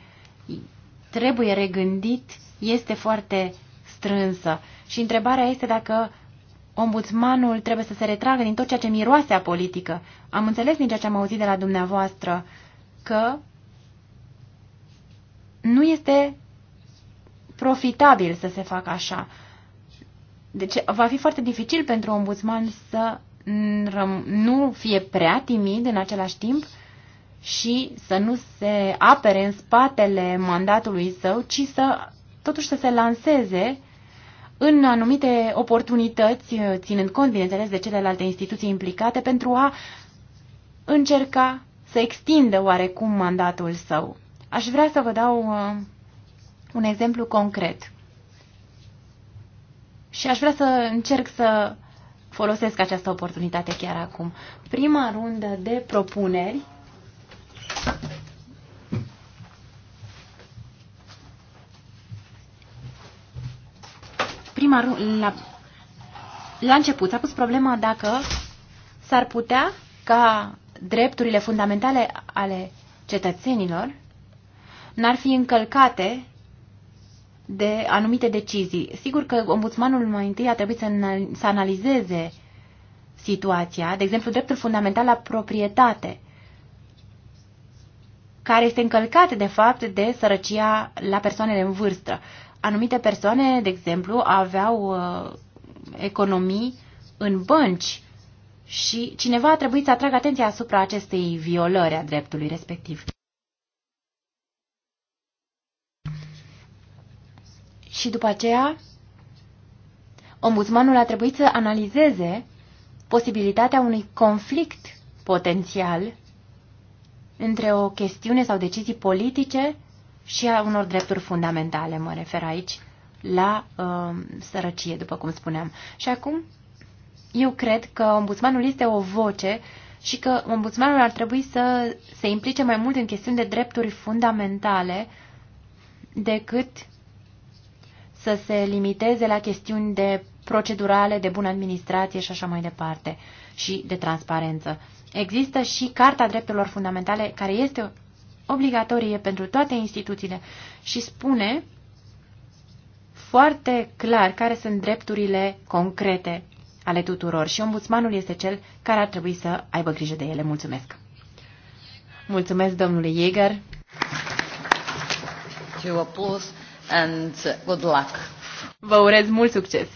trebuie regândit este foarte strânsă. Și întrebarea este dacă ombudsmanul trebuie să se retragă din tot ceea ce miroase a politică. Am înțeles din ceea ce am auzit de la dumneavoastră că nu este profitabil să se facă așa. Deci va fi foarte dificil pentru ombudsman să nu fie prea timid în același timp și să nu se apere în spatele mandatului său, ci să totuși să se lanseze în anumite oportunități, uh, ținând cont, bineînțeles, de celelalte instituții implicate, pentru a încerca să extindă oarecum mandatul său. Aș vrea să vă dau uh, un exemplu concret. Și aș vrea să încerc să folosesc această oportunitate chiar acum. Prima rundă de propuneri prima la, la început s-a pus problema dacă s-ar putea ca drepturile fundamentale ale cetățenilor n-ar fi încălcate de anumite decizii. Sigur că ombudsmanul mai întâi a trebuit să, să analizeze situația, de exemplu dreptul fundamental la proprietate, care este încălcat de fapt de sărăcia la persoanele în vârstă. Anumite persoane, de exemplu, aveau uh, economii în bănci și cineva a trebuit să atragă atenția asupra acestei violări a dreptului respectiv. Și după aceea, ombudsmanul a trebuit să analizeze posibilitatea unui conflict potențial între o chestiune sau decizii politice și a unor drepturi fundamentale, mă refer aici, la uh, sărăcie, după cum spuneam. Și acum, eu cred că ombudsmanul este o voce și că ombudsmanul ar trebui să se implice mai mult în chestiuni de drepturi fundamentale decât să se limiteze la chestiuni de procedurale, de bună administrație și așa mai departe, și de transparență. Există și Carta Drepturilor Fundamentale, care este obligatorie pentru toate instituțiile și spune foarte clar care sunt drepturile concrete ale tuturor și ombudsmanul este cel care ar trebui să aibă grijă de ele. Mulțumesc! Mulțumesc, domnule Jäger!
To apus and good luck! Vă urez mult succes!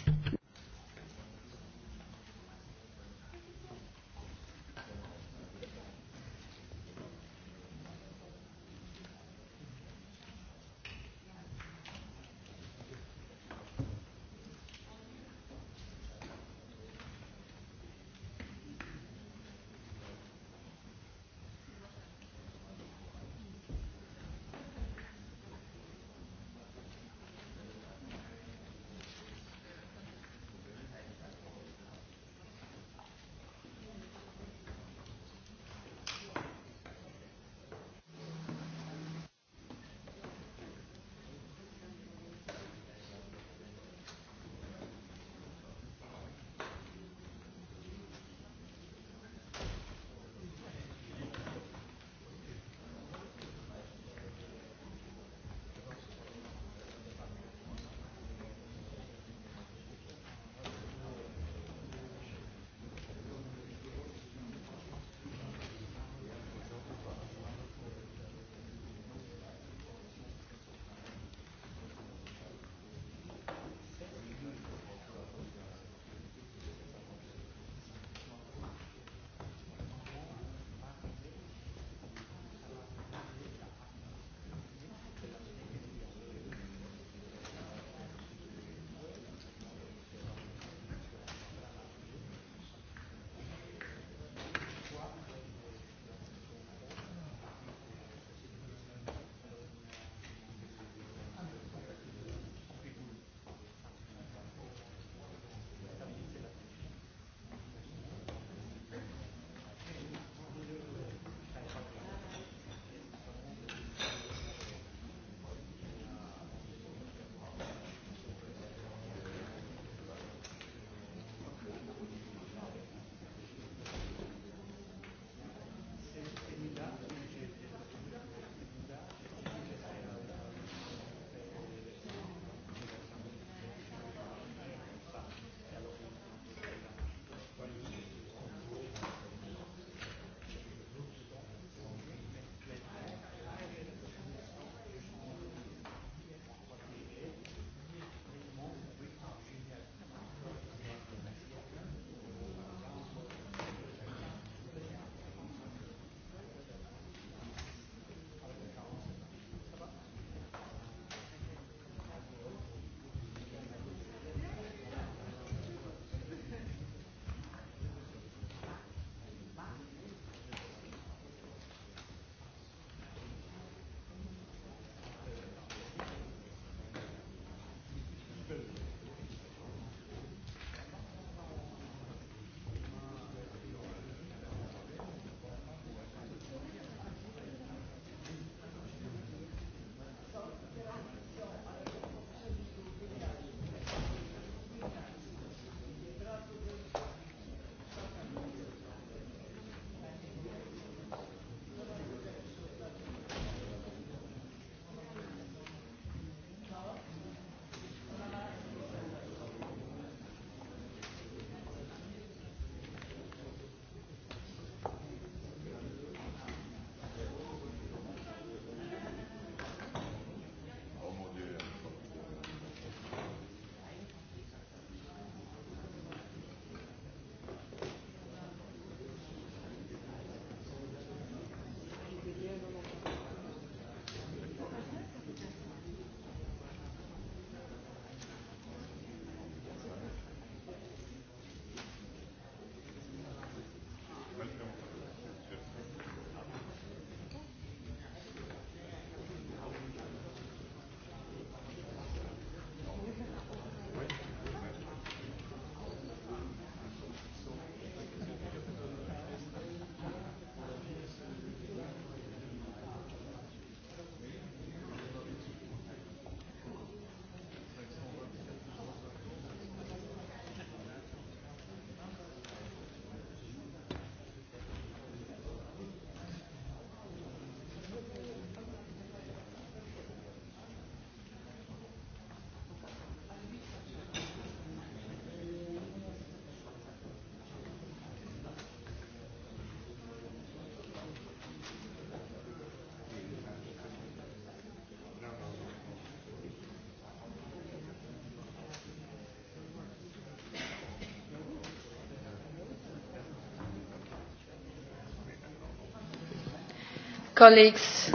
colleagues,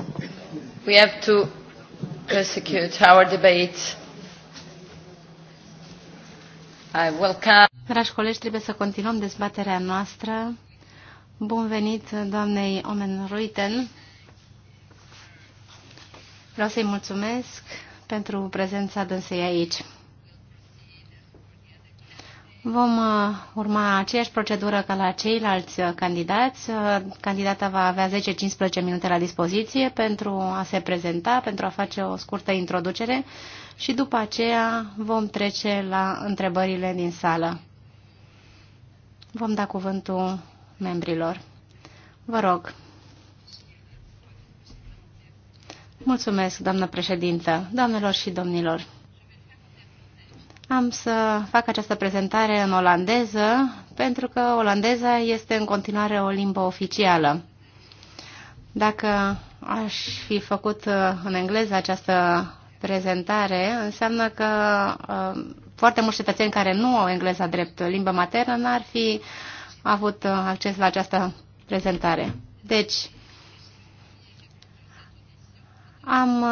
we have to prosecute our debate. I welcome. Dragi colegi, trebuie să continuăm dezbaterea noastră. Bun venit doamnei Omen Ruiten. Vreau să-i mulțumesc pentru prezența dânsei aici. Vom uh, urma aceeași procedură ca la ceilalți uh, candidați. Uh, candidata va avea 10-15 minute la dispoziție pentru a se prezenta, pentru a face o scurtă introducere și după aceea vom trece la întrebările din sală. Vom da cuvântul membrilor. Vă rog. Mulțumesc, doamnă președintă, doamnelor și domnilor. Am să fac această prezentare în olandeză, pentru că olandeza este în continuare o limbă oficială. Dacă aș fi făcut uh, în engleză această prezentare, înseamnă că uh, foarte mulți cetățeni care nu au engleza drept limbă maternă n-ar fi avut uh, acces la această prezentare. Deci, am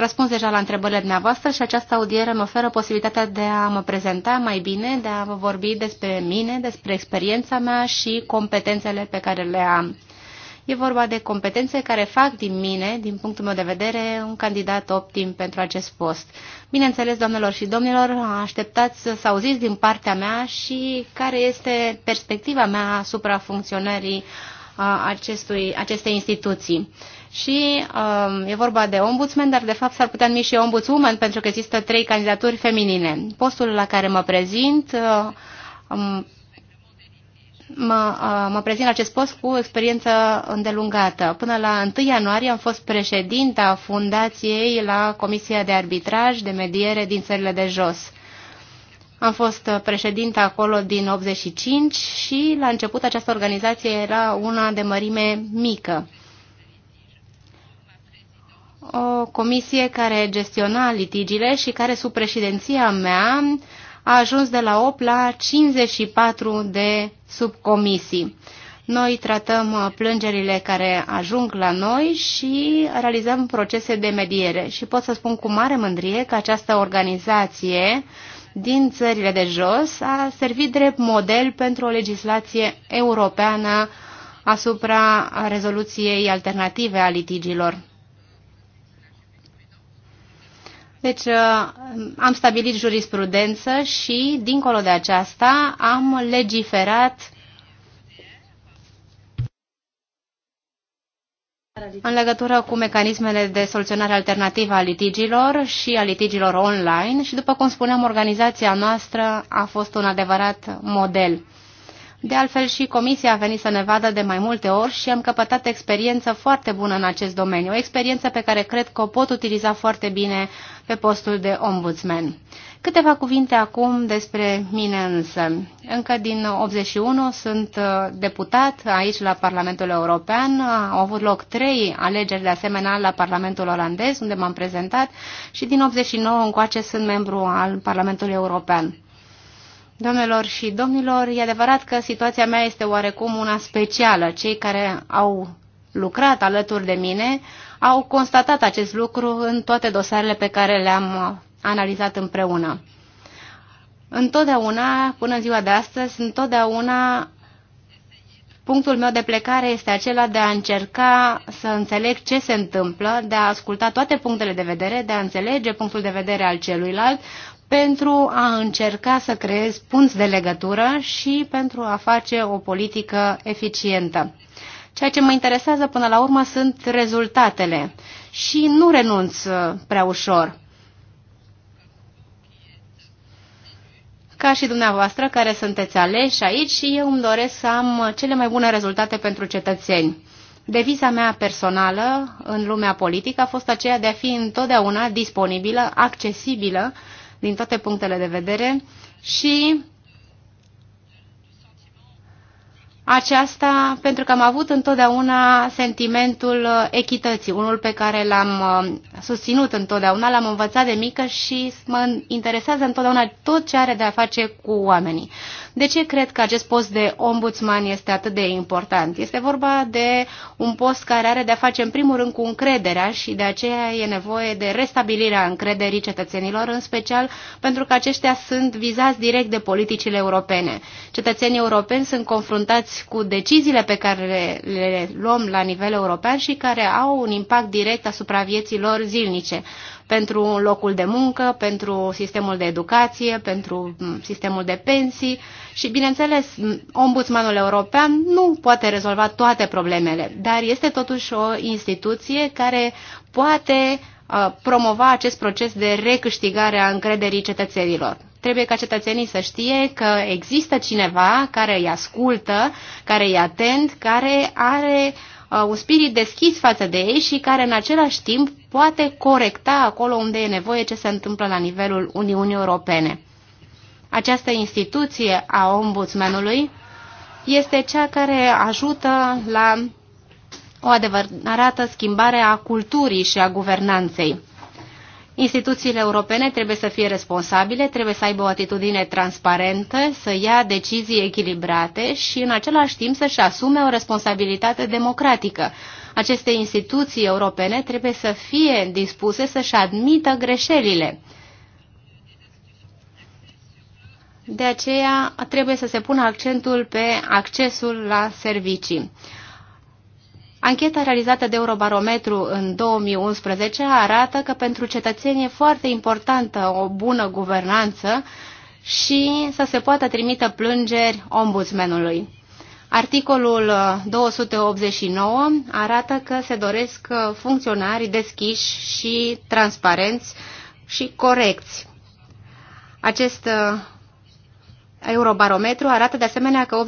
răspuns deja la întrebările dumneavoastră și această audiere îmi oferă posibilitatea de a mă prezenta mai bine, de a vă vorbi despre mine, despre experiența mea și competențele pe care le am. E vorba de competențe care fac din mine, din punctul meu de vedere, un candidat optim pentru acest post. Bineînțeles, doamnelor și domnilor, așteptați să auziți din partea mea și care este perspectiva mea asupra funcționării acestui, acestei instituții și um, e vorba de ombudsman, dar de fapt s-ar putea numi și ombudswoman pentru că există trei candidaturi feminine. Postul la care mă prezint uh, um, mă, uh, mă prezint acest post cu experiență îndelungată. Până la 1 ianuarie am fost președinta fundației la Comisia de Arbitraj de Mediere din țările de jos. Am fost președinta acolo din 85 și la început această organizație era una de mărime mică o comisie care gestiona litigile și care sub președinția mea a ajuns de la 8 la 54 de subcomisii. Noi tratăm uh, plângerile care ajung la noi și realizăm procese de mediere. Și pot să spun cu mare mândrie că această organizație din țările de jos a servit drept model pentru o legislație europeană asupra rezoluției alternative a litigilor. Deci uh, am stabilit jurisprudență și, dincolo de aceasta, am legiferat în legătură cu mecanismele de soluționare alternativă a litigiilor și a litigiilor online și, după cum spuneam, organizația noastră a fost un adevărat model de altfel și comisia a venit să ne vadă de mai multe ori și am căpătat experiență foarte bună în acest domeniu, o experiență pe care cred că o pot utiliza foarte bine pe postul de ombudsman. Câteva cuvinte acum despre mine însă. Încă din 81 sunt uh, deputat aici la Parlamentul European. Au avut loc trei alegeri de asemenea la Parlamentul olandez, unde m-am prezentat, și din 89 încoace sunt membru al Parlamentului European. Domnilor și domnilor, e adevărat că situația mea este oarecum una specială. Cei care au lucrat alături de mine au constatat acest lucru în toate dosarele pe care le-am analizat împreună. Întotdeauna, până în ziua de astăzi, întotdeauna punctul meu de plecare este acela de a încerca să înțeleg ce se întâmplă, de a asculta toate punctele de vedere, de a înțelege punctul de vedere al celuilalt, pentru a încerca să creezi punți de legătură și pentru a face o politică eficientă. Ceea ce mă interesează până la urmă sunt rezultatele și nu renunț uh, prea ușor. Ca și dumneavoastră care sunteți aleși aici și eu îmi doresc să am cele mai bune rezultate pentru cetățeni. Deviza mea personală în lumea politică a fost aceea de a fi întotdeauna disponibilă, accesibilă din toate punctele de vedere și aceasta pentru că am avut întotdeauna sentimentul echității, unul pe care l-am uh, susținut întotdeauna, l-am învățat de mică și mă interesează întotdeauna tot ce are de a face cu oamenii. De ce cred că acest post de ombudsman este atât de important? Este vorba de un post care are de-a face în primul rând cu încrederea și de aceea e nevoie de restabilirea încrederii cetățenilor, în special pentru că aceștia sunt vizați direct de politicile europene. Cetățenii europeni sunt confruntați cu deciziile pe care le luăm la nivel european și care au un impact direct asupra vieții lor zilnice pentru locul de muncă, pentru sistemul de educație, pentru mm, sistemul de pensii și, bineînțeles, mm, Ombudsmanul European nu poate rezolva toate problemele, dar este totuși o instituție care poate uh, promova acest proces de recâștigare a încrederii cetățenilor. Trebuie ca cetățenii să știe că există cineva care îi ascultă, care îi atent, care are uh, Uh, un spirit deschis față de ei și care în același timp poate corecta acolo unde e nevoie ce se întâmplă la nivelul Uniunii Europene. Această instituție a ombudsmanului este cea care ajută la o adevărată schimbare a culturii și a guvernanței. Instituțiile europene trebuie să fie responsabile, trebuie să aibă o atitudine transparentă, să ia decizii echilibrate și în același timp să-și asume o responsabilitate democratică. Aceste instituții europene trebuie să fie dispuse să-și admită greșelile. De aceea trebuie să se pună accentul pe accesul la servicii. Ancheta realizată de Eurobarometru în 2011 arată că pentru cetățenii e foarte importantă o bună guvernanță și să se poată trimite plângeri ombudsmenului. Articolul 289 arată că se doresc funcționari deschiși și transparenți și corecți. Acest uh, eurobarometru arată de asemenea că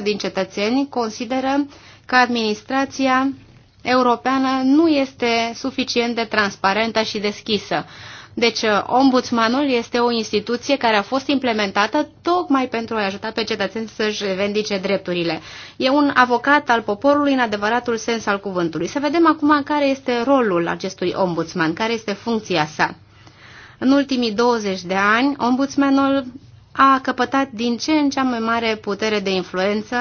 82% din cetățeni consideră că administrația europeană nu este suficient de transparentă și deschisă. Deci, uh, ombudsmanul este o instituție care a fost implementată tocmai pentru a ajuta pe cetățeni să-și revendice drepturile. E un avocat al poporului în adevăratul sens al cuvântului. Să vedem acum care este rolul acestui ombudsman, care este funcția sa. În ultimii 20 de ani, ombudsmanul a căpătat din ce în ce mai mare putere de influență,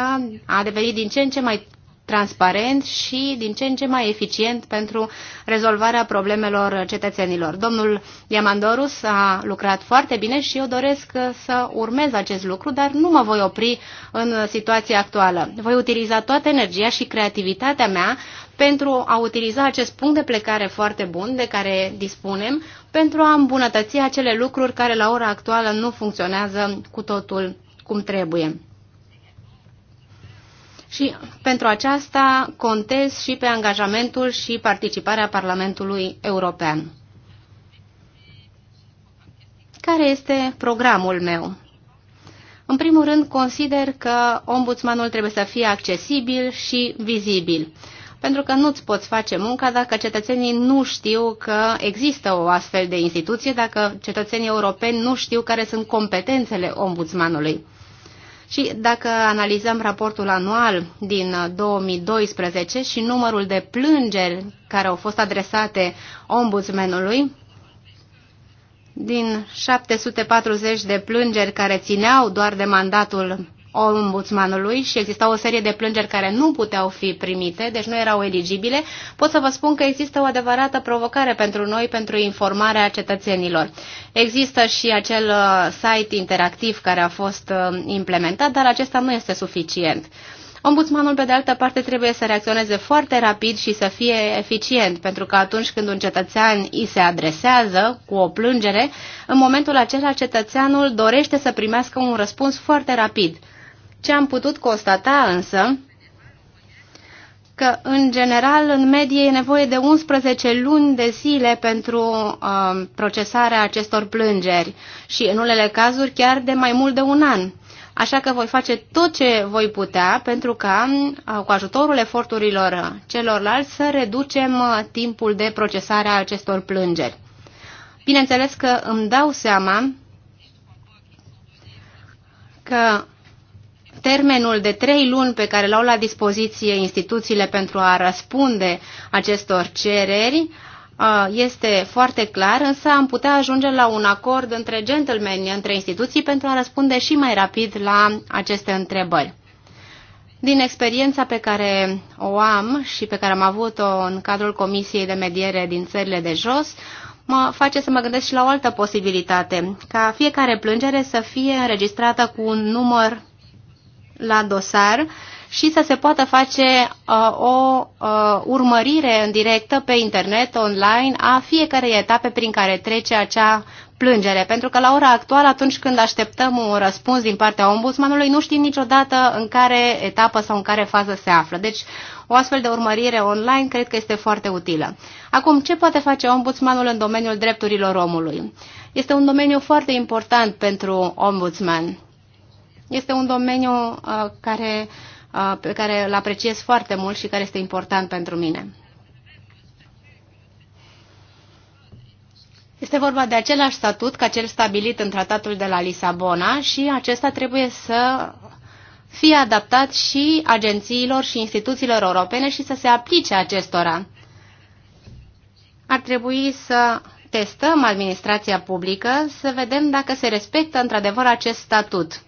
a devenit din ce în ce mai transparent și din ce în ce mai eficient pentru rezolvarea problemelor cetățenilor. Domnul Diamandorus a lucrat foarte bine și eu doresc să urmez acest lucru, dar nu mă voi opri în situația actuală. Voi utiliza toată energia și creativitatea mea pentru a utiliza acest punct de plecare foarte bun de care dispunem pentru a îmbunătăți acele lucruri care la ora actuală nu funcționează cu totul cum trebuie și pentru aceasta contez și pe angajamentul și participarea Parlamentului European. Care este programul meu? În primul rând, consider că ombudsmanul trebuie să fie accesibil și vizibil, pentru că nu-ți poți face munca dacă cetățenii nu știu că există o astfel de instituție, dacă cetățenii europeni nu știu care sunt competențele ombudsmanului. Și dacă analizăm raportul anual din 2012 uh, și numărul de plângeri care au fost adresate ombudsmenului, din 740 de plângeri care țineau doar de mandatul ombudsmanului și exista o serie de plângeri care nu puteau fi primite, deci nu erau eligibile, pot să vă spun că există o adevărată provocare pentru noi pentru informarea cetățenilor. Există și acel uh, site interactiv care a fost uh, implementat, dar acesta nu este suficient. Ombudsmanul, pe de altă parte, trebuie să reacționeze foarte rapid și să fie eficient, pentru că atunci când un cetățean îi se adresează cu o plângere, în momentul acela cetățeanul dorește să primească un răspuns foarte rapid. Ce am putut constata însă, că în general în medie e nevoie de 11 luni de zile pentru uh, procesarea acestor plângeri și în unele cazuri chiar de mai mult de un an. Așa că voi face tot ce voi putea pentru ca, uh, cu ajutorul eforturilor celorlalți, să reducem uh, timpul de procesare a acestor plângeri. Bineînțeles că îmi dau seama că termenul de trei luni pe care l-au la dispoziție instituțiile pentru a răspunde acestor cereri este foarte clar, însă am putea ajunge la un acord între gentlemen, între instituții, pentru a răspunde și mai rapid la aceste întrebări. Din experiența pe care o am și pe care am avut-o în cadrul Comisiei de Mediere din țările de jos, mă face să mă gândesc și la o altă posibilitate, ca fiecare plângere să fie înregistrată cu un număr la dosar și să se poată face uh, o uh, urmărire în directă pe internet, online, a fiecarei etape prin care trece acea plângere. Pentru că la ora actuală, atunci când așteptăm un răspuns din partea ombudsmanului, nu știm niciodată în care etapă sau în care fază se află. Deci, o astfel de urmărire online cred că este foarte utilă. Acum, ce poate face ombudsmanul în domeniul drepturilor omului? Este un domeniu foarte important pentru ombudsman este un domeniu uh, care, uh, pe care îl apreciez foarte mult și care este important pentru mine. Este vorba de același statut ca cel stabilit în tratatul de la Lisabona și acesta trebuie să fie adaptat și agențiilor și instituțiilor europene și să se aplice acestora. Ar trebui să testăm administrația publică, să vedem dacă se respectă într-adevăr acest statut.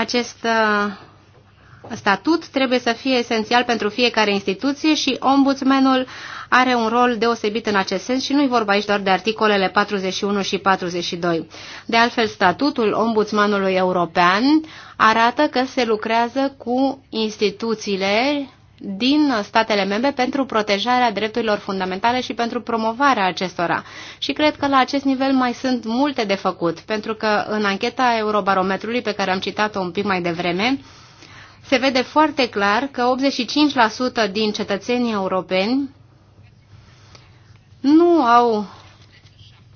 Acest uh, statut trebuie să fie esențial pentru fiecare instituție și ombudsmanul are un rol deosebit în acest sens și nu-i vorba aici doar de articolele 41 și 42. De altfel, statutul ombudsmanului european arată că se lucrează cu instituțiile din statele membre pentru protejarea drepturilor fundamentale și pentru promovarea acestora. Și cred că la acest nivel mai sunt multe de făcut, pentru că în ancheta Eurobarometrului pe care am citat-o un pic mai devreme, se vede foarte clar că 85% din cetățenii europeni nu au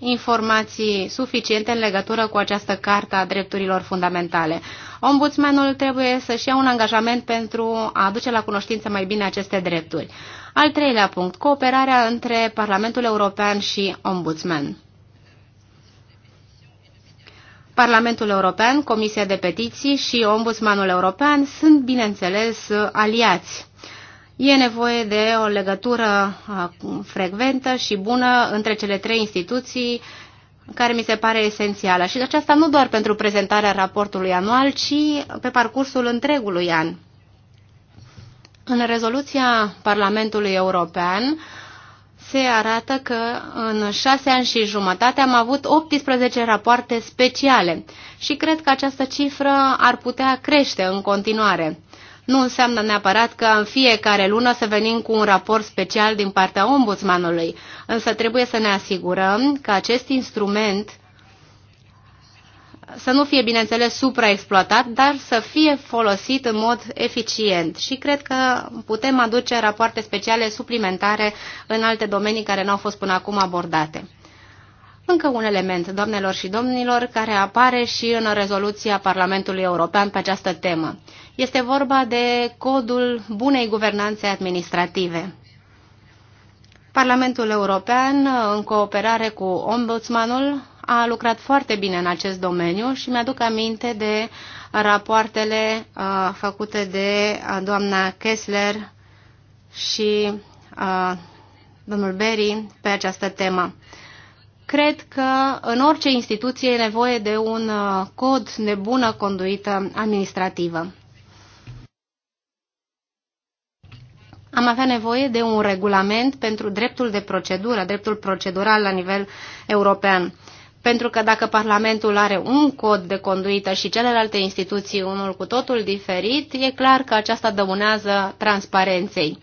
informații suficiente în legătură cu această Carta a Drepturilor Fundamentale. Ombudsmanul trebuie să-și ia un angajament pentru a aduce la cunoștință mai bine aceste drepturi. Al treilea punct, cooperarea între Parlamentul European și Ombudsman. Parlamentul European, Comisia de Petiții și Ombudsmanul European sunt, bineînțeles, aliați. E nevoie de o legătură frecventă și bună între cele trei instituții, care mi se pare esențială. Și aceasta nu doar pentru prezentarea raportului anual, ci pe parcursul întregului an. În rezoluția Parlamentului European se arată că în șase ani și jumătate am avut 18 rapoarte speciale și cred că această cifră ar putea crește în continuare nu înseamnă neapărat că în fiecare lună să venim cu un raport special din partea ombudsmanului, însă trebuie să ne asigurăm că acest instrument să nu fie, bineînțeles, supraexploatat, dar să fie folosit în mod eficient. Și cred că putem aduce rapoarte speciale suplimentare în alte domenii care nu au fost până acum abordate. Încă un element, doamnelor și domnilor, care apare și în rezoluția Parlamentului European pe această temă. Este vorba de codul bunei guvernanțe administrative. Parlamentul European, în cooperare cu ombudsmanul, a lucrat foarte bine în acest domeniu și mi-aduc aminte de rapoartele uh, făcute de uh, doamna Kessler și uh, domnul Berry pe această temă. Cred că în orice instituție e nevoie de un uh, cod de bună conduită administrativă. Am avea nevoie de un regulament pentru dreptul de procedură, dreptul procedural la nivel european. Pentru că dacă Parlamentul are un cod de conduită și celelalte instituții unul cu totul diferit, e clar că aceasta dăunează transparenței.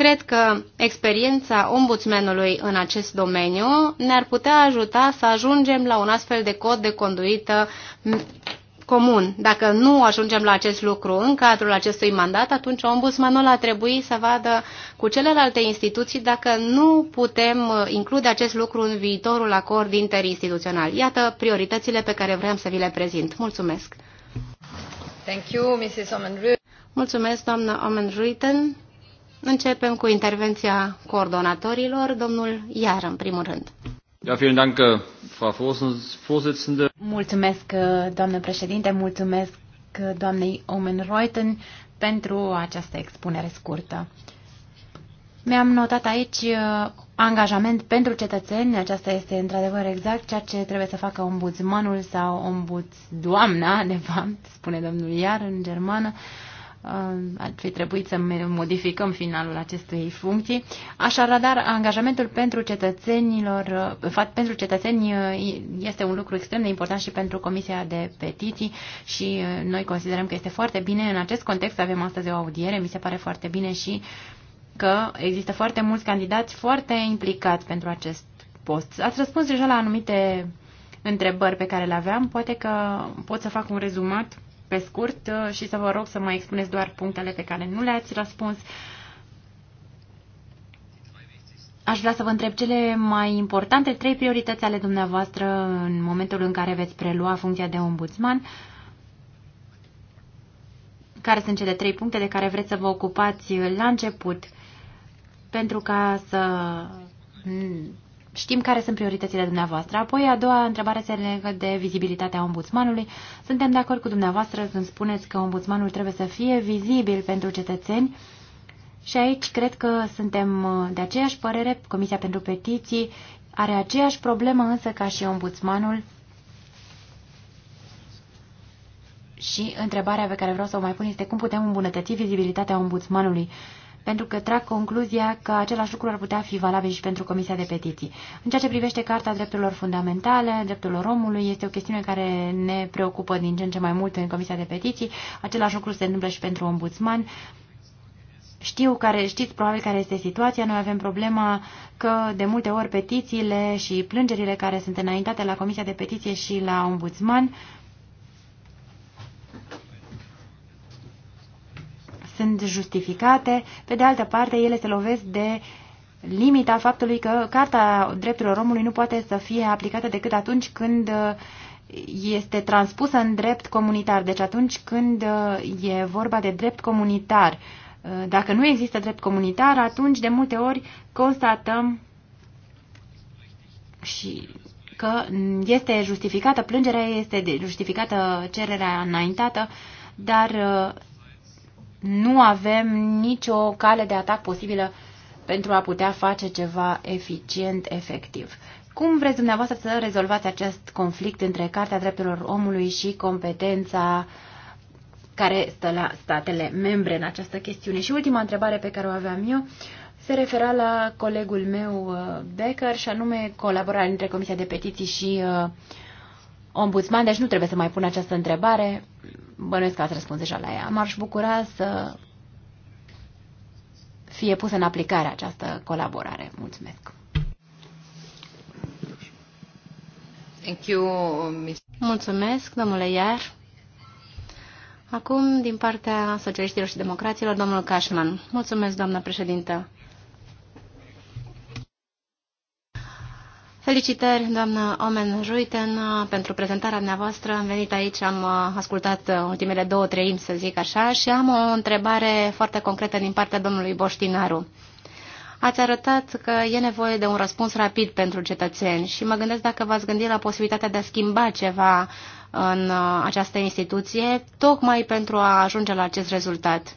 Cred că experiența ombudsmenului în acest domeniu ne-ar putea ajuta să ajungem la un astfel de cod de conduită comun. Dacă nu ajungem la acest lucru în cadrul acestui mandat, atunci ombudsmanul a trebui să vadă cu celelalte instituții dacă nu putem uh, include acest lucru în viitorul acord interinstituțional. Iată prioritățile pe care vreau să vi le prezint. Mulțumesc! Thank you, Mrs. Mulțumesc, doamnă Omen-Ruiten. Începem cu intervenția coordonatorilor, domnul Iar,
în primul rând. Ja, vielen Dank, äh, Frau Vorsitzende. Mulțumesc, äh, doamnă președinte, mulțumesc äh, doamnei Omen Reuten pentru această expunere scurtă. Mi-am notat aici angajament pentru cetățeni, aceasta este într-adevăr exact ceea ce trebuie să facă ombudsmanul sau ombudsdoamna, de fapt, spune domnul Iar în germană, uh, Uh, ar fi trebuit să modificăm finalul acestei funcții. Așadar, angajamentul pentru, cetățenilor, uh, pentru cetățeni uh, este un lucru extrem de important și pentru Comisia de Petiții și noi considerăm că este foarte bine. În acest context avem astăzi o audiere, mi se pare foarte bine și că există foarte mulți candidați foarte implicați pentru acest post. Ați răspuns deja la anumite întrebări pe care le aveam, poate că pot să fac un rezumat pe scurt uh, și să vă rog să mai expuneți doar punctele pe care nu le-ați răspuns. Aș vrea să vă întreb cele mai importante trei priorități ale dumneavoastră în momentul în care veți prelua funcția de ombudsman. Care sunt cele trei puncte de care vreți să vă ocupați la început pentru ca să Știm care sunt prioritățile dumneavoastră. Apoi, a doua întrebare se legă de vizibilitatea ombudsmanului. Suntem de acord cu dumneavoastră când spuneți că ombudsmanul trebuie să fie vizibil pentru cetățeni și aici cred că suntem de aceeași părere. Comisia pentru Petiții are aceeași problemă însă ca și ombudsmanul. Și întrebarea pe care vreau să o mai pun este cum putem îmbunătăți vizibilitatea ombudsmanului pentru că trag concluzia că același lucru ar putea fi valabil și pentru Comisia de Petiții. În ceea ce privește Carta Drepturilor Fundamentale, Drepturilor Omului, este o chestiune care ne preocupă din ce în ce mai mult în Comisia de Petiții. Același lucru se întâmplă și pentru ombudsman. Știu care, știți probabil care este situația, noi avem problema că de multe ori petițiile și plângerile care sunt înaintate la Comisia de Petiție și la Ombudsman uh, sunt justificate, pe de altă parte ele se lovesc de limita faptului că Carta Drepturilor Omului nu poate să fie aplicată decât atunci când uh, este transpusă în drept comunitar, deci atunci când uh, e vorba de drept comunitar. Uh, dacă nu există drept comunitar, atunci de multe ori constatăm și că este justificată plângerea, este justificată cererea înaintată, dar nu avem nicio cale de atac posibilă pentru a putea face ceva eficient, efectiv. Cum vreți dumneavoastră să rezolvați acest conflict între Cartea Drepturilor Omului și competența care stă la statele membre în această chestiune? Și ultima întrebare pe care o aveam eu se refera la colegul meu uh, Becker și anume colaborarea între Comisia de Petiții și uh, Ombudsman, deci nu trebuie să mai pun această întrebare bănuiesc că ați răspuns deja la ea. M-aș bucura să fie pusă în aplicare această colaborare. Mulțumesc! Thank you, Mulțumesc, domnule
Iar. Acum, din partea socialiștilor și democraților, domnul Cashman. Mulțumesc, doamnă președintă. Felicitări, doamnă Omen Ruiten, pentru prezentarea dumneavoastră. Am venit aici, am uh, ascultat uh, ultimele două treimi, să zic așa, și am o întrebare foarte concretă din partea domnului Boștinaru. Ați arătat că e nevoie de un răspuns rapid pentru cetățeni și mă gândesc dacă v-ați gândit la posibilitatea de a schimba ceva în uh, această instituție, tocmai pentru a ajunge la acest rezultat.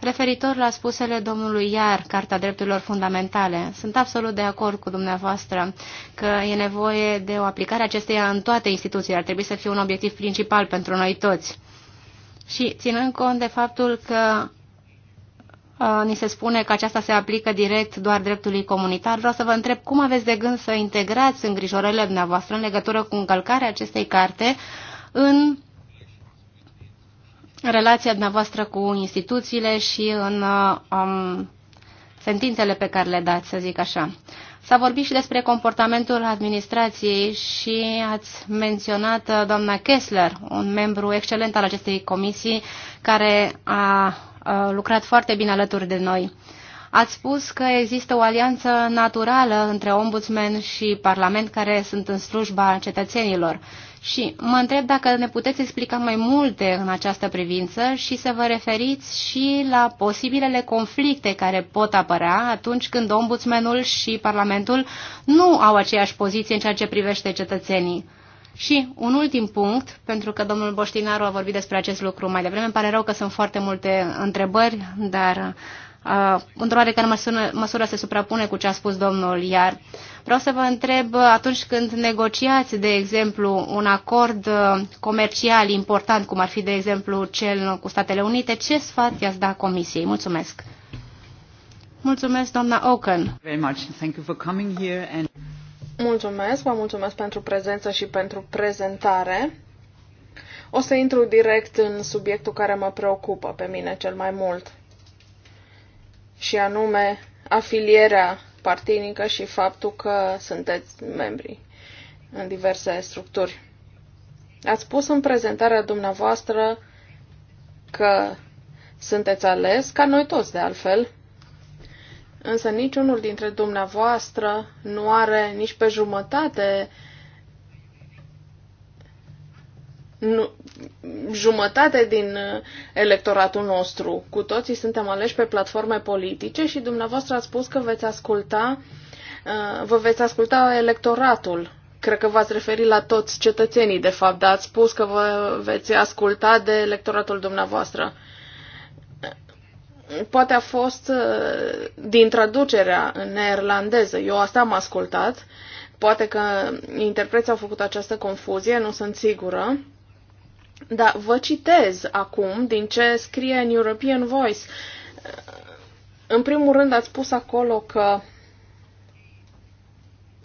Referitor la spusele domnului Iar, Carta Drepturilor Fundamentale, sunt absolut de acord cu dumneavoastră că e nevoie de o aplicare acesteia în toate instituțiile. Ar trebui să fie un obiectiv principal pentru noi toți. Și ținând cont de faptul că ni se spune că aceasta se aplică direct doar dreptului comunitar. Vreau să vă întreb cum aveți de gând să integrați îngrijorările dumneavoastră în legătură cu încălcarea acestei carte în relația dumneavoastră cu instituțiile și în uh, um, sentințele pe care le dați, să zic așa. S-a vorbit și despre comportamentul administrației și ați menționat uh, doamna Kessler, un membru excelent al acestei comisii, care a, a uh, lucrat foarte bine alături de noi. Ați spus că există o alianță naturală între ombudsman și Parlament care sunt în slujba cetățenilor și mă întreb dacă ne puteți explica mai multe în această privință și să vă referiți și la posibilele conflicte care pot apărea atunci când ombudsmanul și Parlamentul nu au aceeași poziție în ceea ce privește cetățenii. Și un ultim punct, pentru că domnul Boștinaru a vorbit despre acest lucru mai devreme, îmi pare rău că sunt foarte multe întrebări, dar uh, într-o oarecare măsură, măsură se suprapune cu ce a spus domnul Iar. Uh, Vreau să vă întreb, atunci când negociați, de exemplu, un acord uh, comercial important, cum ar fi, de exemplu, cel cu Statele Unite, ce sfat i-ați da Comisiei? Mulțumesc! Mulțumesc, doamna Oken!
Mulțumesc, vă mulțumesc pentru prezență și pentru prezentare. O să intru direct în subiectul care mă preocupă pe mine cel mai mult, și anume afilierea partinică și faptul că sunteți membri în diverse structuri. Ați spus în prezentarea dumneavoastră că sunteți ales, ca noi toți de altfel, însă niciunul dintre dumneavoastră nu are nici pe jumătate uh, nu, jumătate din uh, electoratul nostru. Cu toții suntem aleși pe platforme politice și dumneavoastră ați spus că veți asculta, uh, vă veți asculta electoratul. Cred că v-ați referit la toți cetățenii, de fapt, dar ați spus că vă veți asculta de electoratul dumneavoastră. Uh, poate a fost din traducerea în neerlandeză. Eu asta am ascultat. Poate că interpreții au făcut această confuzie, nu sunt sigură. Dar vă citez acum din ce scrie în European Voice. În primul rând ați spus acolo că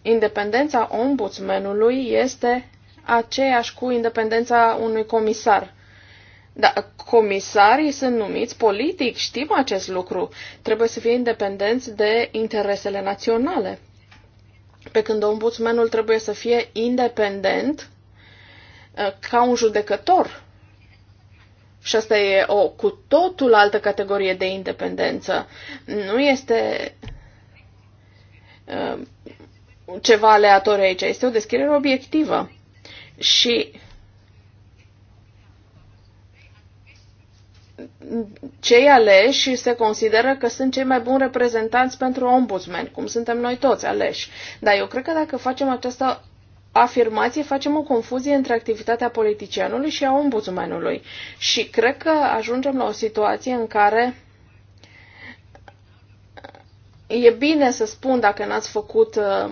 independența ombudsmanului este aceeași cu independența unui comisar. Da, comisarii sunt numiți politic, știm acest lucru. Trebuie să fie independenți de interesele naționale. Pe când ombudsmanul trebuie să fie independent Uh, ca un judecător. Și asta e o cu totul altă categorie de independență. Nu este uh, ceva aleator aici, este o descriere obiectivă. Și cei aleși se consideră că sunt cei mai buni reprezentanți pentru ombudsman, cum suntem noi toți aleși. Dar eu cred că dacă facem această afirmație facem o confuzie între activitatea politicianului și a ombudsmanului. Și cred că ajungem la o situație în care e bine să spun dacă n-ați făcut, um,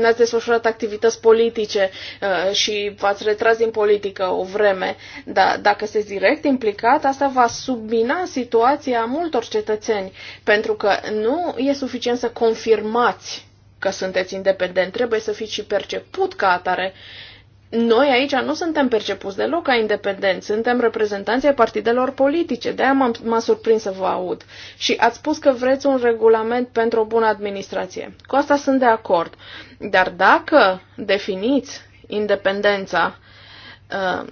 n-ați desfășurat activități politice uh, și v-ați retras din politică o vreme, dar dacă sunteți direct implicat, asta va submina situația multor cetățeni, pentru că nu e suficient să confirmați că sunteți independent, trebuie să fiți și perceput ca atare. Noi aici nu suntem percepuți deloc ca independenți, suntem reprezentanții ai partidelor politice, de-aia m-a surprins să vă aud. Și ați spus că vreți un regulament pentru o bună administrație. Cu asta sunt de acord. Dar dacă definiți independența uh,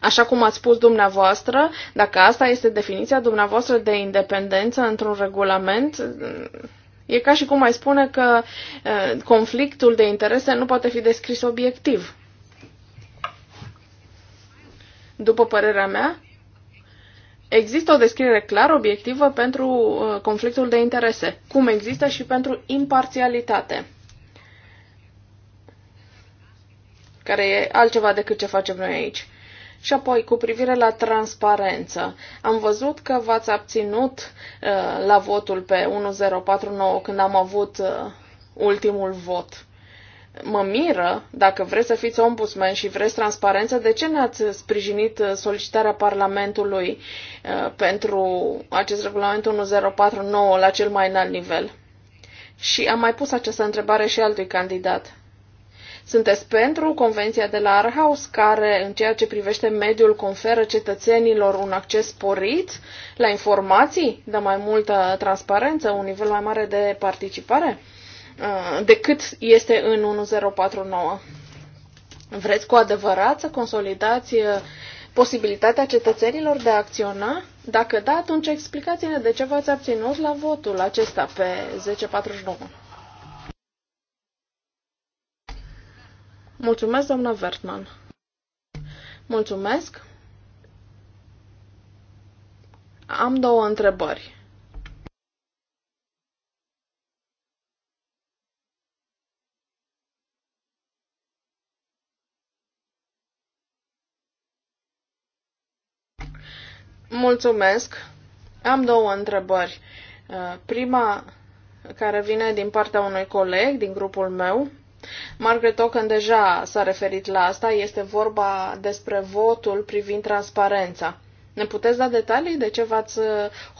Așa cum ați spus dumneavoastră, dacă asta este definiția dumneavoastră de independență într-un regulament, E ca și cum mai spune că conflictul de interese nu poate fi descris obiectiv. După părerea mea, există o descriere clar obiectivă pentru conflictul de interese, cum există și pentru imparțialitate, care e altceva decât ce facem noi aici. Și apoi, cu privire la transparență, am văzut că v-ați abținut uh, la votul pe 1049 când am avut uh, ultimul vot. Mă miră, dacă vreți să fiți ombudsman și vreți transparență, de ce n-ați sprijinit uh, solicitarea Parlamentului uh, pentru acest regulament 1049 la cel mai înalt nivel? Și am mai pus această întrebare și altui candidat. Sunteți pentru Convenția de la Arhaus, care, în ceea ce privește mediul, conferă cetățenilor un acces sporit la informații, dă mai multă transparență, un nivel mai mare de participare, uh, decât este în 1049? Vreți cu adevărat să consolidați uh, posibilitatea cetățenilor de a acționa? Dacă da, atunci explicați-ne de ce v-ați abținut la votul acesta pe 1049. Mulțumesc, doamna Vertman. Mulțumesc. Am două întrebări. Mulțumesc. Am două întrebări. Uh, prima care vine din partea unui coleg din grupul meu, Margaret Ocken deja s-a referit la asta, este vorba despre votul privind transparența. Ne puteți da detalii de ce v-ați uh,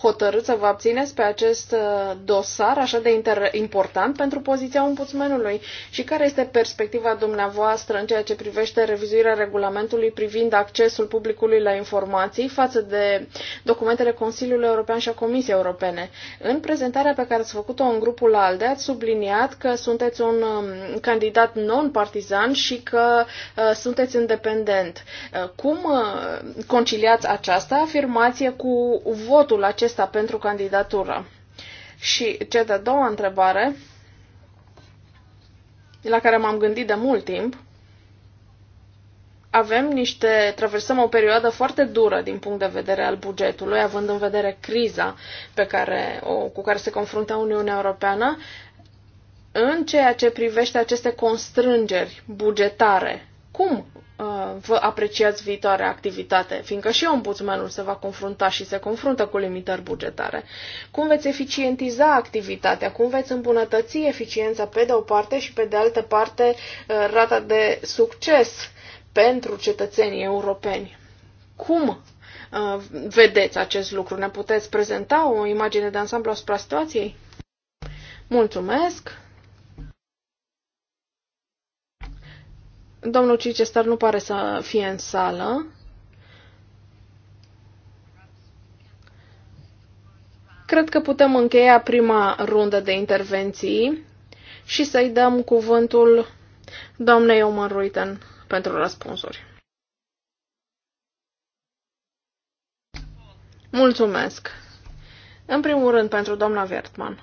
hotărât să vă abțineți pe acest uh, dosar așa de important pentru poziția ombudsmenului și care este perspectiva dumneavoastră în ceea ce privește revizuirea regulamentului privind accesul publicului la informații față de documentele Consiliului European și a Comisiei Europene. În prezentarea pe care ați făcut-o în grupul ALDE ați subliniat că sunteți un um, candidat non-partizan și că uh, sunteți independent. Cum conciliați această această afirmație cu votul acesta pentru candidatură? Și cea de-a doua întrebare, la care m-am gândit de mult timp, avem niște, traversăm o perioadă foarte dură din punct de vedere al bugetului, având în vedere criza pe care, o, cu care se confruntă Uniunea Europeană, în ceea ce privește aceste constrângeri bugetare. Cum Uh, vă apreciați viitoarea activitate, fiindcă și ombudsmanul se va confrunta și se confruntă cu limitări bugetare. Cum veți eficientiza activitatea, cum veți îmbunătăți eficiența pe de o parte și pe de altă parte uh, rata de succes pentru cetățenii europeni. Cum uh, vedeți acest lucru? Ne puteți prezenta o imagine de ansamblu asupra situației? Mulțumesc! Domnul Cicestar nu pare să fie în sală. Cred că putem încheia prima rundă de intervenții și să-i dăm cuvântul doamnei Oman Ruiten pentru răspunsuri. Mulțumesc! În primul rând pentru doamna Wertmann.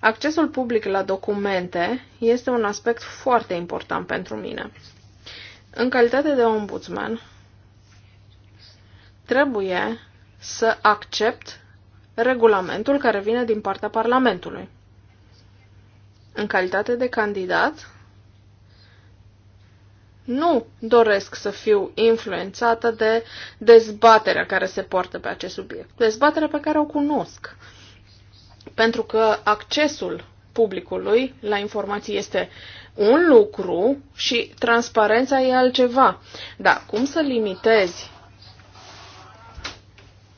Accesul public la documente este un aspect foarte important pentru mine. În calitate de ombudsman, trebuie să accept regulamentul care vine din partea Parlamentului. În calitate de candidat, nu doresc să fiu influențată de dezbaterea care se poartă pe acest subiect, dezbaterea pe care o cunosc. Pentru că accesul publicului la informații este un lucru și transparența e altceva. Da, cum să limitezi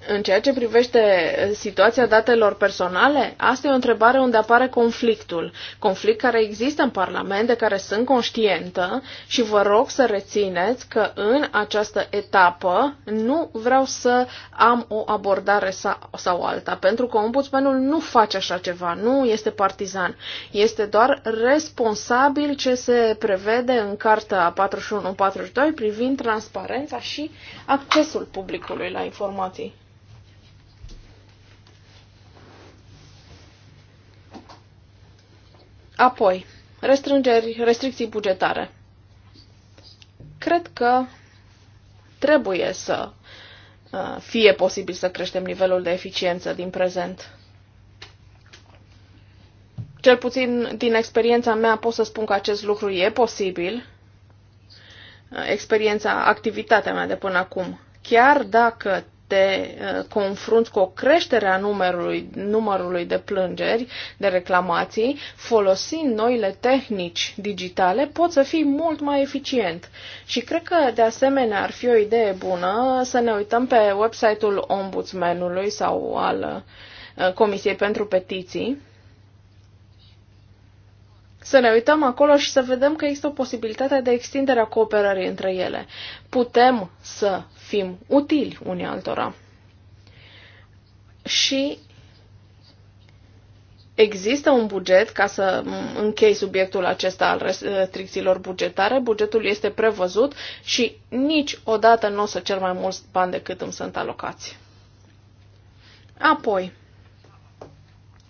în ceea ce privește eh, situația datelor personale, asta e o întrebare unde apare conflictul. Conflict care există în Parlament, de care sunt conștientă și vă rog să rețineți că în această etapă nu vreau să am o abordare sau alta, pentru că ombudsmanul nu face așa ceva, nu este partizan. Este doar responsabil ce se prevede în Carta 41-42 privind transparența și accesul publicului la informații. Apoi, restrângeri, restricții bugetare. Cred că trebuie să uh, fie posibil să creștem nivelul de eficiență din prezent. Cel puțin din experiența mea pot să spun că acest lucru e posibil. Uh, experiența, activitatea mea de până acum. Chiar dacă te uh, confrunți cu o creștere a numărului, numărului de plângeri, de reclamații, folosind noile tehnici digitale, poți să fii mult mai eficient. Și cred că, de asemenea, ar fi o idee bună să ne uităm pe website-ul ombudsmanului sau al uh, Comisiei pentru Petiții, să ne uităm acolo și să vedem că există o posibilitate de extindere a cooperării între ele. Putem să fim utili unii altora. Și Există un buget, ca să închei subiectul acesta al restricțiilor bugetare, bugetul este prevăzut și niciodată nu o să cer mai mulți bani decât îmi sunt alocați. Apoi,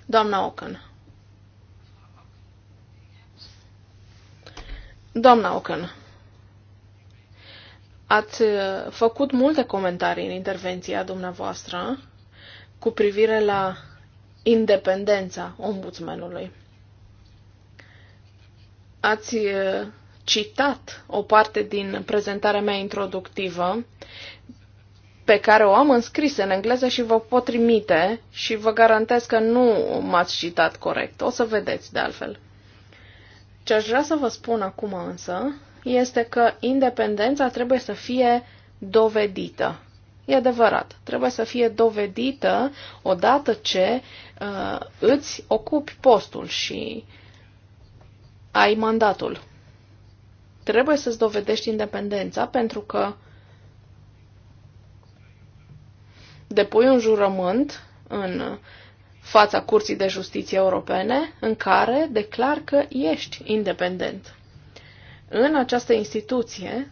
doamna Ocan. Doamna Ocan, Ați uh, făcut multe comentarii în intervenția dumneavoastră cu privire la independența ombudsmanului. Ați uh, citat o parte din prezentarea mea introductivă pe care o am înscris în engleză și vă pot trimite și vă garantez că nu m-ați citat corect. O să vedeți de altfel. Ce aș vrea să vă spun acum însă este că independența trebuie să fie dovedită. E adevărat, trebuie să fie dovedită odată ce uh, îți ocupi postul și ai mandatul. Trebuie să-ți dovedești independența pentru că depui un jurământ în fața Curții de Justiție Europene în care declar că ești independent în această instituție,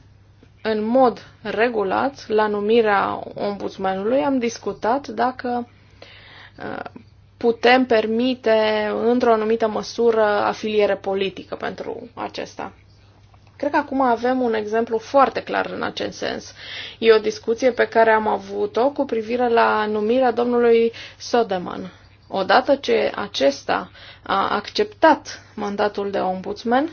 în mod regulat, la numirea ombudsmanului, am discutat dacă uh, putem permite, într-o anumită măsură, afiliere politică pentru acesta. Cred că acum avem un exemplu foarte clar în acest sens. E o discuție pe care am avut-o cu privire la numirea domnului Sodeman. Odată ce acesta a acceptat mandatul de ombudsman,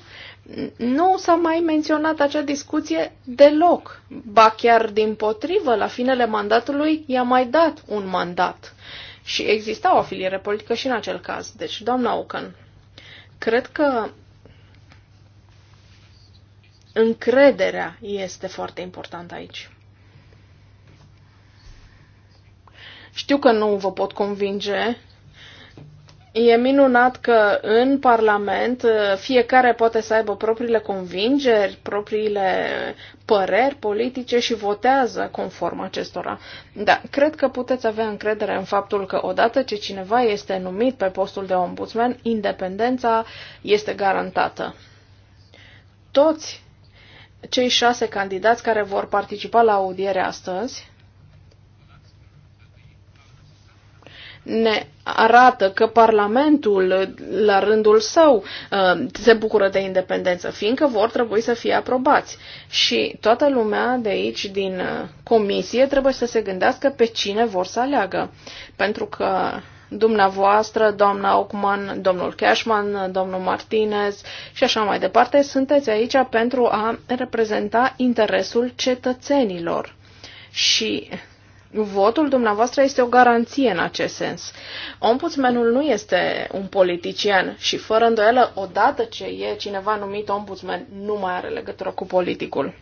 nu s-a mai menționat acea discuție deloc. Ba chiar din potrivă, la finele mandatului i-a mai dat un mandat. Și exista o afiliere politică și în acel caz. Deci, doamna Ocan, cred că încrederea este foarte importantă aici. Știu că nu vă pot convinge E minunat că în Parlament uh, fiecare poate să aibă propriile convingeri, propriile păreri politice și votează conform acestora. Da, cred că puteți avea încredere în faptul că odată ce cineva este numit pe postul de ombudsman, independența este garantată. Toți cei șase candidați care vor participa la audiere astăzi ne arată că Parlamentul, la rândul său, ă, se bucură de independență, fiindcă vor trebui să fie aprobați. Și toată lumea de aici, din ă, comisie, trebuie să se gândească pe cine vor să aleagă. Pentru că dumneavoastră, doamna Ockman, domnul Cashman, domnul Martinez și așa mai departe, sunteți aici pentru a reprezenta interesul cetățenilor. Și Votul dumneavoastră este o garanție în acest sens. Ombudsmanul nu este un politician și, fără îndoială, odată ce e cineva numit ombudsman, nu mai are legătură cu politicul.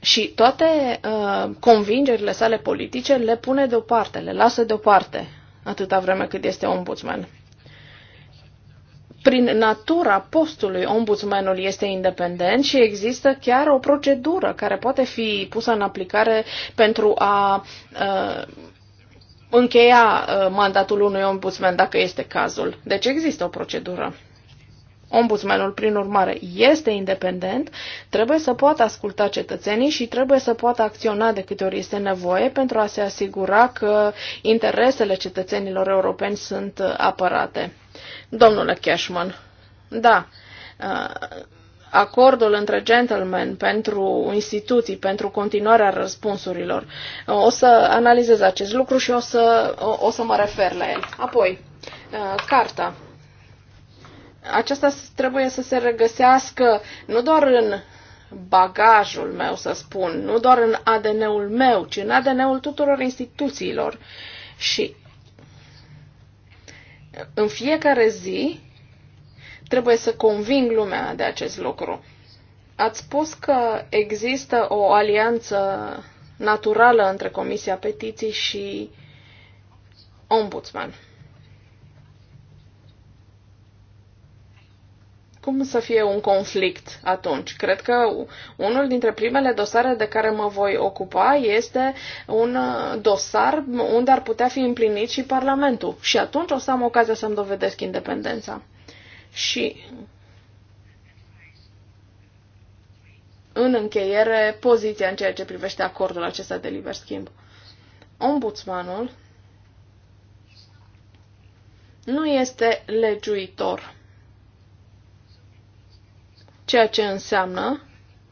Și toate uh, convingerile sale politice le pune deoparte, le lasă deoparte, atâta vreme cât este ombudsman prin natura postului, ombudsmanul este independent și există chiar o procedură care poate fi pusă în aplicare pentru a uh, încheia uh, mandatul unui ombudsman dacă este cazul. Deci există o procedură. Ombudsmanul, prin urmare, este independent, trebuie să poată asculta cetățenii și trebuie să poată acționa de câte ori este nevoie pentru a se asigura că interesele cetățenilor europeni sunt uh, apărate. Domnule Cashman, da, acordul între gentlemen pentru instituții, pentru continuarea răspunsurilor. O să analizez acest lucru și o să, o, o să mă refer la el. Apoi, carta aceasta trebuie să se regăsească nu doar în bagajul meu, să spun, nu doar în ADN-ul meu, ci în ADN-ul tuturor instituțiilor. Și în fiecare zi trebuie să conving lumea de acest lucru. Ați spus că există o alianță naturală între Comisia Petiții și Ombudsman. cum să fie un conflict atunci? Cred că unul dintre primele dosare de care mă voi ocupa este un dosar unde ar putea fi împlinit și Parlamentul. Și atunci o să am ocazia să-mi dovedesc independența. Și în încheiere, poziția în ceea ce privește acordul acesta de liber schimb. Ombudsmanul nu este legiuitor Ceea ce înseamnă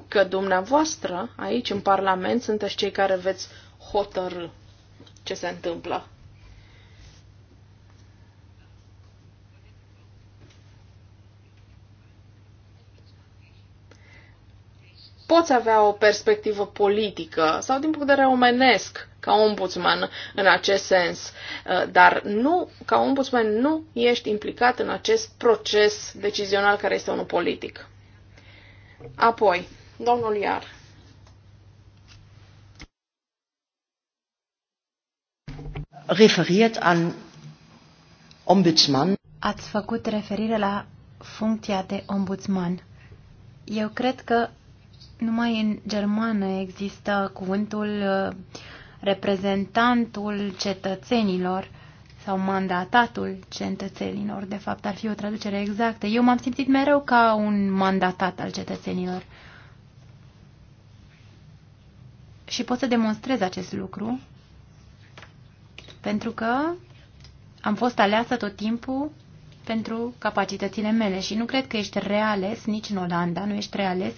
că dumneavoastră, aici în Parlament, sunteți cei care veți hotărâ ce se întâmplă. poți avea o perspectivă politică sau din punct de vedere omenesc ca ombudsman în acest sens, uh, dar nu, ca ombudsman nu ești implicat în acest proces decizional care este unul politic. Apoi, domnul Iar.
Referiert an ombudsman.
Ați făcut
referire la funcția de ombudsman. Eu cred că numai în germană există cuvântul uh, reprezentantul cetățenilor sau mandatatul cetățenilor, de fapt ar fi o traducere exactă. Eu m-am simțit mereu ca un mandatat al cetățenilor. Și pot să demonstrez acest lucru pentru că am fost aleasă tot timpul pentru capacitățile mele și nu cred că ești reales nici în Olanda, nu ești reales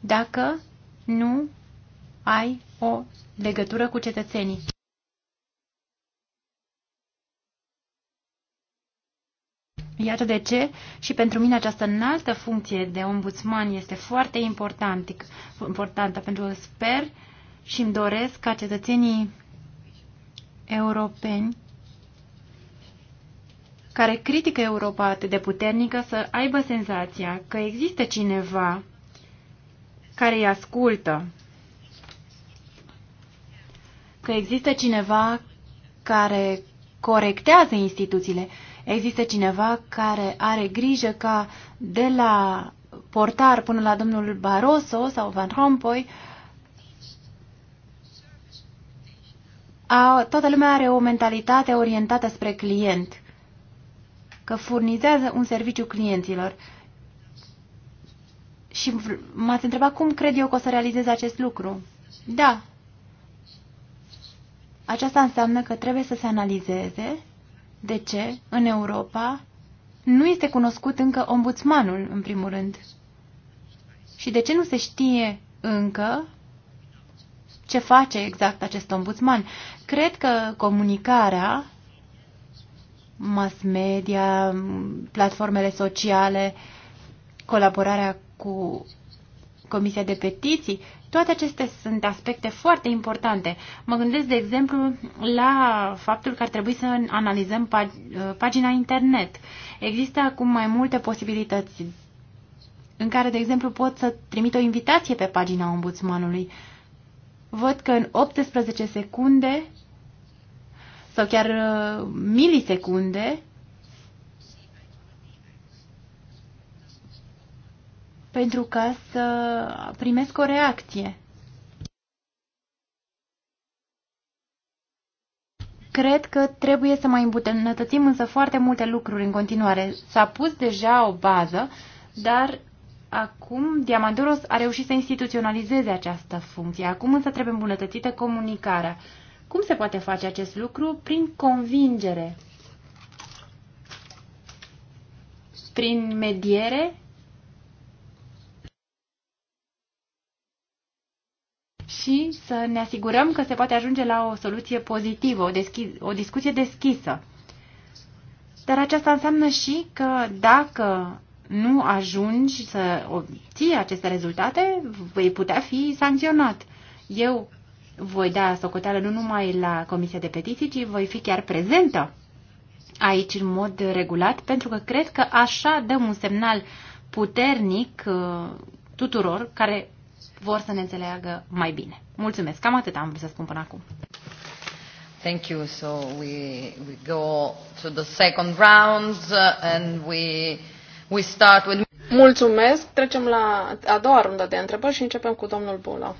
dacă nu ai o legătură cu cetățenii. Iată de ce și pentru mine această înaltă funcție de ombudsman este foarte important, importantă, pentru că sper și îmi doresc ca cetățenii europeni care critică Europa atât de puternică să aibă senzația că există cineva care îi ascultă, că există cineva care corectează instituțiile, există cineva care are grijă ca de la portar până la domnul Barroso sau Van Rompuy, a, toată lumea are o mentalitate orientată spre client, că furnizează un serviciu clienților. Și m-ați întrebat cum cred eu că o să realizez acest lucru. Da. Aceasta înseamnă că trebuie să se analizeze de ce în Europa nu este cunoscut încă ombudsmanul, în primul rând. Și de ce nu se știe încă ce face exact acest ombudsman. Cred că comunicarea, mass media, platformele sociale, colaborarea cu Comisia de Petiții toate acestea sunt aspecte foarte importante. Mă gândesc, de exemplu, la faptul că ar trebui să analizăm pag pagina internet. Există acum mai multe posibilități în care, de exemplu, pot să trimit o invitație pe pagina ombudsmanului. Văd că în 18 secunde sau chiar uh, milisecunde pentru ca să primesc o reacție. Cred că trebuie să mai îmbunătățim însă foarte multe lucruri în continuare. S-a pus deja o bază, dar acum Diamandoros a reușit să instituționalizeze această funcție. Acum însă trebuie îmbunătățită comunicarea. Cum se poate face acest lucru? Prin convingere. Prin mediere și să ne asigurăm că se poate ajunge la o soluție pozitivă, o, deschis, o discuție deschisă. Dar aceasta înseamnă și că dacă nu ajungi să obții aceste rezultate, vei putea fi sancționat. Eu voi da socoteală nu numai la Comisia de Petiții, ci voi fi chiar prezentă aici în mod regulat, pentru că cred că așa dăm un semnal puternic uh, tuturor care vor să ne înțeleagă mai bine. Mulțumesc. Cam atât am vrut să spun până acum.
Thank you. So we, we go to the second round uh, and we, we start with... Mulțumesc. Trecem la a doua rundă de întrebări și începem cu domnul Bula.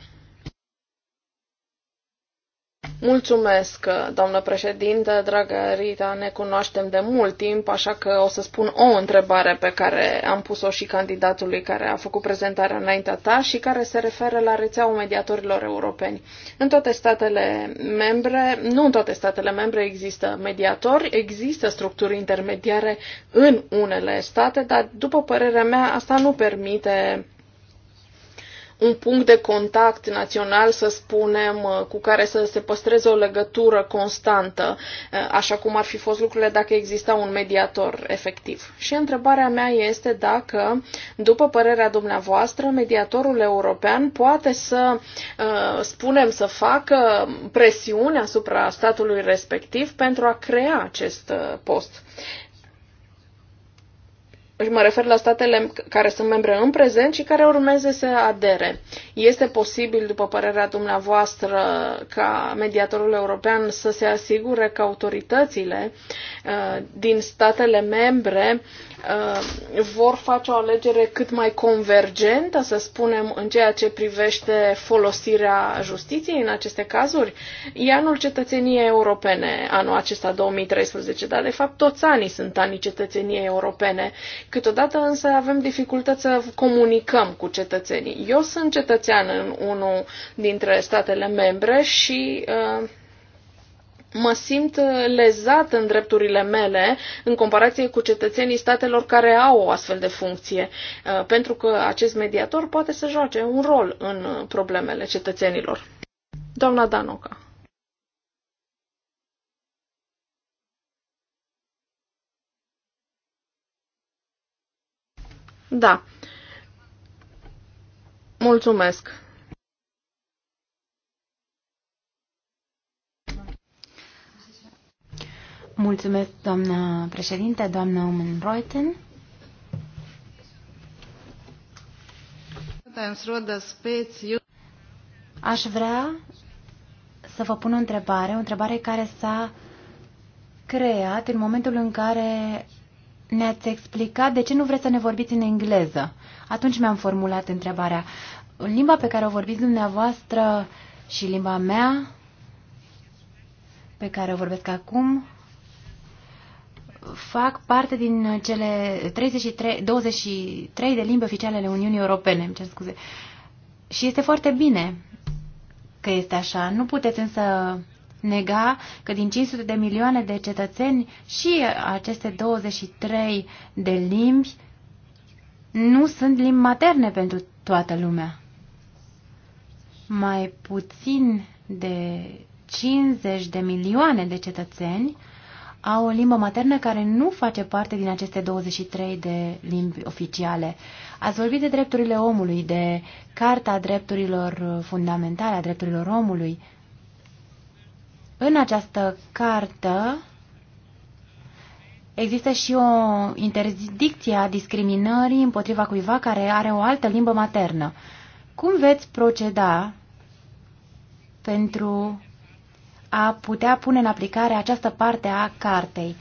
Mulțumesc, doamnă președinte, dragă Rita, ne cunoaștem de mult timp, așa că o să spun o întrebare pe care am pus-o și candidatului care a făcut prezentarea înaintea ta și care se referă la rețeaua mediatorilor europeni. În toate statele membre, nu în toate statele membre există mediatori, există structuri intermediare în unele state, dar după părerea mea asta nu permite un punct de contact național, să spunem, uh, cu care să se păstreze o legătură constantă, uh, așa cum ar fi fost lucrurile dacă exista un mediator efectiv. Și întrebarea mea este dacă, după părerea dumneavoastră, mediatorul european poate să, uh, spunem, să facă presiune asupra statului respectiv pentru a crea acest post și mă refer la statele care sunt membre în prezent și care urmeze să adere. Este posibil, după părerea dumneavoastră, ca mediatorul european să se asigure că autoritățile uh, din statele membre Uh, vor face o alegere cât mai convergentă, să spunem, în ceea ce privește folosirea justiției în aceste cazuri? E anul cetățeniei europene, anul acesta 2013, dar de fapt toți anii sunt anii cetățeniei europene. Câteodată însă avem dificultăți să comunicăm cu cetățenii. Eu sunt cetățean în unul dintre statele membre și uh, mă simt uh, lezat în drepturile mele în comparație cu cetățenii statelor care au o astfel de funcție, uh, pentru că acest mediator poate să joace un rol în uh, problemele cetățenilor. Doamna Danoca. Da. Mulțumesc.
Mulțumesc, doamnă președinte, doamnă Omen Reuten. Aș vrea să vă pun o întrebare, o întrebare care s-a creat în momentul în care ne-ați explicat de ce nu vreți să ne vorbiți în engleză. Atunci mi-am formulat întrebarea. limba pe care o vorbiți dumneavoastră și limba mea, pe care o vorbesc acum, fac parte din cele 33, 23 de limbi oficiale ale Uniunii Europene, îmi cer scuze. Și este foarte bine că este așa. Nu puteți însă nega că din 500 de milioane de cetățeni și aceste 23 de limbi nu sunt limbi materne pentru toată lumea. Mai puțin de 50 de milioane de cetățeni au o limbă maternă care nu face parte din aceste 23 de limbi oficiale. Ați vorbit de drepturile omului, de Carta Drepturilor Fundamentale, a Drepturilor Omului. În această cartă există și o interdicție a discriminării împotriva cuiva care are o altă limbă maternă. Cum veți proceda pentru a putea pune în aplicare această parte a cartei.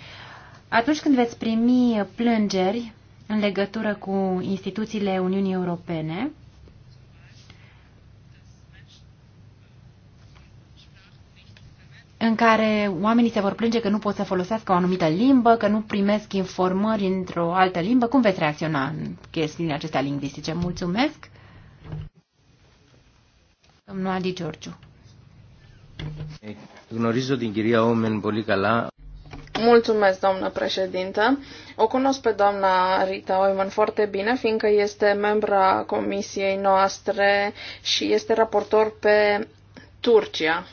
Atunci când veți primi plângeri în legătură cu instituțiile Uniunii Europene, în care oamenii se vor plânge că nu pot să folosească o anumită limbă, că nu primesc informări într-o altă limbă. Cum veți reacționa în chestiunile acestea lingvistice? Mulțumesc!
Domnul
Adi Giorgiu.
Γνωρίζω din κυρία Όμεν πολύ
Mulțumesc, doamnă președintă. O cunosc pe doamna Rita Oiman foarte bine, fiindcă este membra comisiei noastre și este raportor pe Turcia.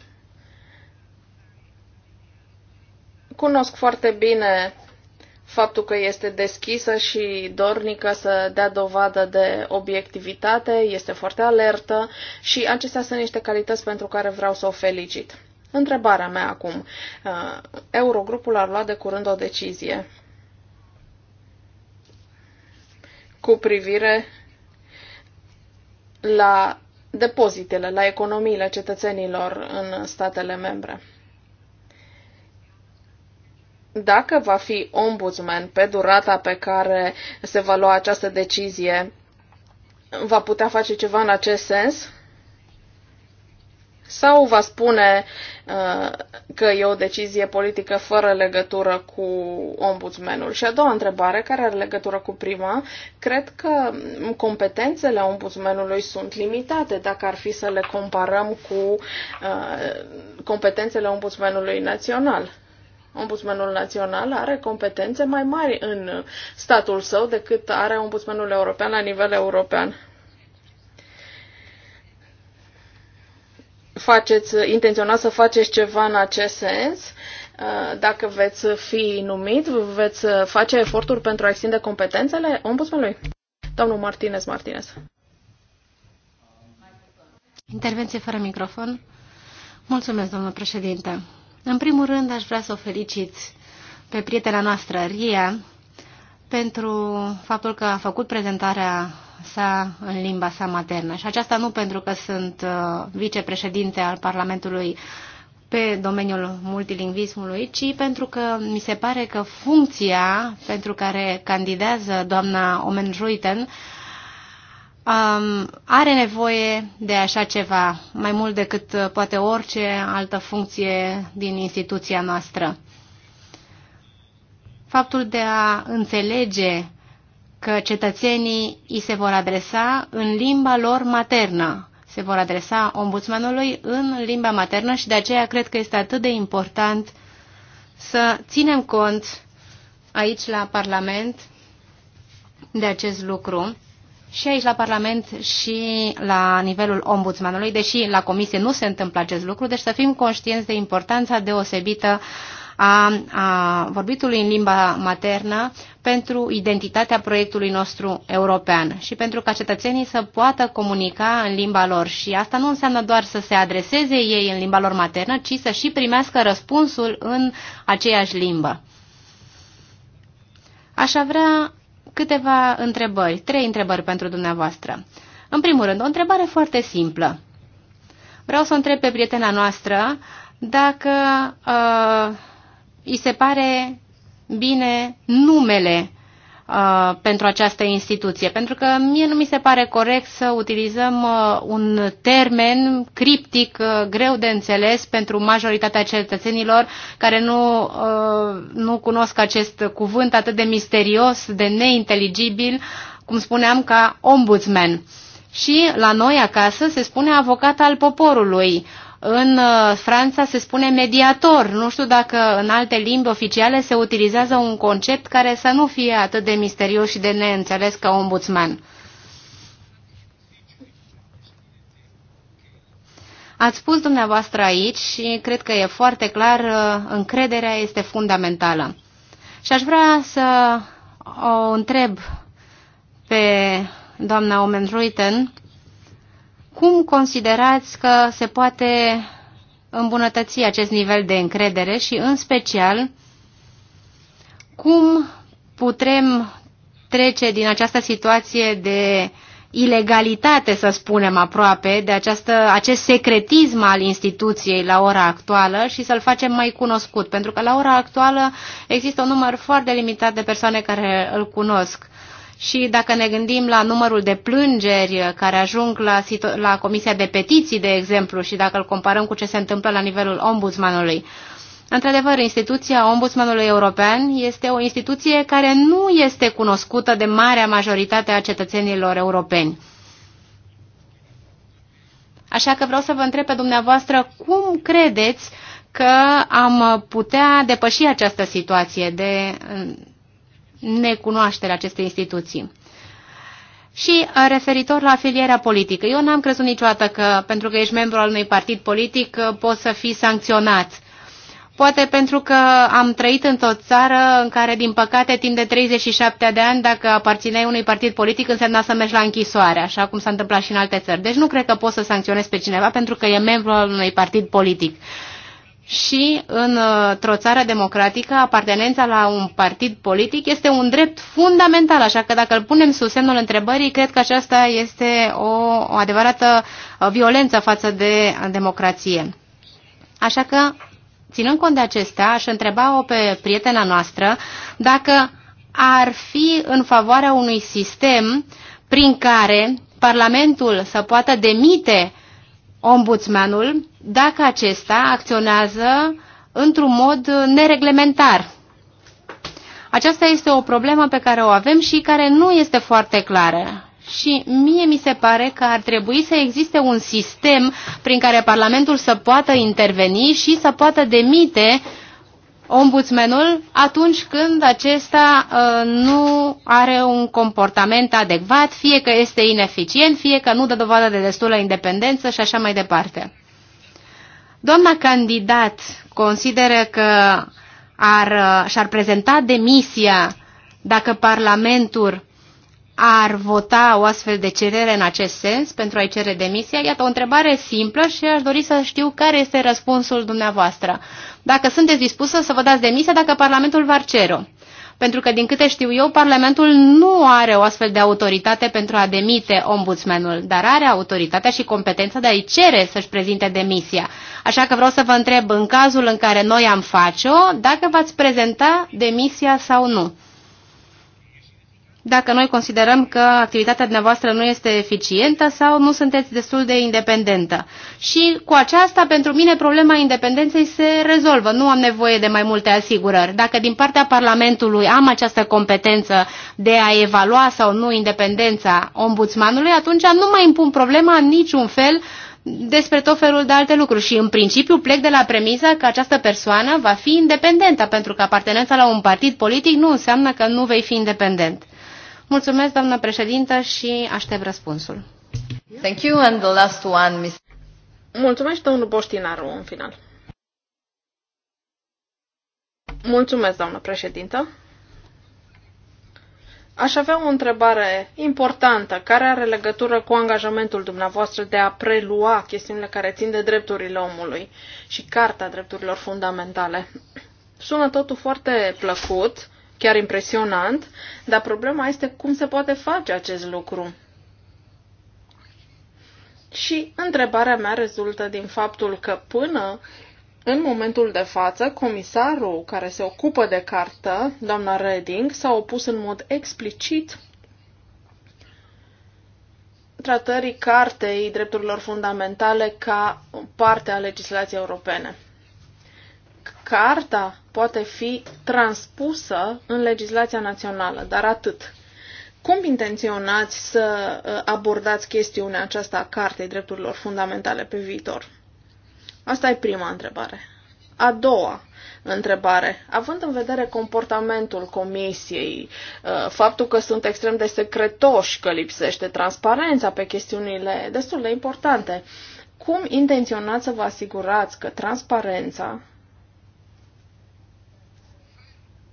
Cunosc foarte bine faptul că este deschisă și dornică să dea dovadă de obiectivitate, este foarte alertă și acestea sunt niște calități pentru care vreau să o felicit. Întrebarea mea acum. Uh, Eurogrupul ar lua de curând o decizie cu privire la depozitele, la economiile cetățenilor în statele membre dacă va fi ombudsman pe durata pe care se va lua această decizie, va putea face ceva în acest sens? Sau va spune uh, că e o decizie politică fără legătură cu ombudsmanul? Și a doua întrebare, care are legătură cu prima, cred că competențele ombudsmanului sunt limitate dacă ar fi să le comparăm cu uh, competențele ombudsmanului național. Ombudsmanul național are competențe mai mari în statul său decât are ombudsmanul european la nivel european. Faceți, intenționați să faceți ceva în acest sens? Dacă veți fi numit, veți face eforturi pentru a extinde competențele ombudsmanului? Domnul Martinez Martinez.
Intervenție fără microfon. Mulțumesc, domnul președinte. În primul rând, aș vrea să o felicit pe prietena noastră, Ria, pentru faptul că a făcut prezentarea sa în limba sa maternă. Și aceasta nu pentru că sunt uh, vicepreședinte al Parlamentului pe domeniul multilingvismului, ci pentru că mi se pare că funcția pentru care candidează doamna Omen Ruiten um, are nevoie de așa ceva, mai mult decât uh, poate orice altă funcție din instituția noastră. Faptul de a înțelege că cetățenii îi se vor adresa în limba lor maternă, se vor adresa ombudsmanului în limba maternă și de aceea cred că este atât de important să ținem cont aici la Parlament de acest lucru și aici la Parlament și la nivelul ombudsmanului, deși la comisie nu se întâmplă acest lucru, deci să fim conștienți de importanța deosebită a, a vorbitului în limba maternă pentru identitatea proiectului nostru european și pentru ca cetățenii să poată comunica în limba lor. Și asta nu înseamnă doar să se adreseze ei în limba lor maternă, ci să și primească răspunsul în aceeași limbă. Aș vrea câteva întrebări, trei întrebări pentru dumneavoastră. În primul rând, o întrebare foarte simplă. Vreau să o întreb pe prietena noastră dacă uh, îi se pare bine numele uh, pentru această instituție, pentru că mie nu mi se pare corect să utilizăm uh, un termen criptic, uh, greu de înțeles pentru majoritatea cetățenilor care nu, uh, nu cunosc acest cuvânt atât de misterios, de neinteligibil, cum spuneam, ca ombudsman. Și la noi acasă se spune avocat al poporului. Uh, în uh, Franța se spune mediator. Nu știu dacă în alte limbi oficiale se utilizează un concept care să nu fie atât de misterios și de neînțeles ca ombudsman. Ați spus dumneavoastră aici și cred că e foarte clar, uh, încrederea este fundamentală. Și aș vrea să o întreb pe doamna Omen Ruiten cum considerați că se poate îmbunătăți acest nivel de încredere și, în special, cum putem trece din această situație de ilegalitate, să spunem aproape, de această, acest secretism al instituției la ora actuală și să-l facem mai cunoscut, pentru că la ora actuală există un număr foarte limitat de persoane care îl cunosc. Și dacă ne gândim la numărul de plângeri care ajung la, la Comisia de Petiții, de exemplu, și dacă îl comparăm cu ce se întâmplă la nivelul ombudsmanului, Într-adevăr, instituția Ombudsmanului European este o instituție care nu este cunoscută de marea majoritate a cetățenilor europeni. Așa că vreau să vă întreb pe dumneavoastră cum credeți că am putea depăși această situație de necunoașterea acestei instituții. Și uh, referitor la afilierea politică, eu n-am crezut niciodată că pentru că ești membru al unui partid politic uh, poți să fii sancționat. Poate pentru că am trăit într-o țară în care, din păcate, timp de 37 de ani, dacă aparțineai unui partid politic, însemna să mergi la închisoare, așa cum s-a întâmplat și în alte țări. Deci nu cred că poți să sancționezi pe cineva pentru că e membru al unui partid politic și uh, într-o țară democratică, apartenența la un partid politic este un drept fundamental, așa că dacă îl punem sub semnul întrebării, cred că aceasta este o, o adevărată uh, violență față de democrație. Așa că, ținând cont de acestea, aș întreba-o pe prietena noastră dacă ar fi în favoarea unui sistem prin care Parlamentul să poată demite ombudsmanul dacă acesta acționează într-un mod nereglementar. Aceasta este o problemă pe care o avem și care nu este foarte clară. Și mie mi se pare că ar trebui să existe un sistem prin care Parlamentul să poată interveni și să poată demite uh, ombudsmanul atunci când acesta uh, nu are un comportament adecvat, fie că este ineficient, fie că nu dă dovadă de destulă independență și așa mai departe. Doamna candidat consideră că ar, uh, și-ar prezenta demisia dacă Parlamentul ar vota o astfel de cerere în acest sens pentru a-i cere demisia? Iată o întrebare simplă și aș dori să știu care este răspunsul dumneavoastră dacă sunteți dispusă să vă dați demisia dacă Parlamentul va cere pentru că, din câte știu eu, Parlamentul nu are o astfel de autoritate pentru a demite ombudsmanul, dar are autoritatea și competența de a-i cere să-și prezinte demisia. Așa că vreau să vă întreb, în cazul în care noi am face-o, dacă v-ați prezenta demisia sau nu dacă noi considerăm că activitatea dumneavoastră nu este eficientă sau nu sunteți destul de independentă. Și cu aceasta, pentru mine, problema independenței se rezolvă. Nu am nevoie de mai multe asigurări. Dacă din partea Parlamentului am această competență de a evalua sau nu independența ombudsmanului, atunci nu mai impun problema în niciun fel despre tot felul de alte lucruri și în principiu plec de la premisa că această persoană va fi independentă, pentru că apartenența la un partid politic nu înseamnă că nu vei fi independent. Mulțumesc, doamnă președintă, și aștept răspunsul. Thank you and the last one,
Miss. Mulțumesc, domnul Boștinaru, în final. Mulțumesc, doamnă președintă. Aș avea o întrebare importantă care are legătură cu angajamentul dumneavoastră de a prelua chestiunile care țin de drepturile omului și Carta Drepturilor Fundamentale. Sună totul foarte plăcut, chiar impresionant, dar problema este cum se poate face acest lucru. Și întrebarea mea rezultă din faptul că până în momentul de față, comisarul care se ocupă de cartă, doamna Reding, s-a opus în mod explicit tratării cartei drepturilor fundamentale ca parte a legislației europene carta poate fi transpusă în legislația națională, dar atât. Cum intenționați să uh, abordați chestiunea aceasta a Cartei Drepturilor Fundamentale pe viitor? Asta e prima întrebare. A doua întrebare. Având în vedere comportamentul comisiei, uh, faptul că sunt extrem de secretoși, că lipsește transparența pe chestiunile destul de importante, cum intenționați să vă asigurați că transparența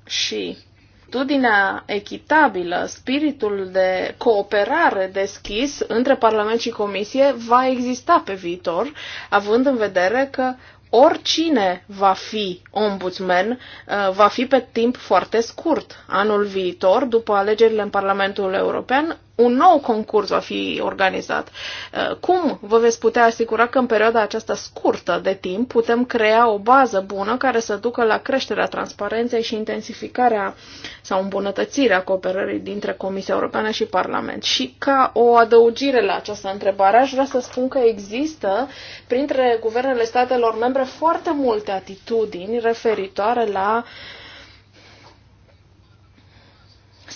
și atitudinea echitabilă, spiritul de cooperare deschis între Parlament și Comisie va exista pe viitor, având în vedere că oricine va fi ombudsman uh, va fi pe timp foarte scurt. Anul viitor, după alegerile în Parlamentul European, un nou concurs va fi organizat. Uh, cum vă veți putea asigura că în perioada aceasta scurtă de timp putem crea o bază bună care să ducă la creșterea transparenței și intensificarea sau îmbunătățirea cooperării dintre Comisia Europeană și Parlament? Și ca o adăugire la această întrebare, aș vrea să spun că există printre guvernele statelor membre foarte multe atitudini referitoare la uh,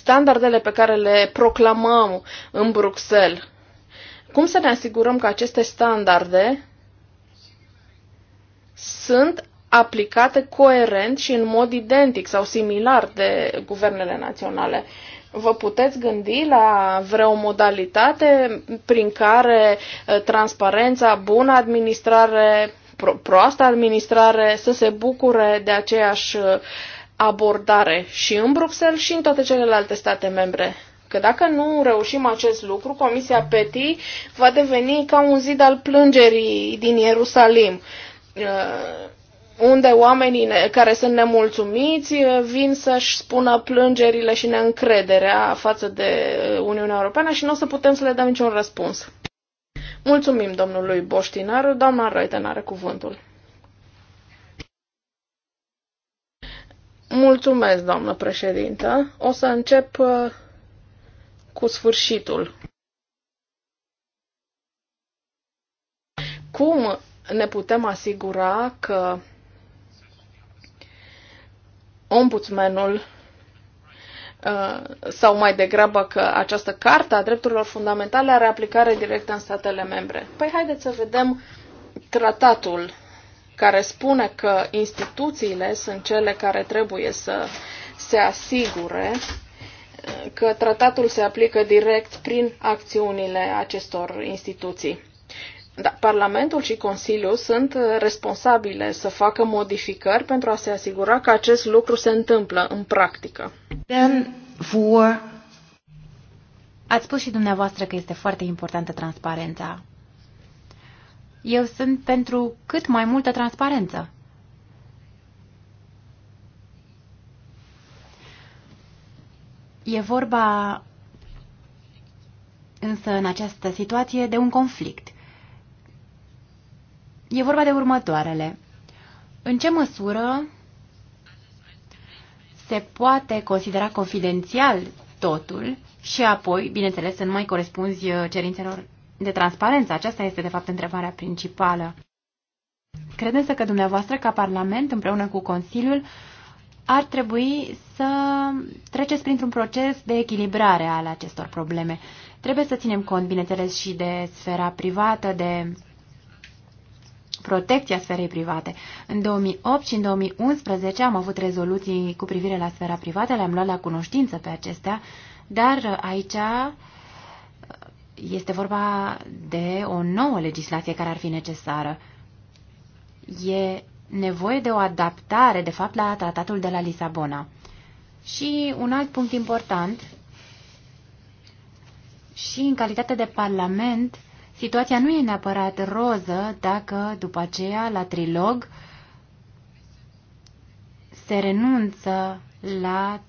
standardele pe care le proclamăm în Bruxelles, cum să ne asigurăm că aceste standarde sunt aplicate coerent și în mod identic sau similar de guvernele naționale? Vă puteți gândi la vreo modalitate prin care eh, transparența, bună administrare, pro- proastă administrare să se bucure de aceeași eh, abordare și în Bruxelles și în toate celelalte state membre. Că dacă nu reușim acest lucru, Comisia PETI va deveni ca un zid al plângerii din Ierusalim, uh, unde oamenii care sunt nemulțumiți uh, vin să-și spună plângerile și neîncrederea față de uh, Uniunea Europeană și nu o să putem să le dăm niciun răspuns. Mulțumim domnului Boștinaru, doamna Reuten are cuvântul. Mulțumesc, doamnă președintă. O să încep uh, cu sfârșitul. Cum ne putem asigura că ombudsmanul uh, sau mai degrabă că această carte a drepturilor fundamentale are aplicare directă în statele membre. Păi haideți să vedem tratatul care spune că instituțiile sunt cele care trebuie să se asigure că tratatul se aplică direct prin acțiunile acestor instituții. Da, Parlamentul și Consiliul sunt responsabile să facă modificări pentru a se asigura că acest lucru se întâmplă în practică.
Ați spus și dumneavoastră că este foarte importantă transparența eu sunt pentru cât mai multă transparență. E vorba însă în această situație de un conflict. E vorba de următoarele. În ce măsură se poate considera confidențial totul și apoi, bineînțeles, să nu mai corespunzi uh, cerințelor de transparență? Aceasta este, de fapt, întrebarea principală. Credeți că dumneavoastră, ca Parlament, împreună cu Consiliul, ar trebui să treceți printr-un proces de echilibrare al acestor probleme. Trebuie să ținem cont, bineînțeles, și de sfera privată, de protecția sferei private. În 2008 și în 2011 am avut rezoluții cu privire la sfera privată, le-am luat la cunoștință pe acestea, dar aici este vorba de o nouă legislație care ar fi necesară. E nevoie de o adaptare, de fapt, la tratatul de la Lisabona. Și un alt punct important, și în calitate de parlament, situația nu e neapărat roză dacă după aceea, la trilog, se renunță la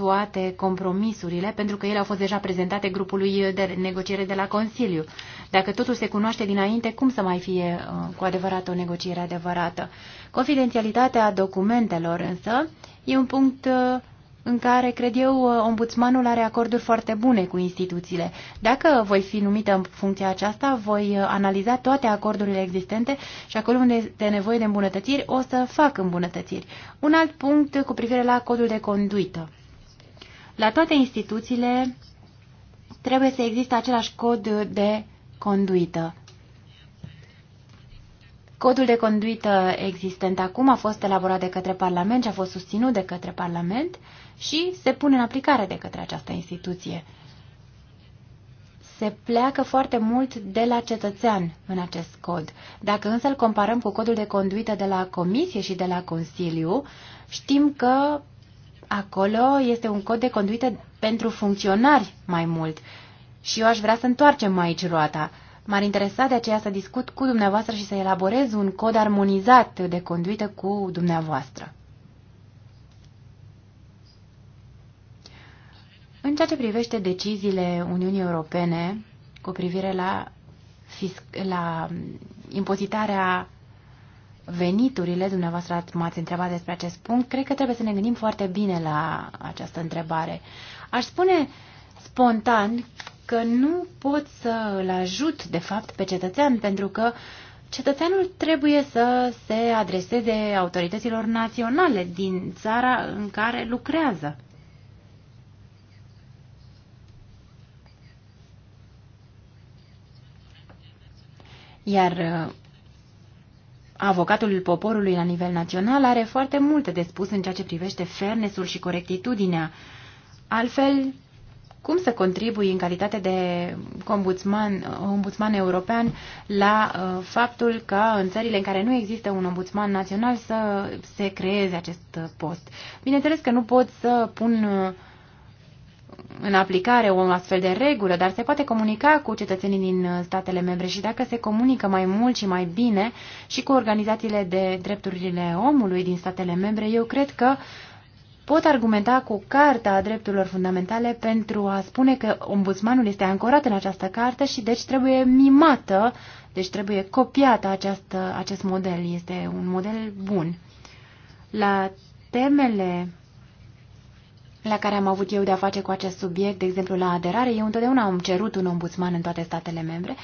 toate compromisurile, pentru că ele au fost deja prezentate grupului de negociere de la Consiliu. Dacă totul se cunoaște dinainte, cum să mai fie uh, cu adevărat o negociere adevărată? Confidențialitatea documentelor, însă, e un punct uh, în care, cred eu, uh, ombudsmanul are acorduri foarte bune cu instituțiile. Dacă voi fi numită în funcția aceasta, voi analiza toate acordurile existente și acolo unde este nevoie de îmbunătățiri, o să fac îmbunătățiri. Un alt punct cu privire la codul de conduită. La toate instituțiile trebuie să existe același cod de conduită. Codul de conduită existent acum a fost elaborat de către Parlament și a fost susținut de către Parlament și se pune în aplicare de către această instituție. Se pleacă foarte mult de la cetățean în acest cod. Dacă însă îl comparăm cu codul de conduită de la Comisie și de la Consiliu, știm că acolo este un cod de conduită pentru funcționari mai mult. Și eu aș vrea să întoarcem aici roata. M-ar interesa de aceea să discut cu dumneavoastră și să elaborez un cod armonizat de conduită cu dumneavoastră. În ceea ce privește deciziile Uniunii Europene cu privire la, fisc- la mm, impozitarea veniturile, dumneavoastră m-ați întrebat despre acest punct, cred că trebuie să ne gândim foarte bine la această întrebare. Aș spune spontan că nu pot să îl ajut, de fapt, pe cetățean, pentru că cetățeanul trebuie să se adreseze autorităților naționale din țara în care lucrează. Iar uh, Avocatul poporului la nivel național are foarte multe de spus în ceea ce privește fairness-ul și corectitudinea. Altfel, cum să contribui în calitate de ombudsman, ombudsman european la uh, faptul că în țările în care nu există un ombudsman național să se creeze acest post. Bineînțeles că nu pot să pun uh, în aplicare o astfel de regulă, dar se poate comunica cu cetățenii din uh, statele membre și dacă se comunică mai mult și mai bine și cu organizațiile de drepturile omului din statele membre, eu cred că pot argumenta cu Carta a Drepturilor Fundamentale pentru a spune că ombudsmanul este ancorat în această carte și deci trebuie mimată, deci trebuie copiată această, acest model. Este un model bun. La temele la care am avut eu de-a face cu acest subiect, de exemplu la aderare, eu întotdeauna am cerut un ombudsman în toate statele membre.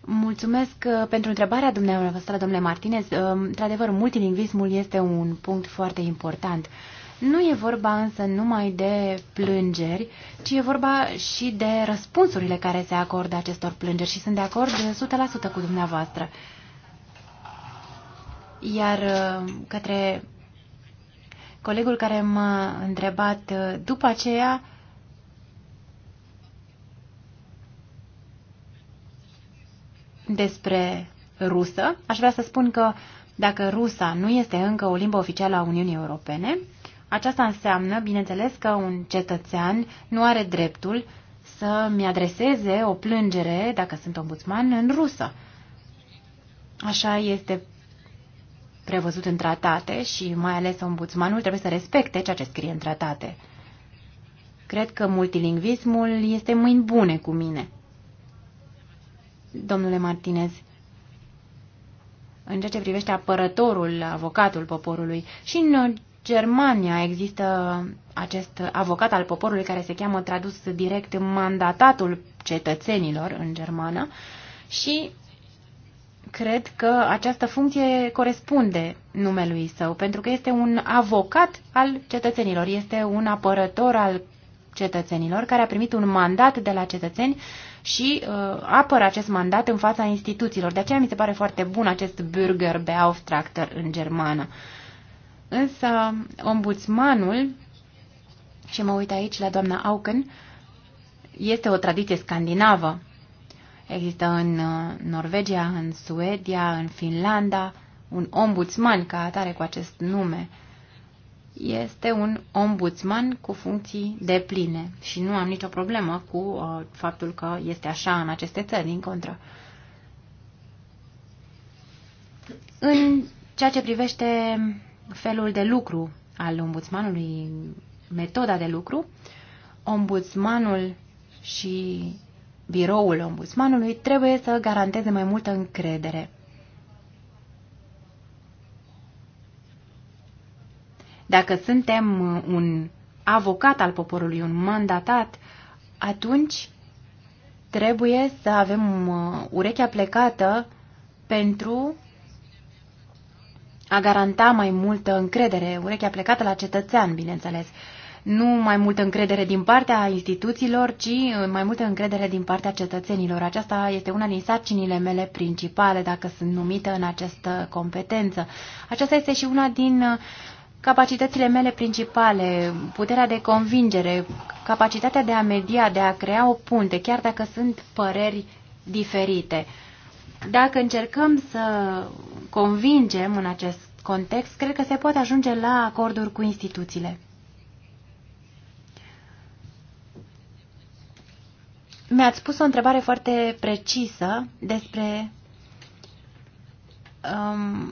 Mulțumesc uh, pentru întrebarea dumneavoastră, domnule Martinez. Uh, într-adevăr, multilingvismul este un punct foarte important. Nu e vorba însă numai de plângeri, ci e vorba și de răspunsurile care se acordă acestor plângeri și sunt de acord 100% cu dumneavoastră. Iar uh, către Colegul care m-a întrebat uh, după aceea, despre rusă, aș vrea să spun că dacă rusa nu este încă o limbă oficială a Uniunii Europene, aceasta înseamnă, bineînțeles, că un cetățean nu are dreptul să-mi adreseze o plângere, dacă sunt ombudsman, în rusă. Așa este prevăzut în tratate și mai ales ombudsmanul trebuie să respecte ceea ce scrie în tratate. Cred că multilingvismul este mâini bune cu mine. Domnule Martinez, în ceea ce privește apărătorul, avocatul poporului, și în Germania există acest avocat al poporului care se cheamă tradus direct mandatatul cetățenilor în germană și cred că această funcție corespunde numelui său, pentru că este un avocat al cetățenilor, este un apărător al cetățenilor care a primit un mandat de la cetățeni și uh, apără acest mandat în fața instituțiilor. De aceea mi se pare foarte bun acest Bürgerbeauftragter în germană. Însă ombudsmanul, și mă uit aici la doamna Auken, este o tradiție scandinavă Există în uh, Norvegia, în Suedia, în Finlanda un ombudsman ca atare cu acest nume. Este un ombudsman cu funcții de pline și nu am nicio problemă cu uh, faptul că este așa în aceste țări, din contră. În ceea ce privește felul de lucru al ombudsmanului, metoda de lucru, ombudsmanul și biroul ombudsmanului trebuie să garanteze mai multă încredere. Dacă suntem uh, un avocat al poporului, un mandatat, atunci trebuie să avem uh, urechea plecată pentru a garanta mai multă încredere, urechea plecată la cetățean, bineînțeles nu mai multă încredere din partea instituțiilor, ci uh, mai multă încredere din partea cetățenilor. Aceasta este una din sarcinile mele principale, dacă sunt numită în această competență. Aceasta este și una din uh, capacitățile mele principale, puterea de convingere, capacitatea de a media, de a crea o punte, chiar dacă sunt păreri diferite. Dacă încercăm să convingem în acest context, cred că se poate ajunge la acorduri cu instituțiile. Mi-ați pus o întrebare foarte precisă despre um,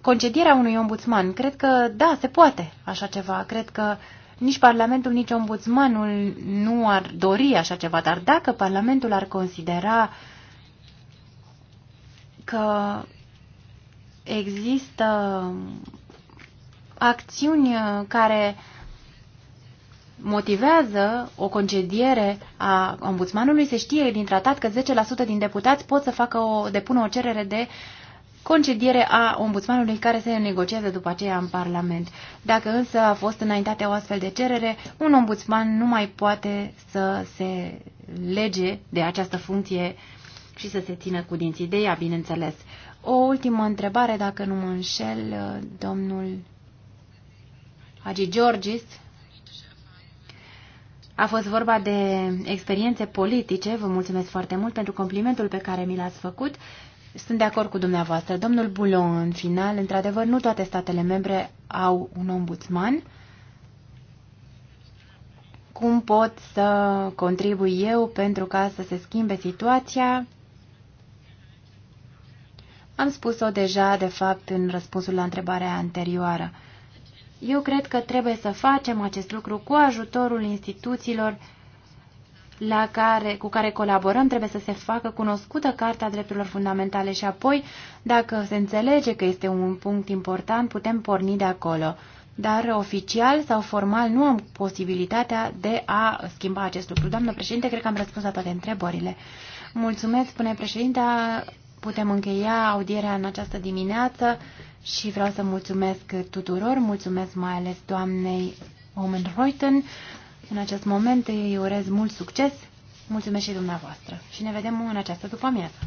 concedierea unui ombudsman. Cred că, da, se poate așa ceva. Cred că nici Parlamentul, nici ombudsmanul nu ar dori așa ceva. Dar dacă Parlamentul ar considera că există acțiuni care uh, motivează o concediere a ombudsmanului, se știe din tratat că 10% din deputați pot să facă o, depună o cerere de concediere a ombudsmanului care se negociază după aceea în Parlament. Dacă însă a fost înaintate o astfel de cerere, un ombudsman nu mai poate să se lege de această funcție și să se țină cu dinții de ea, bineînțeles. O ultimă întrebare, dacă nu mă înșel, domnul Hagi Georgis a fost vorba de experiențe politice. Vă mulțumesc foarte mult pentru complimentul pe care mi l-ați făcut. Sunt de acord cu dumneavoastră. Domnul Bulon, în final, într-adevăr, nu toate statele membre au un ombudsman. Cum pot să contribui eu pentru ca să se schimbe situația? Am spus-o deja, de fapt, în răspunsul la întrebarea anterioară. Eu cred că trebuie să facem acest lucru cu ajutorul instituțiilor la care, cu care colaborăm, trebuie să se facă cunoscută Carta Drepturilor Fundamentale și apoi, dacă se înțelege că este un punct important, putem porni de acolo. Dar oficial sau formal nu am posibilitatea de a schimba acest lucru. Doamnă președinte, cred că am răspuns la toate întrebările. Mulțumesc, spune președinte, Putem încheia audierea în această dimineață și vreau să mulțumesc tuturor, mulțumesc mai ales doamnei Omen Reuten. În acest moment îi urez mult succes, mulțumesc și dumneavoastră și ne vedem în această după amiază.